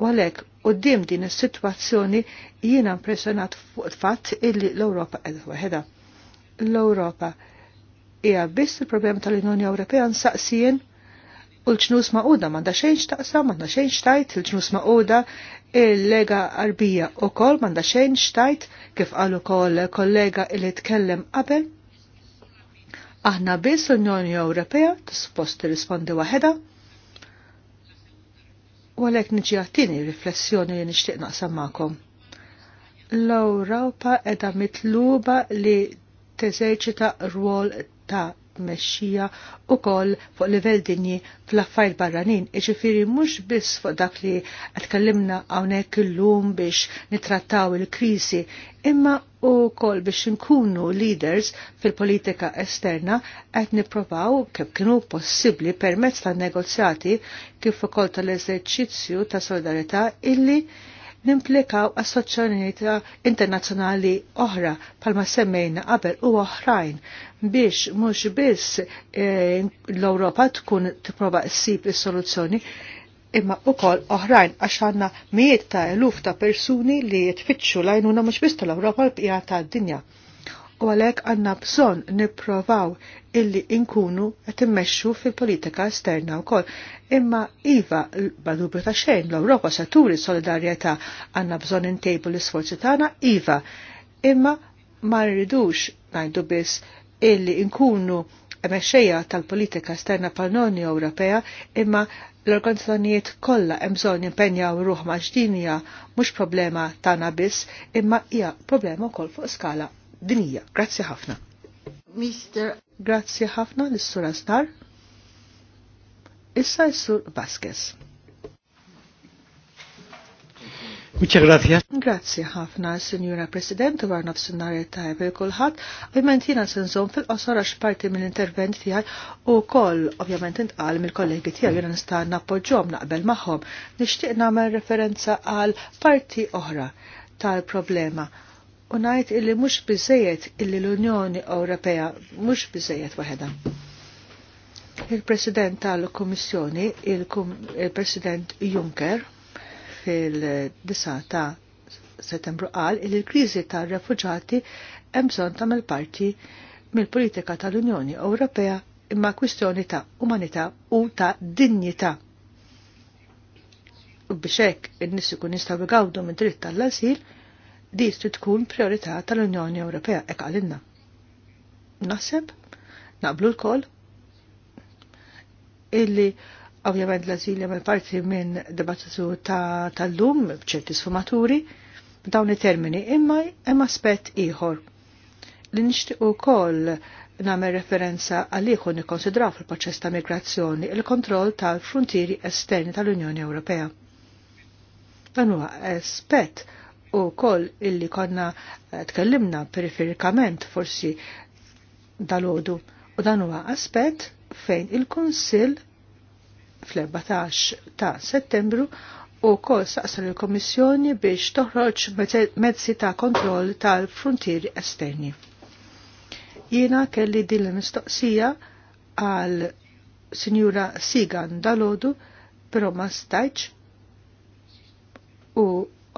U għalhekk qudiem din is-sitwazzjoni jiena impressjonat fuq il-fatt illi l-Ewropa qed waħedha. L-Ewropa hija biss il-problema tal-Unjoni Ewropea nsaqsien u l-ġnus maquda manda xejn xtaqsa, manda xejn xtajt, il-ġnus maquda il-lega arbija u kol manda xejn xtajt, kif għalu kol kollega il tkellem qabel. Aħna biss l-Unjoni Ewropea t-suppost rispondi waħeda. U għalek nġi għattini riflessjoni li nishtiq naqsam ma'kom. L-Ewropa edha mitluba li teżerċita rwol ta' mexxija u koll fuq livell dinji fl-affajt barranin, iġifiri mux biss fuq dak li għatkellimna għawnek il-lum biex nitrattaw il-krisi, imma u koll biex nkunu leaders fil-politika esterna għet niprovaw kif kienu possibli permezz ta' negozjati kif ukoll tal-eżerċizzju ta' solidarietà illi nimplikaw assoċjonijiet internazzjonali oħra palma semmejna qabel u oħrajn biex mhux biss eh, l-Ewropa tkun tipprova ssib is-soluzzjoni imma kol oħrajn għax għandna mijiet ta' eluf ta' persuni li jitfittxu lajnuna mhux biss tal-Ewropa l-bqija tad-dinja. U għalhekk għandna bżonn nipprovaw illi inkunu qed immexxu fil-politika esterna wkoll. Imma iva badubri ta' xejn l-Ewropa se turi solidarjetà għandna bżonn intejbu l-isforzi tagħna iva. Imma ma rridux ngħidu biss illi nkunu emexxejja tal-politika esterna pal-Unjoni Ewropea imma l-organizzazzjonijiet kollha hemm bżonn jimpenjaw ruħ ma' ġdinja mhux problema tagħna biss imma hija problema wkoll fuq skala dinija. Grazzi ħafna. Mister Grazzi ħafna lis-Sura Star. Issa s-Sur Vasquez. Muchas gracias. Grazie ħafna, Signora President, għar nofsinari ta' il kolħat. Ovvijament jina senżon fil-qosor għax parti mill-intervent tijaj u koll, ovvijament intqal mill-kollegi tijaj jina nista' nappoġġom naqbel maħom. Nishtiq namel referenza għal parti oħra tal-problema. Unajt illi mux bizzejiet illi l-Unjoni Ewropea mux bizzejiet waħeda. Il-President tal komissjoni il-President Juncker, fil-9 ta' settembru qal li l-kriżi tar-refuġati hemm bżonn tagħmel parti mill-politika tal-Unjoni Ewropea imma kwistjoni ta' umanità u ta' dinjità. U biex hekk in-nies ikun jistgħu jgawdu minn dritt tal-asil, di trid tkun priorità tal-Unjoni Ewropea hekk għalilna. Naħseb, naqblu l-koll, illi Ovvjament l-azil jagħmel parti minn dibattitu tal-lum b'ċerti sfumaturi b'dawn it-termini, imma hemm aspett ieħor li u ukoll nagħmel referenza għalieħu nikkonsidraw fil-proċess ta' migrazzjoni il-kontroll tal-frontieri esterni tal-Unjoni Ewropea. Dan huwa aspett u koll illi konna eh, tkellimna periferikament forsi dal-ħodu u dan huwa aspett fejn il-Kunsill fl-14 ta' settembru u kol saqsar il-Komissjoni biex toħroġ mezzi ta' kontroll tal-frontieri esterni. Jiena kelli din l-mistoqsija għal Sinjura Sigan Dalodu, pero ma stajċ u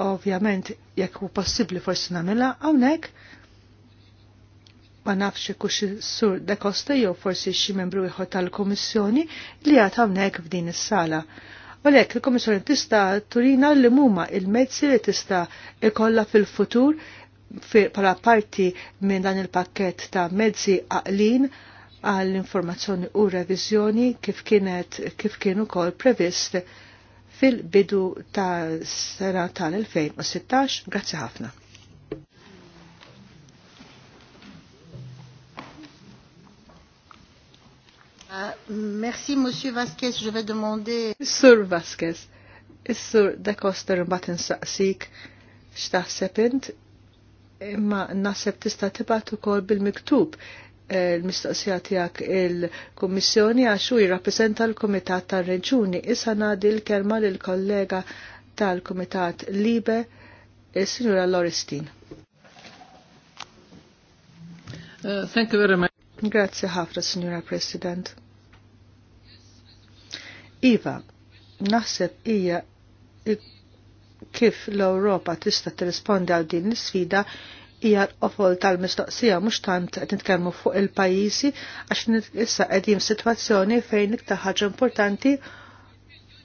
ovvjament jekk u possibli forsi namela hawnhekk ma nafx kux sur de Costa jew forsi xi membru ieħor tal-Kummissjoni li għad hawnhekk f'din is-sala. Għalhekk il-Kummissjoni tista' turina li huma il-mezzi li tista' ikollha fil-futur bħala parti minn dan il-pakket ta' mezzi aqlin għall-informazzjoni u revizjoni kif kienet kif kien ukoll previst fil-bidu ta' sena tal-2016. Grazzi ħafna. Euh, merci, Monsieur Vasquez, je vais demander... Sur Vasquez, Sur de Koster mbagħad insaqsik x'taħseb sepint, imma naħseb tista' tibgħat ukoll bil-miktub eh, l-mistoqsija tiegħek il-Kummissjoni għax hu jirrappreżenta l-Kumitat tar-Reġuni. Issa ngħaddi l-kelma lill-kollega tal-Kumitat Libe, il-Signora eh, Loristin. Uh, thank you very much. Grazie ħafna, Signora President. Iva, naħseb hija kif l-Ewropa tista' tirrispondi għal din l-sfida hija l-qofol tal-mistoqsija mhux tant nitkellmu fuq il-pajjiżi għax issa qegħdin f'sitwazzjoni fejn iktar ħaġa importanti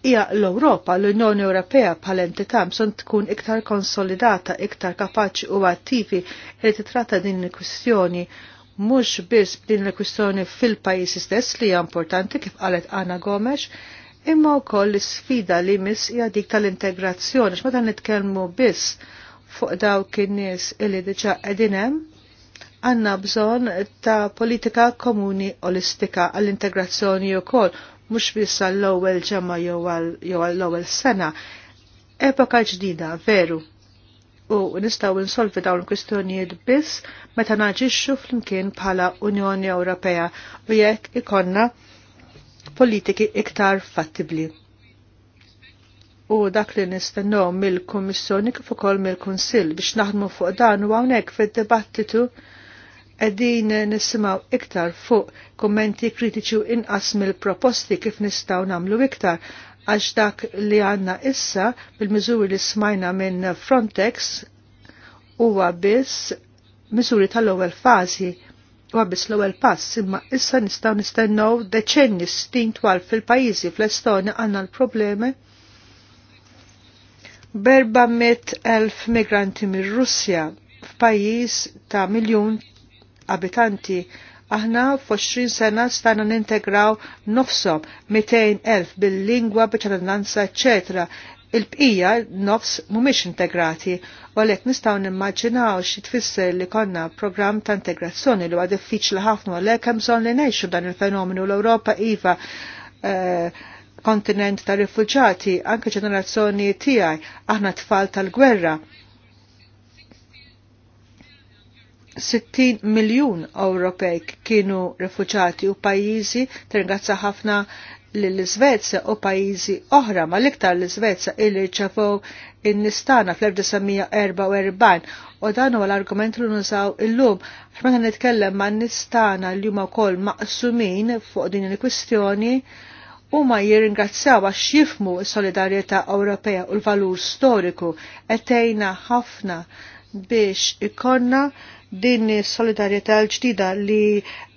hija l-Ewropa, l-Unjoni Ewropea bħal entità bżonn tkun iktar konsolidata, iktar kapaċi u attivi li titratta din il-kwistjoni mhux biss din il-kwistjoni fil-pajjiżi stess li hija importanti kif qalet Anna Gomes, imma wkoll l-sfida li mis jadik dik tal-integrazzjoni x'meta nitkellmu biss fuq dawk in-nies illi diġà qegħdin hemm għandna bżonn ta' politika komuni olistika għall-integrazzjoni wkoll mhux biss għall-ewwel ġemma jew għall-ewwel sena. Epoka ġdida, veru u nistaw insolvi dawn kwistjonijiet biss meta naġixxu flimkien bħala Unjoni Ewropea u jekk ikonna politiki iktar fattibli. U dak li nistennew mill-Kummissjoni kif ukoll mill-Kunsill biex naħdmu fuq dan u hawnhekk fid-dibattitu qegħdin nisimgħu iktar fuq kummenti kritiċi u inqas mill-proposti kif nistgħu nagħmlu iktar għax dak li għandna issa bil-miżuri li smajna minn Frontex huwa biss miżuri tal-ewwel fażi u għabis l-ewel pass imma issa nistaw nistennow deċenni stin twal fil-pajizi fl-Estonja għanna l-problemi berba mit elf migranti mir russja f'pajjiż ta' miljun abitanti. Aħna f'20 sena n nintegraw nofsom 200 elf bil-lingwa, biċ-ċittadinanza, eccetera il-bqija nofs mumiex integrati u għalek nistaw nimmaġinaw xi tfisser li konna programm ta' integrazzjoni li huwa diffiċli ħafna għalek hemm bżonn li ngħixu dan il-fenomenu l-Ewropa iva eh, kontinent ta' rifuġati, anke ġenerazzjoni tiegħi, aħna tfal tal-gwerra. 60 miljun Ewropej kienu rifuġati u pajjiżi tirgazza ħafna l-Svezja u pajizi oħra ma liktar iktar l-Svezja illi ċafu in-nistana fl-1944 u dan huwa l-argument li nużaw illum għax nitkellem ma' nistana li huma wkoll maqsumin fuq din il-kwistjoni u ma jirringrazzjaw għax jifmu s-solidarjetà Ewropea u l-valur storiku etejna ħafna biex ikonna din solidarjetà l-ġdida li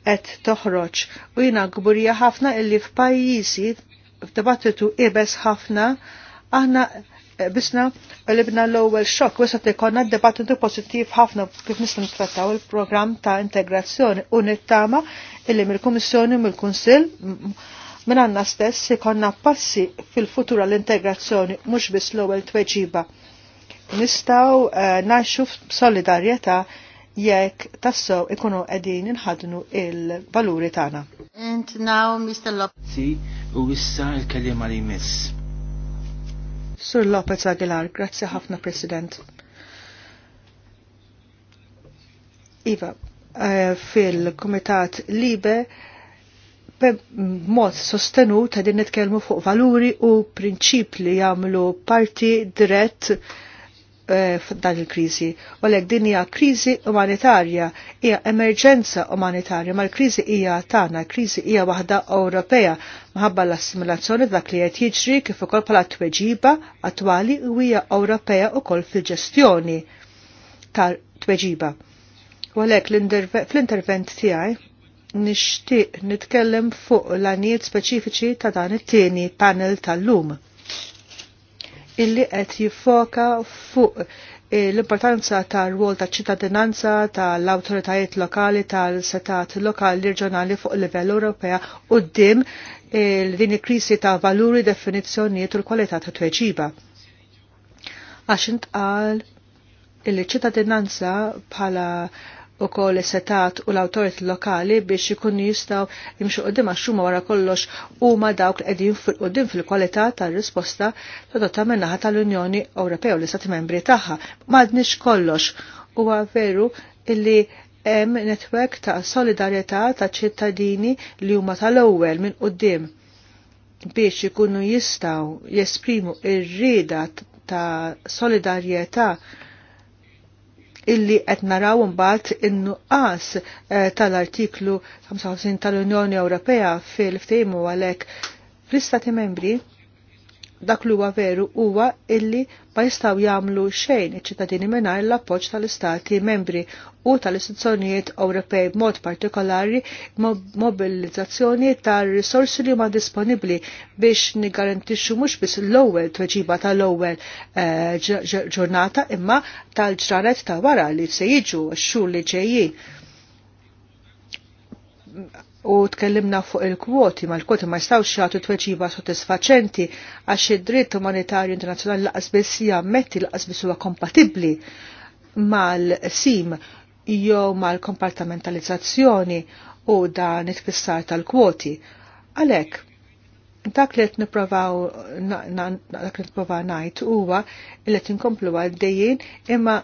qed toħroġ u jina gburija ħafna illi f'pajjiżi f'dibattitu ibes ħafna aħna eh, bisna libna l-ewwel xokk u issa ikonna debattitu pożittiv ħafna kif nistgħu nittrattaw il-programm ta' integrazzjoni u nittama illi mill-Kummissjoni u mill-Kunsill minn għandna stess ikonna passi fil-futura l-integrazzjoni mhux biss l-ewwel tweġiba. Nistgħu uh, naxxu f'solidarjetà jekk tassew ikunu qegħdin inħadnu il-valuri tagħna. And now Mr. Lopez. u issa l-kelliema li miss. Sur Lopez Aguilar, grazzi ħafna President. Iva, eh, fil-Kumitat Libe b'mod sostenut għedin nitkellmu fuq valuri u prinċip li jagħmlu parti dirett Eh, f'dan il-kriżi. U l din hija kriżi umanitarja, hija emerġenza umanitarja, ma l-kriżi hija tagħna, kriżi hija waħda Ewropea maħabba l-assimilazzjoni dak li qed jiġri kif ukoll bħala tweġiba attwali u hija Ewropea wkoll fil-ġestjoni tal-tweġiba. U għalhekk fl-intervent tiegħi nixtieq nitkellem fuq l għaniet speċifiċi ta' dan it-tieni panel tal-lum illi qed jiffoka fuq eh, l-importanza ta' rwol ta' ċittadinanza tal-autoritajiet lokali tal-setat lokali reġjonali fuq livell Ewropea u d-dim l-dini eh, krisi ta' valuri, definizzjonijiet u l-kwalità ta' tweġiba. Għax intqal il-ċittadinanza bħala u kol setat u l-autorit lokali biex ikunu jistaw jimxu dima xumma wara kollox u ma dawk li qegħdin fil-qoddim fil-kwalità tar-risposta prodotta minnaħa tal-Unjoni Ewropea u l-Istati Membri tagħha. M'għadniex kollox huwa veru illi hemm netwerk ta' solidarjetà ta' ċittadini li huma tal-ewwel minn qudiem biex ikunu jistaw jesprimu ir-rieda ta' solidarjetà illi qed naraw imbagħad in-nuqqas eh, tal-artiklu 55 tal-Unjoni Ewropea fil-ftehim u għalhekk fl-Istati Membri dak li huwa veru huwa illi ma jistgħu jagħmlu xejn iċ-ċittadini mingħajr l-appoġġ tal-istati membri u tal-istituzzjonijiet Ewropej b'mod partikolari mobilizzazzjoni tar-risorsi li huma disponibbli biex nigarantixxu mhux biss l-ewwel tweġiba tal-ewwel eh, ġurnata imma tal-ġranet ta' wara li se jiġu x-xhur li ġejjin u tkellimna fuq il-kwoti ma l-kwoti ma jistawx jagħtu tweċiba sodisfaċenti għax id-dritt umanitarju internazjonali laqas biss jammetti laqas biss huwa kompatibbli mal-sim jew mal-kompartamentalizzazzjoni u dan it-fissar tal-kwoti. Għalhekk dak li qed nipravaw dak li nipprovaw ngħid huwa li qed inkomplu għaddejjin imma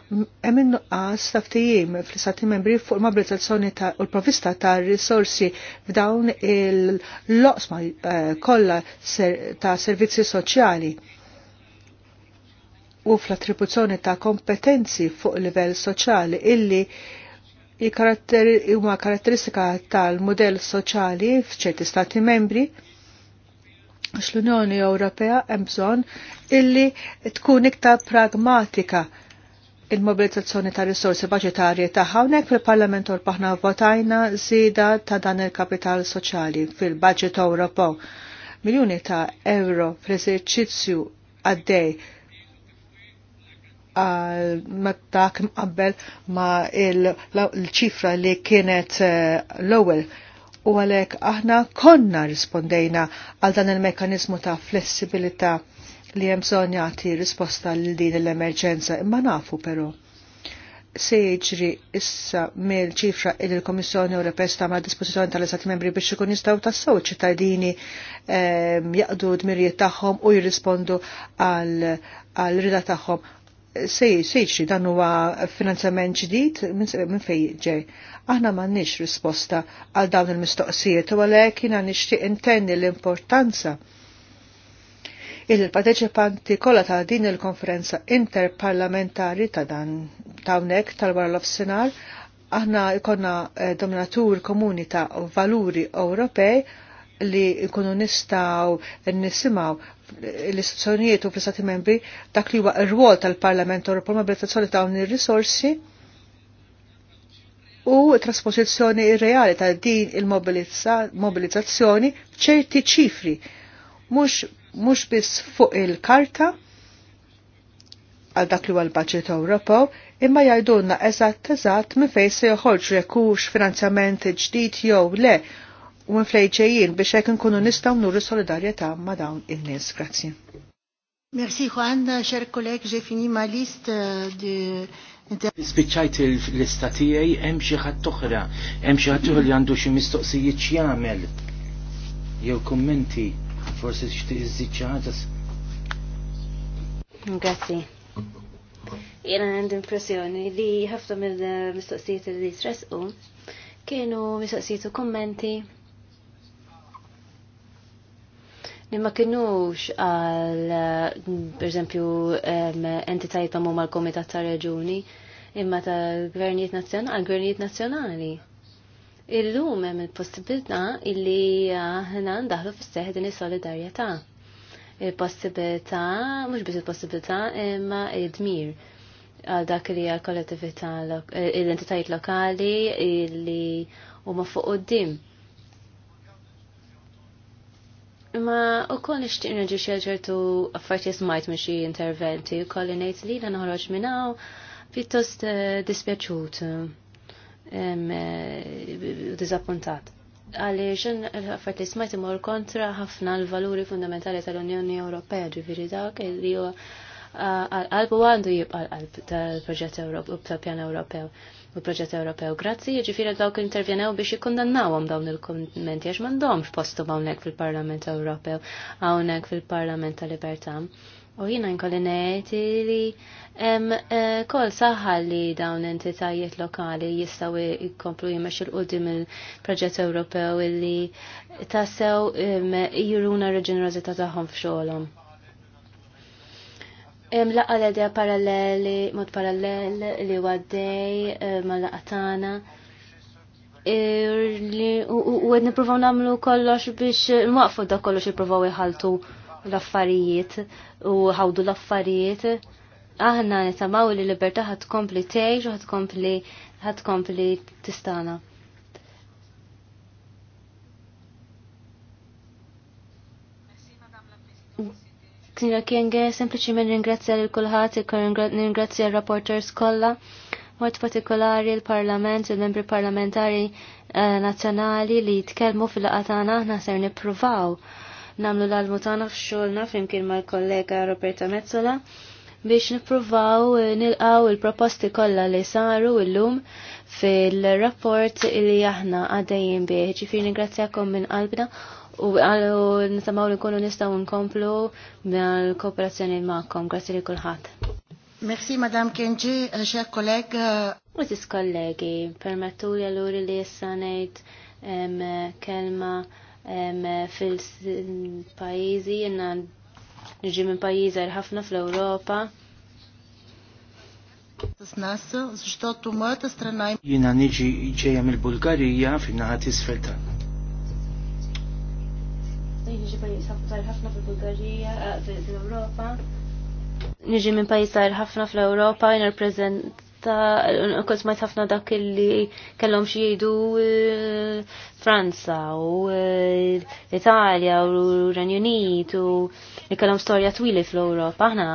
hemm innuqqas ta' fl-istati membri fuq il-mobilizzazzjoni ta' u l-provista ta' risorsi f'dawn il-loqsma eh, kollha ta' servizzi soċjali u fl-attribuzzjoni ta' kompetenzi fuq livell soċjali illi huma karatteristika tal-modell soċjali f'ċerti stati membri għax l-Unjoni Ewropea hemm bżonn illi tkun iktar pragmatika il-mobilizzazzjoni ta' risorsi baġetarji ta' hawnhekk fil-Parlament Orpaħna votajna żieda ta' dan il-kapital soċjali fil-budget Ewropew. Miljuni ta' euro fl-eżerċizzju għaddej dak qabel ma' l-ċifra li kienet eh, l-ewwel u għalek aħna konna rispondejna għal dan il-mekanizmu ta' flessibilità li hemm bżonn jagħti risposta lil din l-emerġenza imma nafu però. Se jiġri issa mill ċifra il l-Komissjoni Ewropea sta ma' dispożizzjoni tal-Istati Membri biex ikun jistgħu tassew ċittadini ehm, jaqdu d-mirjiet tagħhom u jirrispondu għal rida tagħhom se jiġri dan huwa finanzjament ġdid minn fejn ġej. Aħna m'għandniex risposta għal dawn il-mistoqsijiet u għalhekk jiena nixtieq intenni l-importanza il-parteċipanti kollha ta' din il-konferenza interparlamentari ta' dan tawnek tal-wara l-offsinar aħna ikonna eh, dominatur komuni ta' valuri Ewropej li ikunu nistaw nisimaw l-istituzzjonijiet u fl istati membri dak li huwa r-rwol tal-Parlament Ewropew mobilizzazzjoni ta' dawn ir-risorsi u trasposizjoni reali ta' din il-mobilizzazzjoni ċerti ċifri mhux biss fuq il-karta għal dak li huwa l-Baġit Ewropew, imma jgħidulna eżatt eżatt minn fejn se joħorġu jekk finanzjament ġdid jew le u mflejġejjin biex ek nkunu nistaw nurri solidarieta ma' dawn il-nis. Grazie. Merci Juan, cher collègue, j'ai fini ma liste euh, de Spiċċajt il-lista tiegħi hemm xi ħadd oħra, hemm xi ħadd li għandu xi mistoqsijiet x'jagħmel. Jew kummenti, forsi tixtieq iżid xi ħaġa. Grazzi. Jena għand impressjoni li ħafna mill-mistoqsijiet li tresqu kienu mistoqsijiet u kummenti li ma kienux għal, per esempio, entitajiet ta' mumma l-Komitat ta' Reġuni, imma ta' Gvernijiet Nazzjonali, Gvernijiet Nazzjonali. Illum hemm il-possibilità illi aħna ndaħlu fis-seħ din is-solidarjetà. Il-possibilità, mhux biss il-possibilità, imma id-dmir għal dak li għal kollettività eh, l-entitajiet lokali illi huma fuq qudiem Ma u koll nishtiq nirġu xieġertu affarti smajt minn xie interventi u koll nejt li la noħroġ minnaw pittost eh, dispjaċut u eh, dizappuntat għalli xen affarti li smajt imur kontra ħafna l-valuri fundamentali tal-Unjoni Ewropea ġifiri dak li u għalbu għandu jibqa l tal-proġett u tal-pjan Ewropew u proġett Ewropew. Grazzi, ġifiri dawk intervjenew biex jikundannawhom dawn il-kommenti għax m'għandhomx postu hawnhekk fil-Parlament Ewropew, hawnhekk fil-Parlament ta' Libertà. U jina nkolli ngħid li hemm eh, kol saħħa li dawn entitajiet lokali jistgħu jkomplu jimexxu il qudiem il-proġett Ewropew illi tassew eh, jiruna r-ġenerożità tagħhom f'xogħolhom. Em laqa l-idea paralleli, mod parallel li għaddej eh, ma laqa tagħna. U għedni provaw namlu kollox biex eh, nwaqfu da kollox jiprofaw jħaltu l-affarijiet u ħawdu l-affarijiet. Aħna nitamaw li l-libertà ħat kompli tgħix u ħat ħat kompli tistana. Knira Kienge, sempliciment ringrazzja l kulħadd e ringrazzja l-rapporters kollha, mod partikolari l-Parlament, il-membri parlamentari eh, nazzjonali li jitkellmu fil-qatana aħna ser nippruvaw namlu l-almu tagħna f'xogħolna flimkien mal-kollega Roberta Mezzola biex nippruvaw nilqaw il-proposti kollha li saru illum fil-rapport li aħna għaddejjin bih. Ġifieri ningrazzjakom minn qalbna U għallu nisamaw li kunu nistaw nkomplu bil-kooperazzjoni ma'kom. Grazie li kullħat. Merci, Madame Kenji, xer kolleg. Għazis kollegi, permettu li għalluri li jessanajt kelma fil-pajizi, jenna nġi minn pajizi ħafna fl-Europa. Jina niġi ġeja mill-Bulgarija fin-naħat isfel Niġi pajis ħafna fil-Bulgarija, eh, fil-Europa. Niġi minn pajis ħafna fil-Europa, jirrapprezenta kont smajt ħafna dak li kellom xi jgħidu eh, Franza u Italia eh, italja u l-Renju u kellom storja twili fl-Ewropa. Aħna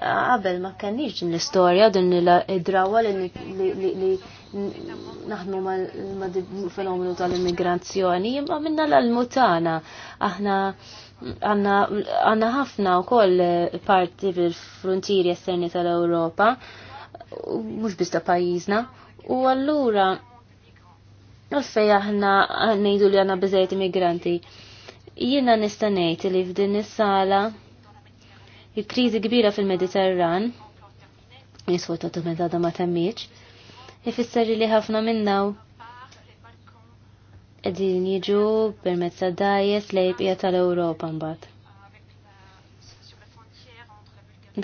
qabel ma kenniex din l-istorja din l drawa li naħnu mal-fenomenu tal-immigrazzjoni, imma minna l-almutana. Aħna għanna ħafna u koll parti fil-frontieri esterni tal-Europa, mux bista pajizna, u għallura għalfej aħna nejdu li għanna bizajt immigranti. Jiena nistanejt li f'din is-sala il-krizi kbira fil-Mediterran, jiswa ta' tumenta ma temmiċ, ifisser li ħafna minnaw edin jiġu permezz ta' dajes jibqija tal-Ewropa mbagħad.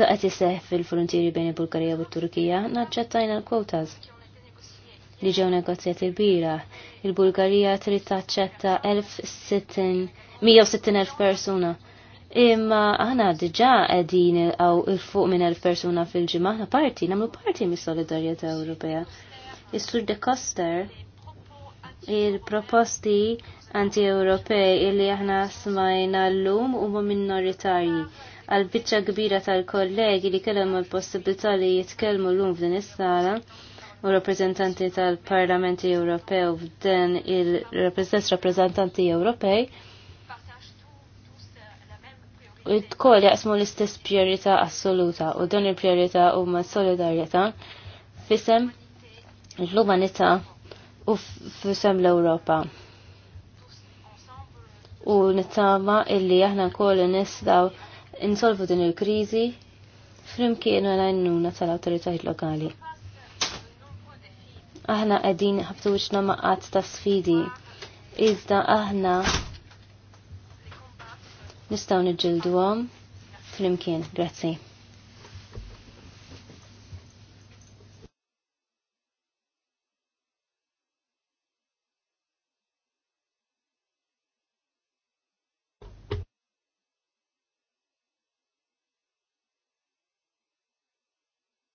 Daqet jiseħ fil-frontieri bejn il-Bulgarija u t-Turkija, naċċettajna l-kwotas li ġew negozjati kbira. Il-Bulgarija trid taċċetta 160,000 persuna. Imma aħna diġà qegħdin għaw il-fuq minn 1000 persuna fil-ġimgħa, aħna parti, nagħmlu parti mis-Solidarjetà Ewropea. Is-Sur de Koster il-proposti anti-Ewropej illi aħna smajna l-lum huma minoritarji għal biċċa kbira tal-kollegi li kellhom il-possibilità li jitkellmu l-lum f'din is-sala u rappreżentanti tal-Parlamenti Ewropew f'den il-rappreżentanti rappreżentanti Ewropej u tkoll jaqsmu l-istess priorità assoluta u dan il-priorità huma solidarjetà fisem l-umanità u f-sem l-Ewropa. U nittama illi aħna nkollu nistgħu insolvu din il-kriżi flimkien u għajnuna tal autoritajt lokali. Aħna qegħdin ħabtu wiċċna maqqat ta' sfidi, iżda aħna nistgħu niġġilduhom flimkien. Grazzi.